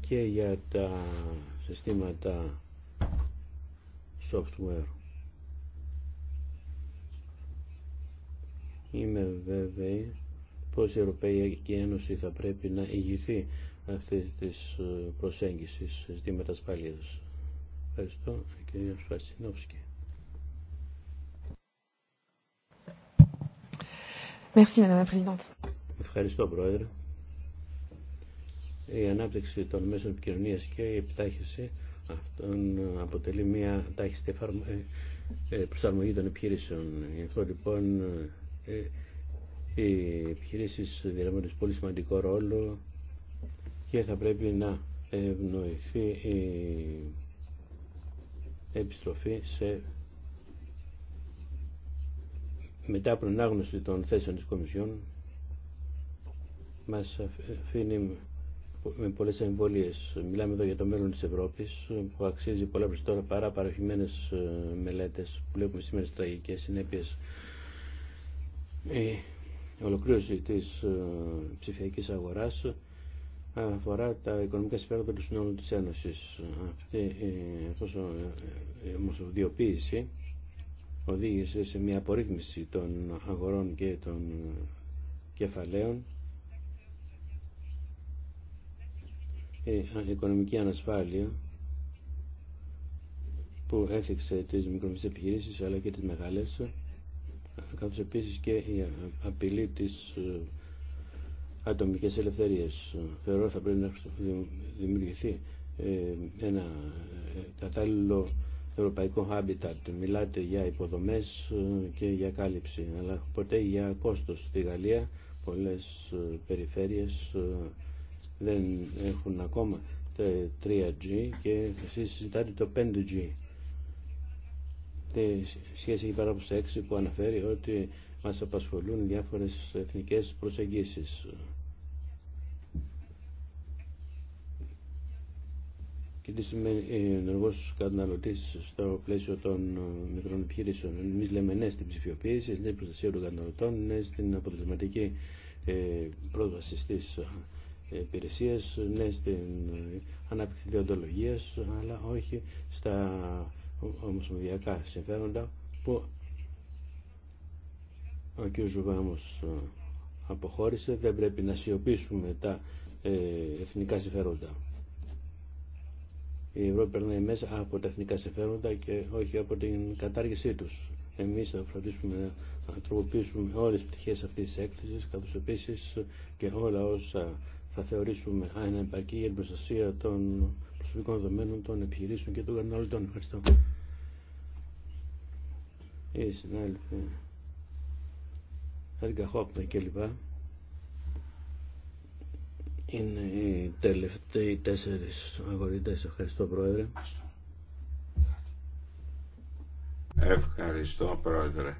και για τα συστήματα software. Είμαι βέβαιη πως η Ευρωπαϊκή Ένωση θα πρέπει να ηγηθεί αυτή της ε, προσέγγισης ζητήματα ασφαλείας. Ευχαριστώ, κυρία Φασινόφσκη. Ευχαριστώ, Πρόεδρε. Η ανάπτυξη των μέσων επικοινωνία και η επιτάχυση αυτών αποτελεί μια τάχιστη ε, ε, προσαρμογή των επιχειρήσεων. Γι' αυτό λοιπόν ε, οι επιχειρήσεις διαλαμβάνουν πολύ σημαντικό ρόλο και θα πρέπει να ευνοηθεί η επιστροφή σε μετά από την άγνωση των θέσεων της Κομισιόν μας αφήνει με πολλές εμβολίες. Μιλάμε εδώ για το μέλλον της Ευρώπης που αξίζει πολλά περισσότερα παρά παροχημένες ε, μελέτες που βλέπουμε σήμερα στις τραγικές συνέπειες η ολοκλήρωση της ε, ψηφιακής αγοράς αφορά τα οικονομικά συμφέροντα του συνόλου της Ένωσης. Αυτή η ομοσπονδιοποίηση οδήγησε σε μια απορρίθμιση των αγορών και των κεφαλαίων η οικονομική ανασφάλεια που έθιξε τις μικρομεσαίες επιχειρήσεις αλλά και τις μεγάλες καθώς επίσης και η απειλή της ε, ατομικές ελευθερίες. Θεωρώ θα πρέπει να δημιουργηθεί ε, ένα ε, κατάλληλο ευρωπαϊκό habitat. Μιλάτε για υποδομές και για κάλυψη, αλλά ποτέ για κόστος. Στη Γαλλία πολλές περιφέρειες δεν έχουν ακόμα 3G και εσείς συζητάτε το 5G τη σχέση έχει σε έξι που αναφέρει ότι μας απασχολούν διάφορες εθνικές προσεγγίσεις. και τι σημαίνει ε, ενεργό καταναλωτή στο πλαίσιο των ε, μικρών επιχειρήσεων. Εμεί λέμε ναι στην ψηφιοποίηση, ναι στην προστασία των καταναλωτών, ναι στην αποτελεσματική ε, πρόσβαση στι υπηρεσίε, ναι στην ανάπτυξη διοντολογία, αλλά όχι στα ομοσπονδιακά συμφέροντα που ο κ. Ζουβάμος ε, αποχώρησε, δεν πρέπει να σιωπήσουμε τα ε, εθνικά συμφέροντα. Η Ευρώπη περνάει μέσα από τα εθνικά συμφέροντα και όχι από την κατάργησή τους. Εμείς θα φροντίσουμε να τροποποιήσουμε όλες τις πτυχές αυτής της έκθεσης, καθώς επίσης και όλα όσα θα θεωρήσουμε ανεπαρκή για την προστασία των προσωπικών δεδομένων των επιχειρήσεων και των καταναλωτών. Ευχαριστώ. Οι ε, συνάδελφοι Έργα Χόπνα και λοιπά είναι οι τελευταίοι τέσσερις αγορητές. Ευχαριστώ Πρόεδρε. Ευχαριστώ Πρόεδρε.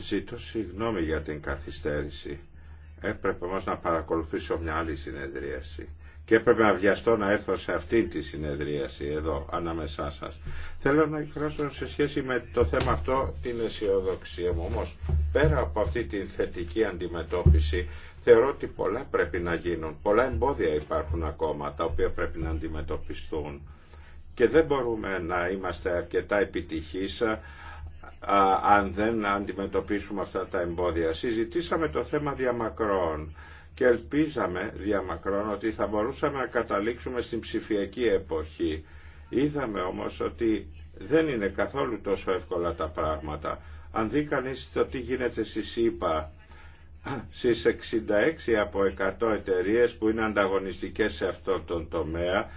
Ζήτω συγγνώμη για την καθυστέρηση. Έπρεπε όμως να παρακολουθήσω μια άλλη συνεδρίαση και έπρεπε να βιαστώ να έρθω σε αυτή τη συνεδρίαση εδώ ανάμεσά σας. Θέλω να εκφράσω σε σχέση με το θέμα αυτό την αισιοδοξία μου. Όμως πέρα από αυτή την θετική αντιμετώπιση θεωρώ ότι πολλά πρέπει να γίνουν. Πολλά εμπόδια υπάρχουν ακόμα τα οποία πρέπει να αντιμετωπιστούν. Και δεν μπορούμε να είμαστε αρκετά επιτυχείς αν δεν αντιμετωπίσουμε αυτά τα εμπόδια. Συζητήσαμε το θέμα διαμακρών και ελπίζαμε διαμακρών ότι θα μπορούσαμε να καταλήξουμε στην ψηφιακή εποχή. Είδαμε όμως ότι δεν είναι καθόλου τόσο εύκολα τα πράγματα. Αν δει κανείς το τι γίνεται στη ΣΥΠΑ, στις 66 από 100 εταιρείε που είναι ανταγωνιστικές σε αυτόν τον τομέα,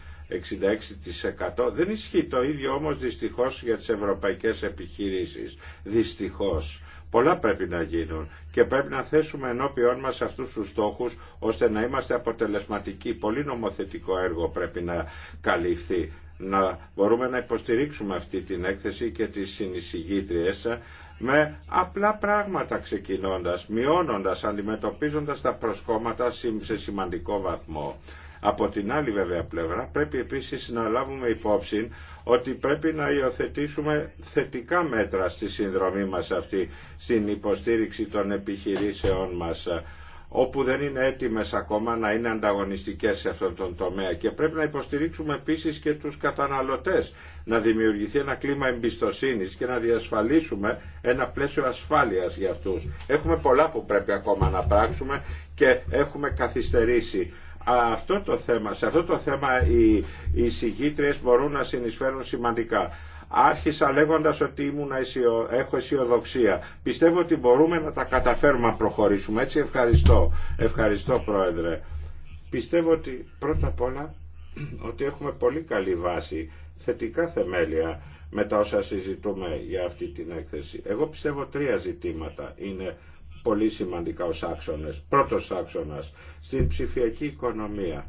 66% δεν ισχύει το ίδιο όμως δυστυχώς για τις ευρωπαϊκές επιχειρήσεις. Δυστυχώς. Πολλά πρέπει να γίνουν και πρέπει να θέσουμε ενώπιόν μας αυτούς τους στόχους ώστε να είμαστε αποτελεσματικοί. Πολύ νομοθετικό έργο πρέπει να καλυφθεί. Να μπορούμε να υποστηρίξουμε αυτή την έκθεση και τις συνεισηγήτριες με απλά πράγματα ξεκινώντας, μειώνοντας, αντιμετωπίζοντας τα προσκόμματα σε σημαντικό βαθμό. Από την άλλη βέβαια πλευρά πρέπει επίσης να λάβουμε υπόψη ότι πρέπει να υιοθετήσουμε θετικά μέτρα στη συνδρομή μας αυτή, στην υποστήριξη των επιχειρήσεών μας όπου δεν είναι έτοιμες ακόμα να είναι ανταγωνιστικές σε αυτόν τον τομέα. Και πρέπει να υποστηρίξουμε επίσης και τους καταναλωτές, να δημιουργηθεί ένα κλίμα εμπιστοσύνης και να διασφαλίσουμε ένα πλαίσιο ασφάλειας για αυτούς. Έχουμε πολλά που πρέπει ακόμα να πράξουμε και έχουμε καθυστερήσει σε αυτό το θέμα οι, οι μπορούν να συνεισφέρουν σημαντικά. Άρχισα λέγοντας ότι έχω αισιοδοξία. Πιστεύω ότι μπορούμε να τα καταφέρουμε να προχωρήσουμε. Έτσι ευχαριστώ. Ευχαριστώ Πρόεδρε. Πιστεύω ότι πρώτα απ' όλα ότι έχουμε πολύ καλή βάση, θετικά θεμέλια με τα όσα συζητούμε για αυτή την έκθεση. Εγώ πιστεύω τρία ζητήματα είναι πολύ σημαντικά ως άξονες. Πρώτος άξονας, στην ψηφιακή οικονομία.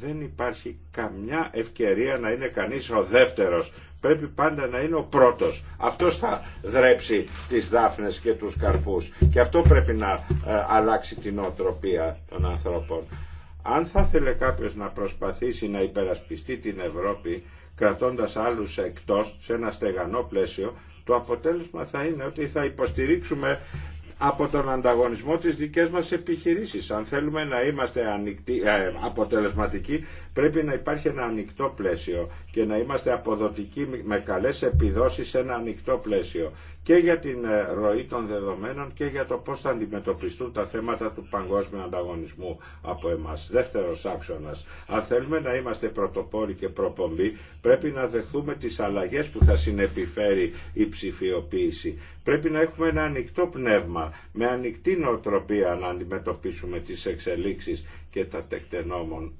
Δεν υπάρχει καμιά ευκαιρία να είναι κανείς ο δεύτερος. Πρέπει πάντα να είναι ο πρώτος. Αυτό θα δρέψει τις δάφνες και τους καρπούς. Και αυτό πρέπει να ε, αλλάξει την οτροπία των ανθρώπων. Αν θα θέλει κάποιος να προσπαθήσει να υπερασπιστεί την Ευρώπη κρατώντας άλλους εκτός σε ένα στεγανό πλαίσιο, το αποτέλεσμα θα είναι ότι θα υποστηρίξουμε από τον ανταγωνισμό της δικές μας επιχειρήσεις. Αν θέλουμε να είμαστε ε, αποτελεσματικοί πρέπει να υπάρχει ένα ανοιχτό πλαίσιο και να είμαστε αποδοτικοί με καλές επιδόσεις σε ένα ανοιχτό πλαίσιο και για την ε, ροή των δεδομένων και για το πώς θα αντιμετωπιστούν τα θέματα του παγκόσμιου ανταγωνισμού από εμάς. Δεύτερος άξονας. Αν θέλουμε να είμαστε πρωτοπόροι και προπομπή, πρέπει να δεχθούμε τις αλλαγές που θα συνεπιφέρει η ψηφιοποίηση. Πρέπει να έχουμε ένα ανοιχτό πνεύμα, με ανοιχτή νοοτροπία να αντιμετωπίσουμε τις εξελίξεις και τα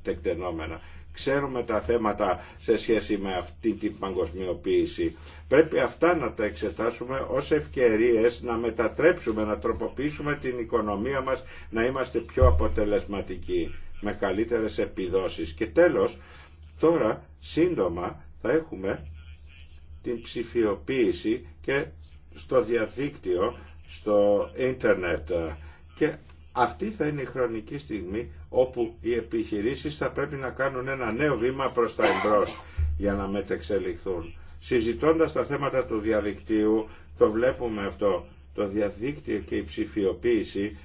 τεκτενόμενα ξέρουμε τα θέματα σε σχέση με αυτή την παγκοσμιοποίηση. Πρέπει αυτά να τα εξετάσουμε ως ευκαιρίες να μετατρέψουμε, να τροποποιήσουμε την οικονομία μας, να είμαστε πιο αποτελεσματικοί, με καλύτερες επιδόσεις. Και τέλος, τώρα σύντομα θα έχουμε την ψηφιοποίηση και στο διαδίκτυο, στο ίντερνετ αυτή θα είναι η χρονική στιγμή όπου οι επιχειρήσεις θα πρέπει να κάνουν ένα νέο βήμα προς τα εμπρός για να μετεξελιχθούν. Συζητώντας τα θέματα του διαδικτύου, το βλέπουμε αυτό. Το διαδίκτυο και η ψηφιοποίηση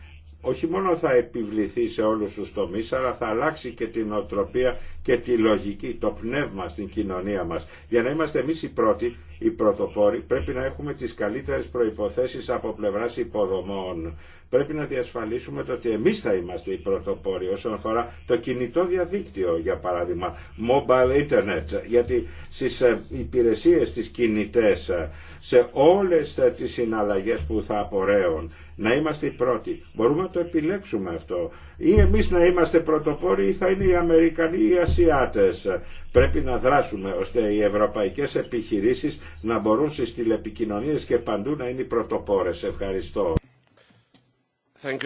όχι μόνο θα επιβληθεί σε όλους τους τομείς, αλλά θα αλλάξει και την οτροπία και τη λογική, το πνεύμα στην κοινωνία μας. Για να είμαστε εμείς οι πρώτοι, οι πρωτοπόροι, πρέπει να έχουμε τις καλύτερες προϋποθέσεις από πλευράς υποδομών. Πρέπει να διασφαλίσουμε το ότι εμείς θα είμαστε οι πρωτοπόροι όσον αφορά το κινητό διαδίκτυο, για παράδειγμα, mobile internet, γιατί στις ε, υπηρεσίες, στις κινητές, ε, σε όλες ε, τις συναλλαγές που θα απορρέουν. Να είμαστε οι πρώτοι. Μπορούμε να το επιλέξουμε αυτό. Ή εμείς να είμαστε πρωτοπόροι ή θα είναι οι Αμερικανοί ή οι Ασιάτες. Πρέπει να δράσουμε ώστε οι ευρωπαϊκές επιχειρήσεις να μπορούν στις τηλεπικοινωνίες και παντού να είναι οι πρωτοπόρες. Ευχαριστώ. Thank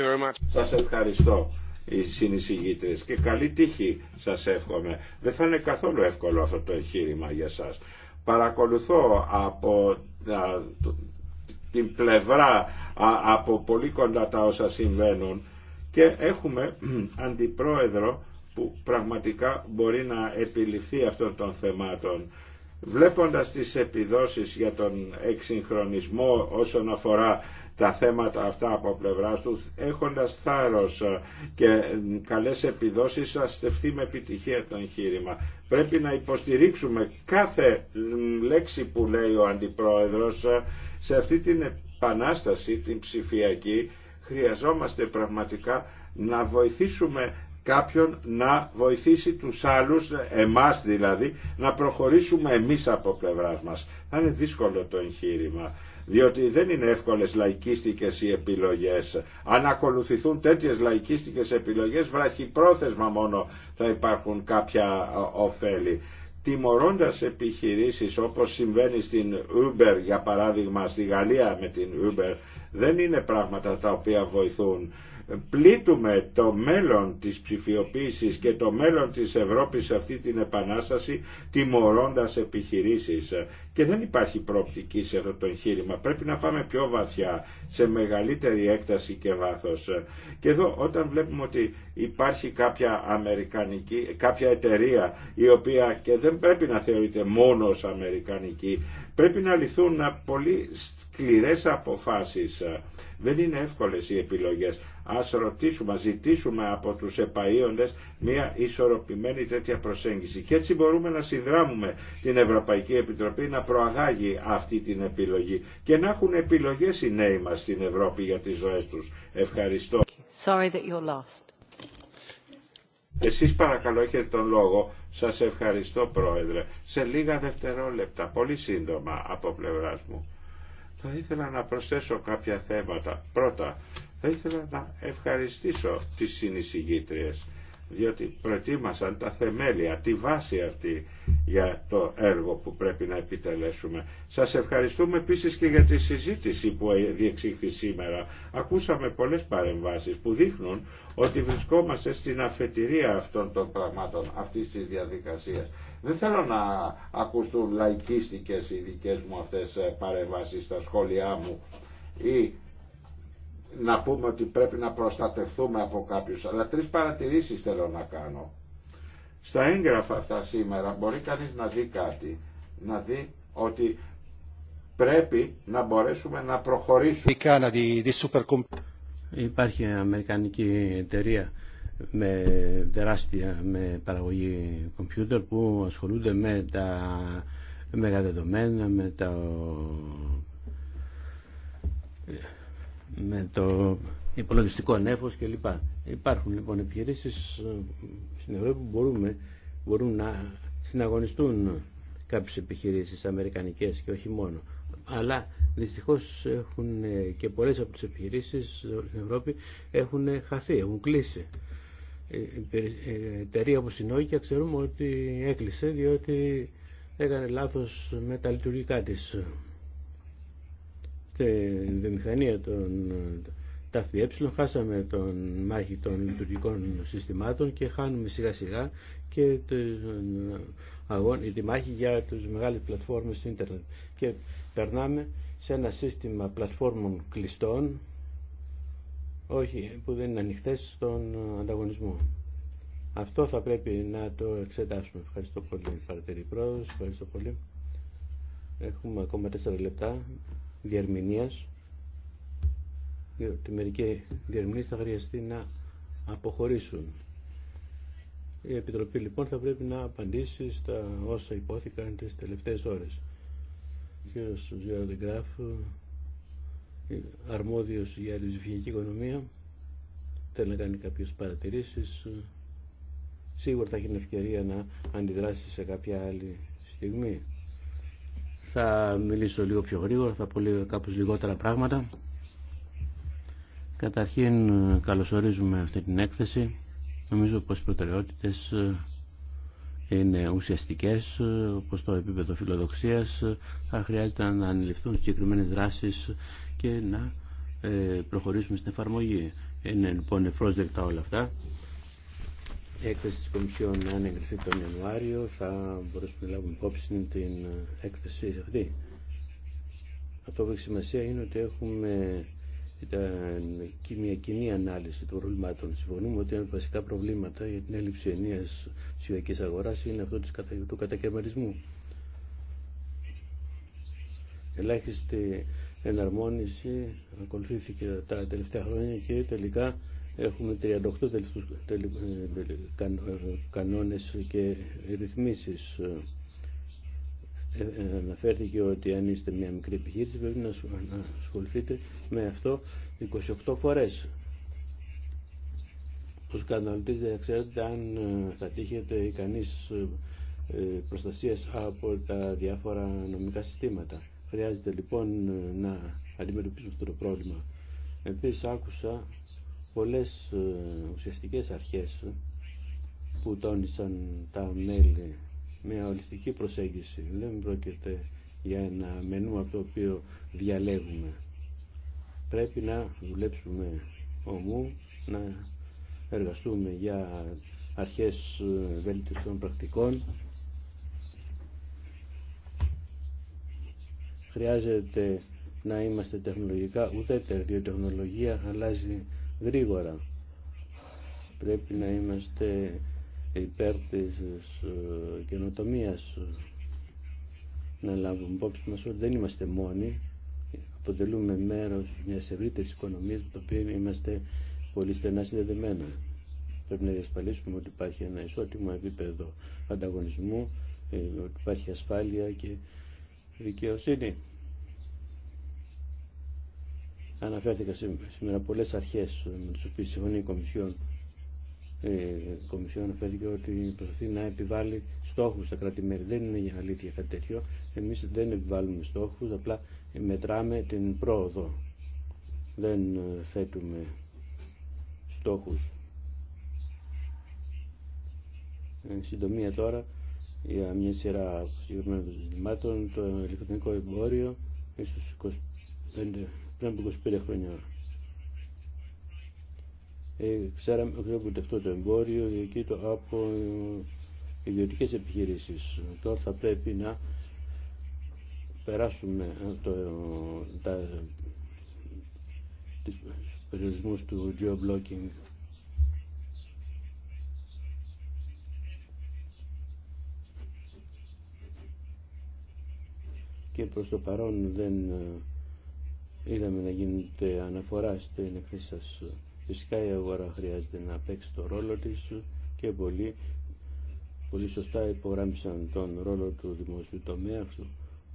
Σας ευχαριστώ οι συνεισηγήτρες και καλή τύχη σας εύχομαι. Δεν θα είναι καθόλου εύκολο αυτό το εγχείρημα για σας. Παρακολουθώ από την πλευρά από πολύ κοντά τα όσα συμβαίνουν και έχουμε αντιπρόεδρο που πραγματικά μπορεί να επιληφθεί αυτών των θεμάτων. Βλέποντας τις επιδόσεις για τον εξυγχρονισμό όσον αφορά τα θέματα αυτά από πλευρά του έχοντα θάρρο ε, και ε, καλές επιδόσεις θα στεφθεί με επιτυχία το εγχείρημα. Πρέπει να υποστηρίξουμε κάθε λέξη που λέει ο Αντιπρόεδρος ε, σε αυτή την επανάσταση, την ψηφιακή, χρειαζόμαστε πραγματικά να βοηθήσουμε κάποιον να βοηθήσει τους άλλους, εμάς δηλαδή, να προχωρήσουμε εμείς από πλευράς μας. Θα είναι δύσκολο το εγχείρημα διότι δεν είναι εύκολες λαϊκίστικες οι επιλογές. Αν ακολουθηθούν τέτοιες λαϊκίστικες επιλογές βραχυπρόθεσμα μόνο θα υπάρχουν κάποια ωφέλη τιμωρώντας επιχειρήσεις όπως συμβαίνει στην Uber για παράδειγμα στη Γαλλία με την Uber δεν είναι πράγματα τα οποία βοηθούν πλήττουμε το μέλλον της ψηφιοποίησης και το μέλλον της Ευρώπης σε αυτή την επανάσταση τιμωρώντας επιχειρήσεις. Και δεν υπάρχει προοπτική σε αυτό το εγχείρημα. Πρέπει να πάμε πιο βαθιά, σε μεγαλύτερη έκταση και βάθος. Και εδώ όταν βλέπουμε ότι υπάρχει κάποια αμερικανική, κάποια εταιρεία η οποία και δεν πρέπει να θεωρείται μόνος αμερικανική, πρέπει να λυθούν πολύ σκληρές αποφάσεις. Δεν είναι εύκολες οι επιλογές, Ας ρωτήσουμε, ας ζητήσουμε από τους επαΐοντες μια ισορροπημένη τέτοια προσέγγιση. Και έτσι μπορούμε να συνδράμουμε την Ευρωπαϊκή Επιτροπή να προαγάγει αυτή την επιλογή και να έχουν επιλογές οι νέοι μας στην Ευρώπη για τις ζωές τους. Ευχαριστώ. Sorry that you're lost. Εσείς παρακαλώ έχετε τον λόγο. Σας ευχαριστώ Πρόεδρε. Σε λίγα δευτερόλεπτα, πολύ σύντομα από πλευράς μου. Θα ήθελα να προσθέσω κάποια θέματα. Πρώτα, θα ήθελα να ευχαριστήσω τις συνεισηγήτριες διότι προετοίμασαν τα θεμέλια, τη βάση αυτή για το έργο που πρέπει να επιτελέσουμε. Σας ευχαριστούμε επίσης και για τη συζήτηση που διεξήχθη σήμερα. Ακούσαμε πολλές παρεμβάσεις που δείχνουν ότι βρισκόμαστε στην αφετηρία αυτών των πραγμάτων, αυτής της διαδικασίας. Δεν θέλω να ακουστούν λαϊκίστικες οι δικές μου αυτές παρεμβάσεις στα σχόλιά μου να πούμε ότι πρέπει να προστατευτούμε από κάποιους. Αλλά τρεις παρατηρήσεις θέλω να κάνω. Στα έγγραφα αυτά σήμερα μπορεί κανείς να δει κάτι. Να δει ότι πρέπει να μπορέσουμε να προχωρήσουμε. Υπάρχει αμερικανική εταιρεία με τεράστια με παραγωγή κομπιούτερ που ασχολούνται με τα μεγαδεδομένα, με τα με το υπολογιστικό και λοιπά. Υπάρχουν λοιπόν επιχειρήσεις ε, στην Ευρώπη που μπορούμε, μπορούν να συναγωνιστούν κάποιες επιχειρήσεις αμερικανικές και όχι μόνο. Αλλά δυστυχώς έχουν ε, και πολλές από τις επιχειρήσεις ε, στην Ευρώπη έχουν χαθεί, έχουν κλείσει. Η εταιρεία όπως η ξέρουμε ότι έκλεισε διότι έκανε λάθος με τα λειτουργικά της στη βιομηχανία των ΤΑΦΙΕ χάσαμε τον μάχη των λειτουργικών συστημάτων και χάνουμε σιγά σιγά και τη μάχη για τους μεγάλες πλατφόρμες του ίντερνετ. Και περνάμε σε ένα σύστημα πλατφόρμων κλειστών όχι, που δεν είναι ανοιχτέ στον ανταγωνισμό. Αυτό θα πρέπει να το εξετάσουμε. Ευχαριστώ πολύ, παρατηρή πρόεδρος. Ευχαριστώ πολύ. Έχουμε ακόμα τέσσερα λεπτά διερμηνίας διότι μερικοί διερμηνείς θα χρειαστεί να αποχωρήσουν. Η Επιτροπή λοιπόν θα πρέπει να απαντήσει στα όσα υπόθηκαν τις τελευταίες ώρες. Ο κ. Γκράφ αρμόδιος για τη ψηφιακή οικονομία, θέλει να κάνει κάποιες παρατηρήσεις. Σίγουρα θα έχει την ευκαιρία να αντιδράσει σε κάποια άλλη στιγμή. Θα μιλήσω λίγο πιο γρήγορα, θα πω λίγο, κάπως λιγότερα πράγματα. Καταρχήν καλωσορίζουμε αυτή την έκθεση. Νομίζω πως οι προτεραιότητες ε, είναι ουσιαστικές, ε, όπως το επίπεδο φιλοδοξίας θα χρειάζεται να ανεληφθούν συγκεκριμένε δράσεις και να ε, προχωρήσουμε στην εφαρμογή. Είναι λοιπόν ευπρόσδεκτα όλα αυτά η έκθεση της Κομισιόν αν εγκριθεί τον Ιανουάριο θα μπορέσουμε να λάβουμε υπόψη την ε, έκθεση αυτή. Αυτό που έχει σημασία είναι ότι έχουμε ε, μια κοινή ανάλυση των προβλημάτων. Συμφωνούμε ότι ένα από βασικά προβλήματα για την έλλειψη ενία ψηφιακή αγορά είναι αυτό του κατακαιρματισμού. Ελάχιστη εναρμόνιση ακολουθήθηκε τα τελευταία χρόνια και τελικά Έχουμε 38 τελικούς ε, ε, κανόνες και ρυθμίσεις. Ε, αναφέρθηκε ότι αν είστε μια μικρή επιχείρηση πρέπει να ασχοληθείτε με αυτό 28 φορές. Ως καταναλωτής δεν ξέρετε αν θα τύχετε ικανής προστασίας από τα διάφορα νομικά συστήματα. Χρειάζεται λοιπόν να αντιμετωπίσουμε αυτό το πρόβλημα. Επίσης άκουσα πολλές ε, ουσιαστικές αρχές που τόνισαν τα μέλη με ολιστική προσέγγιση. Δεν πρόκειται για ένα μενού από το οποίο διαλέγουμε. Πρέπει να δουλέψουμε ομού, να εργαστούμε για αρχές ε, των πρακτικών. Χρειάζεται να είμαστε τεχνολογικά ούτε διότι η τεχνολογία αλλάζει γρήγορα. Πρέπει να είμαστε υπέρ της ε, καινοτομίας να λάβουμε υπόψη μας ότι δεν είμαστε μόνοι αποτελούμε μέρος μιας ευρύτερης οικονομίας με το οποίο είμαστε πολύ στενά συνδεδεμένα. Πρέπει να διασφαλίσουμε ότι υπάρχει ένα ισότιμο επίπεδο ανταγωνισμού, ε, ότι υπάρχει ασφάλεια και δικαιοσύνη. Αναφέρθηκα σήμερα πολλέ αρχέ ε, με τι οποίε συμφωνεί η Κομισιόν. Ε, η Κομισιόν αναφέρθηκε ότι προσπαθεί να επιβάλλει στόχους στα κράτη-μέρη. Δεν είναι για αλήθεια κάτι τέτοιο. Εμεί δεν επιβάλλουμε στόχου, απλά μετράμε την πρόοδο. Δεν ε, θέτουμε στόχους. Εν συντομία τώρα, για μια σειρά συγκεκριμένων ζητημάτων, το ηλεκτρονικό εμπόριο, ίσως 25 πριν από 25 χρόνια. Ε, ξέραμε ε, ότι αυτό το εμπόριο το από ε, ιδιωτικέ επιχειρήσει. Τώρα θα πρέπει να περάσουμε ε, το, τα, τις περιορισμούς του geo-blocking. Και προς το παρόν δεν είδαμε να γίνεται αναφορά στην εκθέση σας. Φυσικά η αγορά χρειάζεται να παίξει το ρόλο της και πολύ, πολύ σωστά υπογράμμισαν τον ρόλο του δημοσίου τομέα,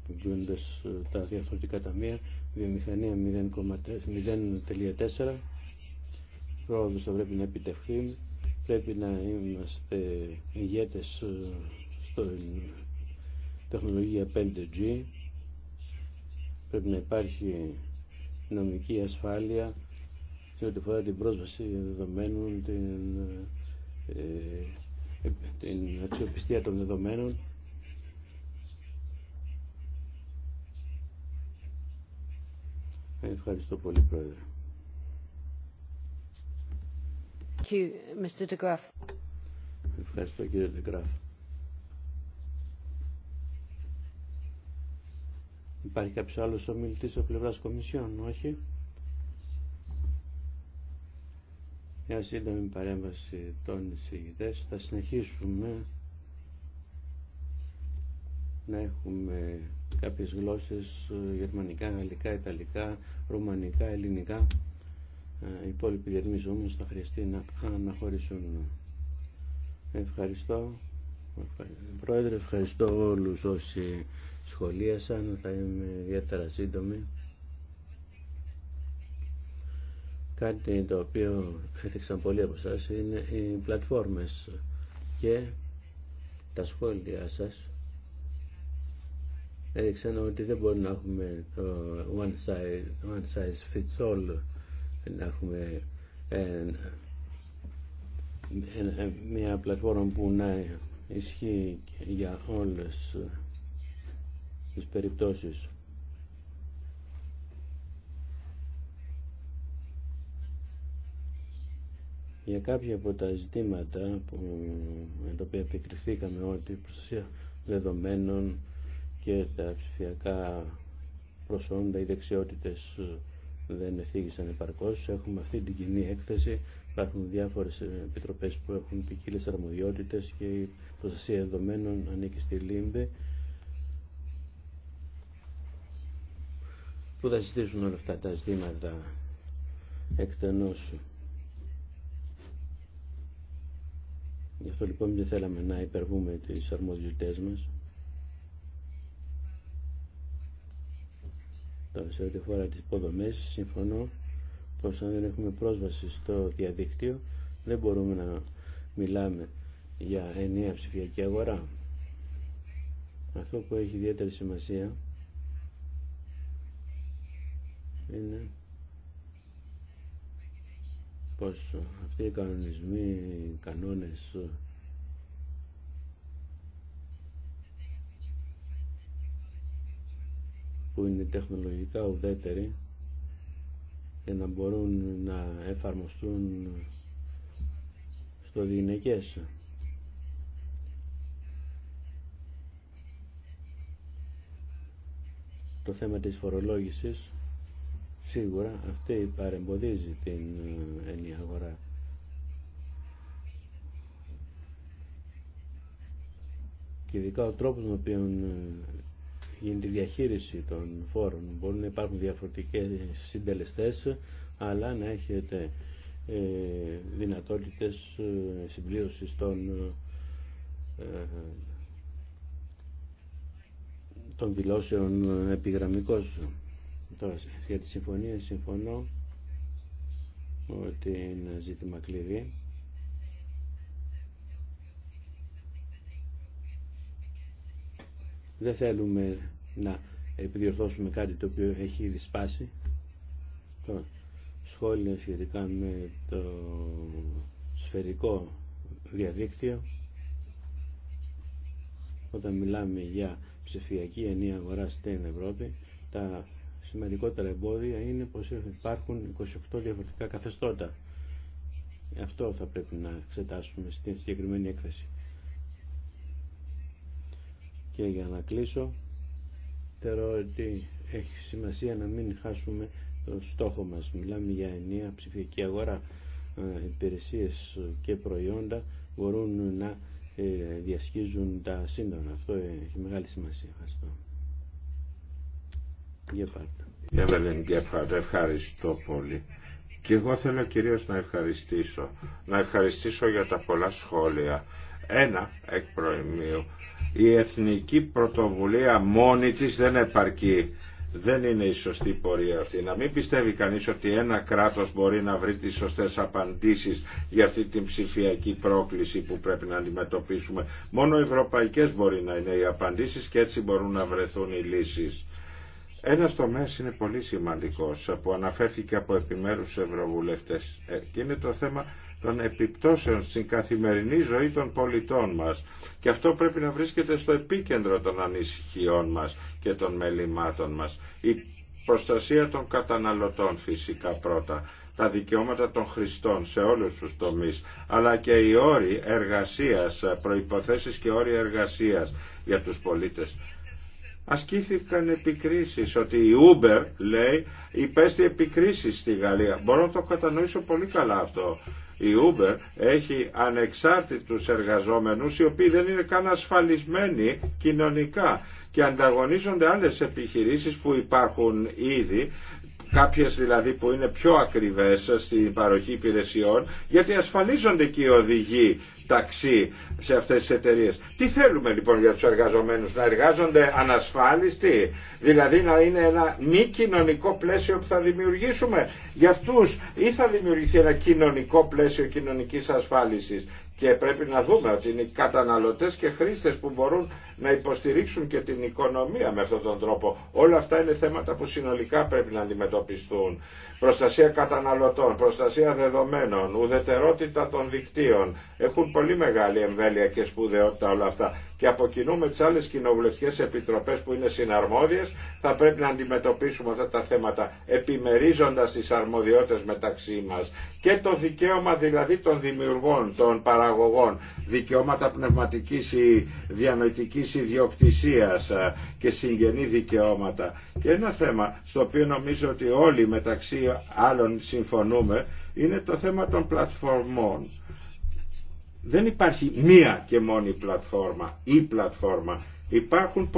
χρησιμοποιώντας ε, τα διαφορετικά ταμεία, βιομηχανία 0,4, πρόοδος θα πρέπει να επιτευχθεί, πρέπει να είμαστε ηγέτες ε, στην τεχνολογία 5G, πρέπει να υπάρχει νομική ασφάλεια και ό,τι την πρόσβαση δεδομένων, την, ε, ε, την αξιοπιστία των δεδομένων Ευχαριστώ πολύ, Πρόεδρε. Thank you, Mr. De Ευχαριστώ, κύριε De Graaf. Υπάρχει κάποιο άλλο ομιλητή από πλευρά Κομισιόν, όχι. Μια σύντομη παρέμβαση των εισηγητέ. Θα συνεχίσουμε να έχουμε κάποιε γλώσσες ε, γερμανικά, γαλλικά, ιταλικά, ρουμανικά, ελληνικά. Ε, οι υπόλοιποι διαδμοί θα χρειαστεί να αναχωρήσουν. Ευχαριστώ. Πρόεδρε, ευχαριστώ όλους όσοι σχολίασαν, θα είμαι ιδιαίτερα σύντομη. Κάτι το οποίο έθιξαν πολλοί από εσάς είναι οι πλατφόρμες και τα σχόλια σας έδειξαν ότι δεν μπορούμε να έχουμε το one size, one size fits all, να έχουμε μια πλατφόρμα που να ισχύει για όλες τις περιπτώσεις. Για κάποια από τα ζητήματα που, με τα οποία επικριθήκαμε ότι η προστασία δεδομένων και τα ψηφιακά προσόντα, ή δεξιότητες ε, δεν εθίγησαν επαρκώς. Έχουμε αυτή την κοινή έκθεση. Υπάρχουν διάφορες ε, επιτροπές που έχουν ποικίλε αρμοδιότητες και η προστασία δεδομένων ανήκει στη ΛΥΜΠΕ που θα συζητήσουν όλα αυτά τα ζητήματα εκτενώς. Γι' αυτό λοιπόν δεν θέλαμε να υπερβούμε τις αρμοδιότητές μας. Τώρα σε ό,τι φορά τις υποδομές συμφωνώ πως αν δεν έχουμε πρόσβαση στο διαδίκτυο δεν μπορούμε να μιλάμε για ενιαία ψηφιακή αγορά. Αυτό που έχει ιδιαίτερη σημασία είναι πως αυτοί οι κανονισμοί, οι κανόνες που είναι τεχνολογικά ουδέτεροι για να μπορούν να εφαρμοστούν στο γυναικές. Το θέμα της φορολόγησης Σίγουρα αυτή παρεμποδίζει την ε, ενιαία αγορά. Και ειδικά ο τρόπος με οποίο ε, γίνεται η διαχείριση των φόρων. Μπορεί να υπάρχουν διαφορετικές συντελεστές, αλλά να έχετε ε, δυνατότητες συμπλήρωσης των, των δηλώσεων σου. Τώρα, για τη συμφωνία συμφωνώ ότι είναι ζήτημα κλειδί. Δεν θέλουμε να επιδιορθώσουμε κάτι το οποίο έχει ήδη σπάσει. Τώρα, σχόλια σχετικά με το σφαιρικό διαδίκτυο. Όταν μιλάμε για ψηφιακή ενία αγορά στην Ευρώπη, τα σημαντικότερα εμπόδια είναι πως υπάρχουν 28 διαφορετικά καθεστώτα. Αυτό θα πρέπει να εξετάσουμε στην συγκεκριμένη έκθεση. Και για να κλείσω, θεωρώ ότι έχει σημασία να μην χάσουμε το στόχο μας. Μιλάμε για ενιαία ψηφιακή αγορά. Ε, υπηρεσίες και προϊόντα μπορούν να ε, διασχίζουν τα σύντομα. Αυτό έχει μεγάλη σημασία. Ευχαριστώ. Γεπάρτ. ευχαριστώ πολύ. Και εγώ θέλω κυρίως να ευχαριστήσω. Να ευχαριστήσω για τα πολλά σχόλια. Ένα εκ προημίου. Η εθνική πρωτοβουλία μόνη της δεν επαρκεί. Δεν είναι η σωστή πορεία αυτή. Να μην πιστεύει κανείς ότι ένα κράτος μπορεί να βρει τις σωστές απαντήσεις για αυτή την ψηφιακή πρόκληση που πρέπει να αντιμετωπίσουμε. Μόνο οι ευρωπαϊκές μπορεί να είναι οι απαντήσεις και έτσι μπορούν να βρεθούν οι λύσεις. Ένα τομέα είναι πολύ σημαντικό που αναφέρθηκε από επιμέρου ευρωβουλευτέ ε, και είναι το θέμα των επιπτώσεων στην καθημερινή ζωή των πολιτών μας. Και αυτό πρέπει να βρίσκεται στο επίκεντρο των ανησυχιών μας και των μελημάτων μας. Η προστασία των καταναλωτών φυσικά πρώτα, τα δικαιώματα των χρηστών σε όλους τους τομείς, αλλά και οι όροι εργασίας, προϋποθέσεις και όροι εργασίας για τους πολίτες ασκήθηκαν επικρίσεις ότι η Uber λέει υπέστη επικρίσεις στη Γαλλία μπορώ να το κατανοήσω πολύ καλά αυτό η Uber έχει ανεξάρτητους εργαζόμενους οι οποίοι δεν είναι καν ασφαλισμένοι κοινωνικά και ανταγωνίζονται άλλες επιχειρήσεις που υπάρχουν ήδη κάποιες δηλαδή που είναι πιο ακριβές στην παροχή υπηρεσιών, γιατί ασφαλίζονται και οι οδηγοί ταξί σε αυτές τις εταιρείες. Τι θέλουμε λοιπόν για τους εργαζομένους, να εργάζονται ανασφάλιστοι, δηλαδή να είναι ένα μη κοινωνικό πλαίσιο που θα δημιουργήσουμε. Για αυτούς ή θα δημιουργηθεί ένα κοινωνικό πλαίσιο κοινωνικής ασφάλισης και πρέπει να δούμε ότι είναι οι καταναλωτές και χρήστες που μπορούν να υποστηρίξουν και την οικονομία με αυτόν τον τρόπο. Όλα αυτά είναι θέματα που συνολικά πρέπει να αντιμετωπιστούν. Προστασία καταναλωτών, προστασία δεδομένων, ουδετερότητα των δικτύων. Έχουν πολύ μεγάλη εμβέλεια και σπουδαιότητα όλα αυτά και από κοινού με τι άλλε κοινοβουλευτικέ επιτροπέ που είναι συναρμόδιε θα πρέπει να αντιμετωπίσουμε αυτά τα θέματα επιμερίζοντα τι αρμοδιότητε μεταξύ μα και το δικαίωμα δηλαδή των δημιουργών, των παραγωγών, δικαιώματα πνευματική ή διανοητική ιδιοκτησία και συγγενή δικαιώματα. Και ένα θέμα στο οποίο νομίζω ότι όλοι μεταξύ άλλων συμφωνούμε είναι το θέμα των πλατφορμών δεν υπάρχει μία και μόνη πλατφόρμα ή πλατφόρμα. Υπάρχουν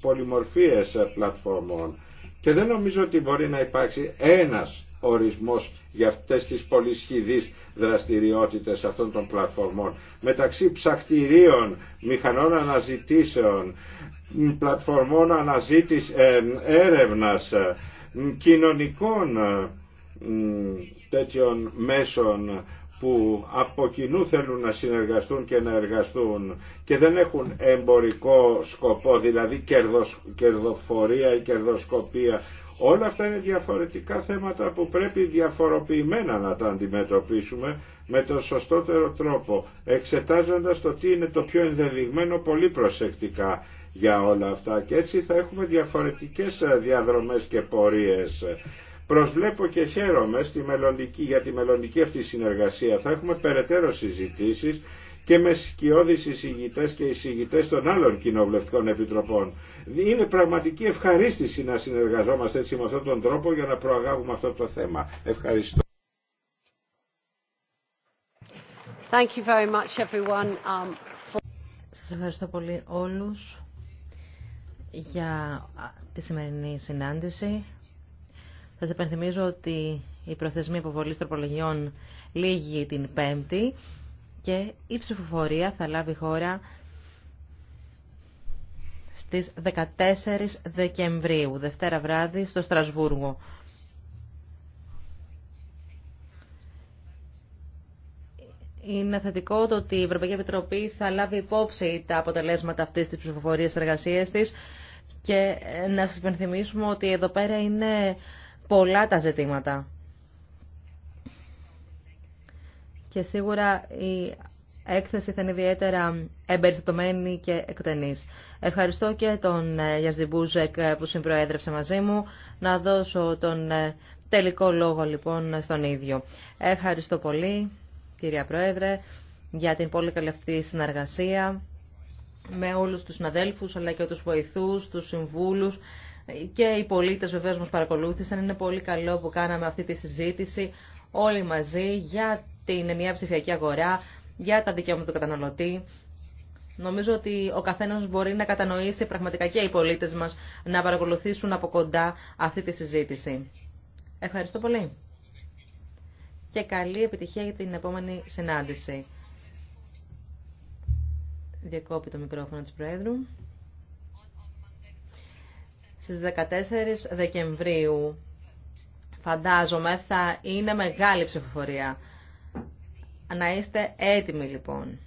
πολυμορφίες ε, πλατφόρμων και δεν νομίζω ότι μπορεί να υπάρξει ένας ορισμός για αυτές τις πολυσχηδείς δραστηριότητες αυτών των πλατφορμών μεταξύ ψαχτηρίων, μηχανών αναζητήσεων, πλατφορμών αναζήτησης, ε, έρευνας, ε, κοινωνικών τέτοιων μέσων που από κοινού θέλουν να συνεργαστούν και να εργαστούν και δεν έχουν εμπορικό σκοπό, δηλαδή κερδοφορία ή κερδοσκοπία. Όλα αυτά είναι διαφορετικά θέματα που πρέπει διαφοροποιημένα να τα αντιμετωπίσουμε με τον σωστότερο τρόπο, εξετάζοντας το τι είναι το πιο ενδεδειγμένο πολύ προσεκτικά για όλα αυτά και έτσι θα έχουμε διαφορετικές διαδρομές και πορείες Προσβλέπω και χαίρομαι στη μελλοντική, για τη μελλοντική αυτή συνεργασία. Θα έχουμε περαιτέρω συζητήσεις και με σκιώδεις εισηγητέ και εισηγητέ των άλλων κοινοβουλευτικών επιτροπών. Είναι πραγματική ευχαρίστηση να συνεργαζόμαστε έτσι με αυτόν τον τρόπο για να προαγάγουμε αυτό το θέμα. Ευχαριστώ. Thank you very much everyone, um, Σας ευχαριστώ πολύ όλους για τη σημερινή συνάντηση. Σας επενθυμίζω ότι η προθεσμία υποβολή τροπολογιών λύγει την Πέμπτη και η ψηφοφορία θα λάβει χώρα στις 14 Δεκεμβρίου, Δευτέρα βράδυ, στο Στρασβούργο. Είναι θετικό το ότι η Ευρωπαϊκή Επιτροπή θα λάβει υπόψη τα αποτελέσματα αυτής της ψηφοφορίας εργασίας της και να σας υπενθυμίσουμε ότι εδώ πέρα είναι πολλά τα ζητήματα. Και σίγουρα η έκθεση θα είναι ιδιαίτερα εμπεριστατωμένη και εκτενής. Ευχαριστώ και τον ε, Γιαρζιμπούζεκ ε, που συμπροέδρευσε μαζί μου. Να δώσω τον ε, τελικό λόγο λοιπόν στον ίδιο. Ευχαριστώ πολύ κυρία Πρόεδρε για την πολύ καλή αυτή συνεργασία με όλους τους συναδέλφους αλλά και τους βοηθούς, τους συμβούλους και οι πολίτες βεβαίω μας παρακολούθησαν. Είναι πολύ καλό που κάναμε αυτή τη συζήτηση όλοι μαζί για την ενιαία ψηφιακή αγορά, για τα δικαιώματα του καταναλωτή. Νομίζω ότι ο καθένα μπορεί να κατανοήσει πραγματικά και οι πολίτε μα να παρακολουθήσουν από κοντά αυτή τη συζήτηση. Ευχαριστώ πολύ. Και καλή επιτυχία για την επόμενη συνάντηση. Διακόπη το μικρόφωνο της Πρόεδρου στις 14 Δεκεμβρίου. Φαντάζομαι θα είναι μεγάλη ψηφοφορία. Να είστε έτοιμοι λοιπόν.